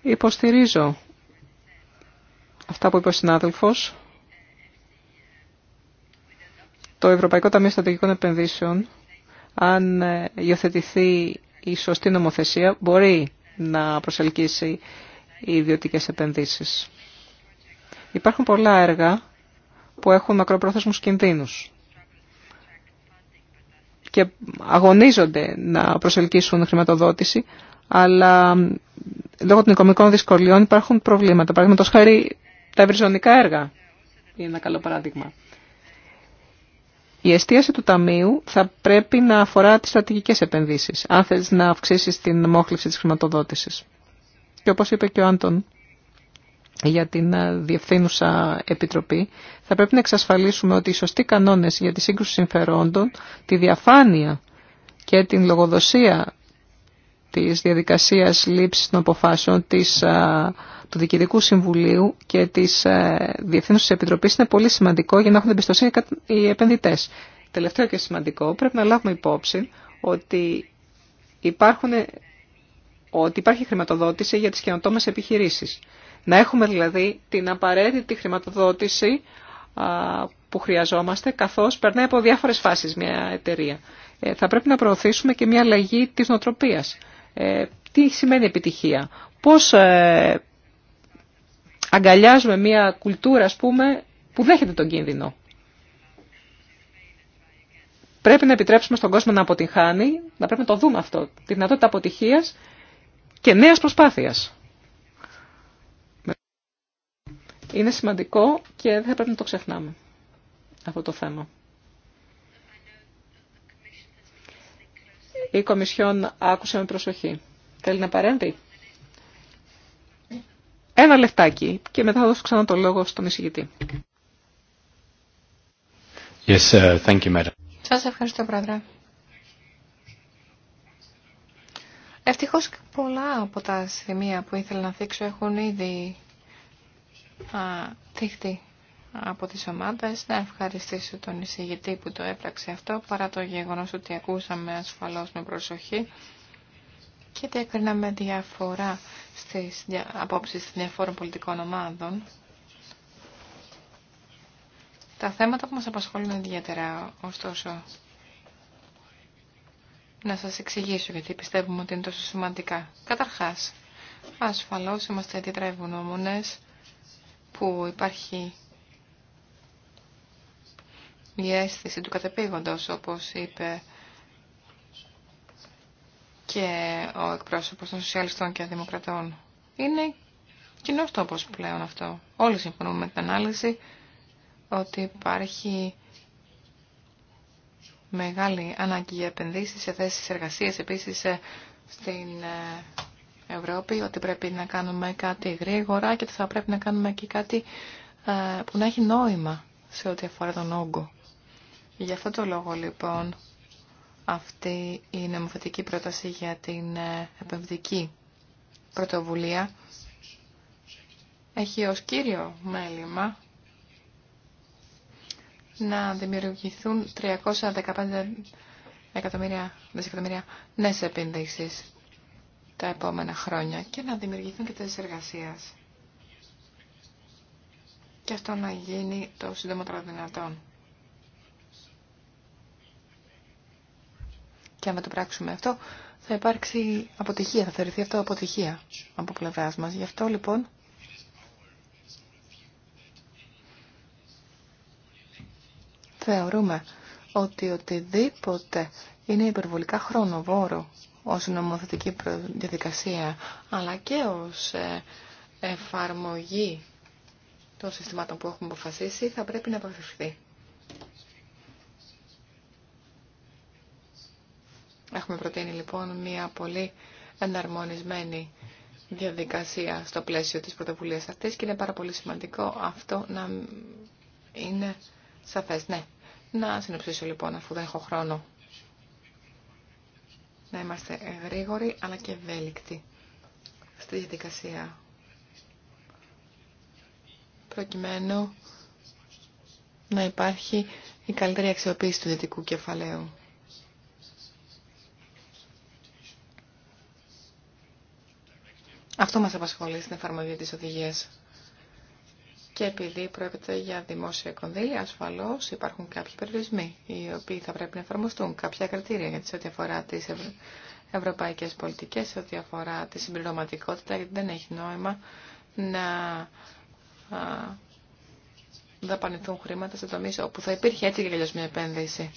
Υποστηρίζω αυτά που είπε ο συνάδελφο. Το Ευρωπαϊκό Ταμείο Στατικών Επενδύσεων, αν ε, υιοθετηθεί η σωστή νομοθεσία, μπορεί να προσελκύσει οι ιδιωτικές επενδύσεις. Υπάρχουν πολλά έργα που έχουν μακροπρόθεσμους κινδύνους και αγωνίζονται να προσελκύσουν χρηματοδότηση, αλλά ε, λόγω των οικονομικών δυσκολιών υπάρχουν προβλήματα. Παραδείγματο χάρη τα ευρυζωνικά έργα είναι ένα καλό παράδειγμα. Η εστίαση του Ταμείου θα πρέπει να αφορά τις στρατηγικές επενδύσεις, αν θες να αυξήσεις την μόχλευση της χρηματοδότησης. Και όπως είπε και ο Άντων για την ε, Διευθύνουσα Επιτροπή, θα πρέπει να εξασφαλίσουμε ότι οι σωστοί κανόνες για τη σύγκρουση συμφερόντων, τη διαφάνεια και την λογοδοσία της διαδικασίας λήψης των αποφάσεων της, του Διοικητικού Συμβουλίου και της της Επιτροπής είναι πολύ σημαντικό για να έχουν εμπιστοσύνη οι επενδυτές. Τελευταίο και σημαντικό, πρέπει να λάβουμε υπόψη ότι, υπάρχουν, ότι υπάρχει χρηματοδότηση για τις καινοτόμες επιχειρήσεις. Να έχουμε δηλαδή την απαραίτητη χρηματοδότηση που χρειαζόμαστε, καθώς περνάει από διάφορες φάσεις μια εταιρεία. Ε, θα πρέπει να προωθήσουμε και μια αλλαγή της νοτροπίας. Ε, τι σημαίνει επιτυχία. Πώς ε, αγκαλιάζουμε μια κουλτούρα, ας πούμε, που δέχεται τον κίνδυνο. Πρέπει να επιτρέψουμε στον κόσμο να αποτυγχάνει, να πρέπει να το δούμε αυτό, τη δυνατότητα αποτυχίας και νέας προσπάθειας. Είναι σημαντικό και δεν θα πρέπει να το ξεχνάμε αυτό το θέμα. Η Κομισιόν άκουσε με προσοχή. Θέλει να παρέμβει. Ένα λεφτάκι και μετά θα δώσω ξανά το λόγο στον εισηγητή. Yes, thank you, madam. Σας ευχαριστώ, Πρόεδρε. Ευτυχώς πολλά από τα σημεία που ήθελα να θίξω έχουν ήδη α, από τις ομάδες να ευχαριστήσω τον εισηγητή που το έπραξε αυτό παρά το γεγονός ότι ακούσαμε ασφαλώς με προσοχή και διακρίναμε διαφορά στις απόψεις των διαφόρων πολιτικών ομάδων. Τα θέματα που μας απασχολούν ιδιαίτερα, ωστόσο, να σας εξηγήσω γιατί πιστεύουμε ότι είναι τόσο σημαντικά. Καταρχάς, ασφαλώς είμαστε ιδιαίτερα που υπάρχει η αίσθηση του κατεπήγοντος, όπως είπε και ο εκπρόσωπος των Σοσιαλιστών και Δημοκρατών. Είναι κοινός τόπος πλέον αυτό. Όλοι συμφωνούμε με την ανάλυση ότι υπάρχει μεγάλη ανάγκη για επενδύσεις σε θέσεις εργασίας, επίσης ε, στην ε, Ευρώπη, ότι πρέπει να κάνουμε κάτι γρήγορα και ότι θα πρέπει να κάνουμε και κάτι ε, που να έχει νόημα σε ό,τι αφορά τον όγκο Γι' αυτό το λόγο λοιπόν αυτή η νομοθετική πρόταση για την ε, επενδυτική πρωτοβουλία έχει ως κύριο μέλημα να δημιουργηθούν 315 εκατομμύρια, δισεκατομμύρια νέες επενδύσεις τα επόμενα χρόνια και να δημιουργηθούν και τέσσερις εργασίες Και αυτό να γίνει το σύντομο δυνατόν. και αν το πράξουμε αυτό, θα υπάρξει αποτυχία, θα θεωρηθεί αυτό αποτυχία από πλευρά μα. Γι' αυτό λοιπόν. Θεωρούμε ότι οτιδήποτε είναι υπερβολικά χρονοβόρο ως νομοθετική διαδικασία, αλλά και ως ε, εφαρμογή των συστημάτων που έχουμε αποφασίσει, θα πρέπει να αποφευθεί. Έχουμε προτείνει λοιπόν μια πολύ εναρμονισμένη διαδικασία στο πλαίσιο της πρωτοβουλίας αυτής και είναι πάρα πολύ σημαντικό αυτό να είναι σαφές. Ναι, να συνοψίσω λοιπόν αφού δεν έχω χρόνο. Να είμαστε γρήγοροι αλλά και ευέλικτοι στη διαδικασία προκειμένου να υπάρχει η καλύτερη αξιοποίηση του δυτικού κεφαλαίου. Αυτό μας απασχολεί στην εφαρμογή της οδηγίας. Και επειδή πρόκειται για δημόσια κονδύλια, ασφαλώς υπάρχουν κάποιοι περιορισμοί οι οποίοι θα πρέπει να εφαρμοστούν, κάποια κριτήρια για ό,τι αφορά τι ευ... ευρωπαϊκέ πολιτικέ, σε ό,τι αφορά τη συμπληρωματικότητα, γιατί δεν έχει νόημα να δαπανηθούν χρήματα σε τομείς όπου θα υπήρχε έτσι και μια επένδυση.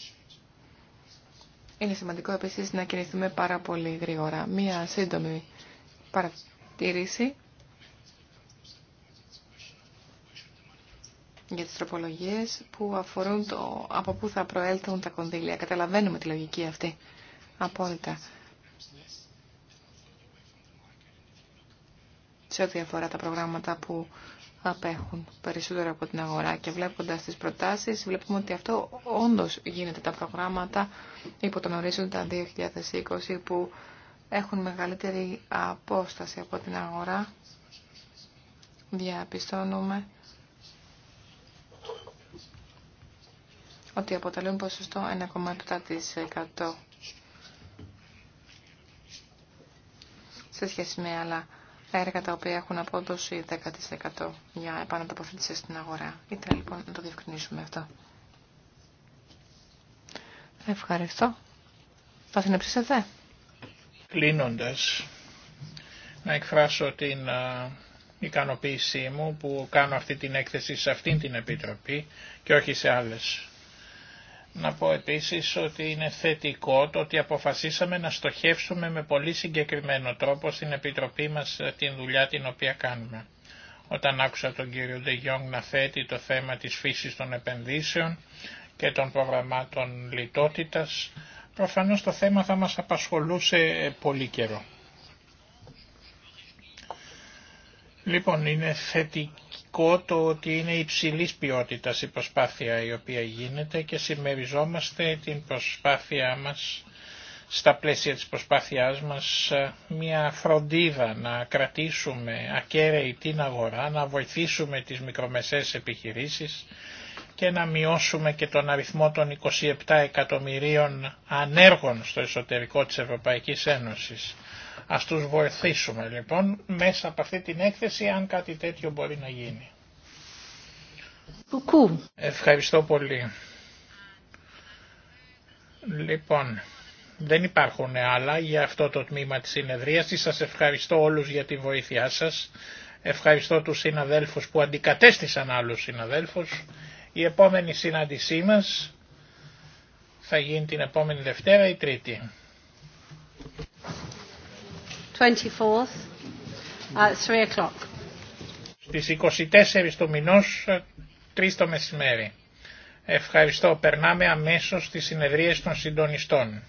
Είναι σημαντικό επίση να κινηθούμε πάρα πολύ γρήγορα. Μία σύντομη παρα τήρηση για τις τροπολογίες που αφορούν το από πού θα προέλθουν τα κονδύλια. Καταλαβαίνουμε τη λογική αυτή. Απόλυτα. Σε ό,τι αφορά τα προγράμματα που απέχουν περισσότερο από την αγορά και βλέποντας τις προτάσεις βλέπουμε ότι αυτό όντως γίνεται τα προγράμματα υπό τον ορίζοντα 2020 που έχουν μεγαλύτερη απόσταση από την αγορά. Διαπιστώνουμε ότι αποτελούν ποσοστό 1,7% σε σχέση με άλλα έργα τα οποία έχουν απόδοση 10% για επανατοποθέτηση στην αγορά. Ήθελα λοιπόν να το διευκρινίσουμε αυτό. Ευχαριστώ. Θα συνεψίσετε. Κλείνοντας, να εκφράσω την ικανοποίησή μου που κάνω αυτή την έκθεση σε αυτήν την Επιτροπή και όχι σε άλλες. Να πω επίσης ότι είναι θετικό το ότι αποφασίσαμε να στοχεύσουμε με πολύ συγκεκριμένο τρόπο στην Επιτροπή μας ε, την δουλειά την οποία κάνουμε. Όταν άκουσα τον κύριο De να θέτει το θέμα της φύσης των επενδύσεων και των προγραμμάτων λιτότητας, Προφανώς το θέμα θα μας απασχολούσε πολύ καιρό. Λοιπόν, είναι θετικό το ότι είναι υψηλής ποιότητας η προσπάθεια η οποία γίνεται και συμμεριζόμαστε την προσπάθειά μας, στα πλαίσια της προσπάθειάς μας, μια φροντίδα να κρατήσουμε ακέραιη την αγορά, να βοηθήσουμε τις μικρομεσαίες επιχειρήσεις, και να μειώσουμε και τον αριθμό των 27 εκατομμυρίων ανέργων στο εσωτερικό της Ευρωπαϊκής Ένωσης. Ας τους βοηθήσουμε λοιπόν μέσα από αυτή την έκθεση αν κάτι τέτοιο μπορεί να γίνει. Ευχαριστώ πολύ. Λοιπόν, δεν υπάρχουν άλλα για αυτό το τμήμα της συνεδρίασης. Σας ευχαριστώ όλους για τη βοήθειά σας. Ευχαριστώ τους συναδέλφους που αντικατέστησαν άλλους συναδέλφους. Η επόμενη συνάντησή μας θα γίνει την επόμενη Δευτέρα ή Τρίτη. Στις 24 του μηνός, 3 το μεσημέρι. Ευχαριστώ. Περνάμε αμέσως στις συνεδρίες των συντονιστών.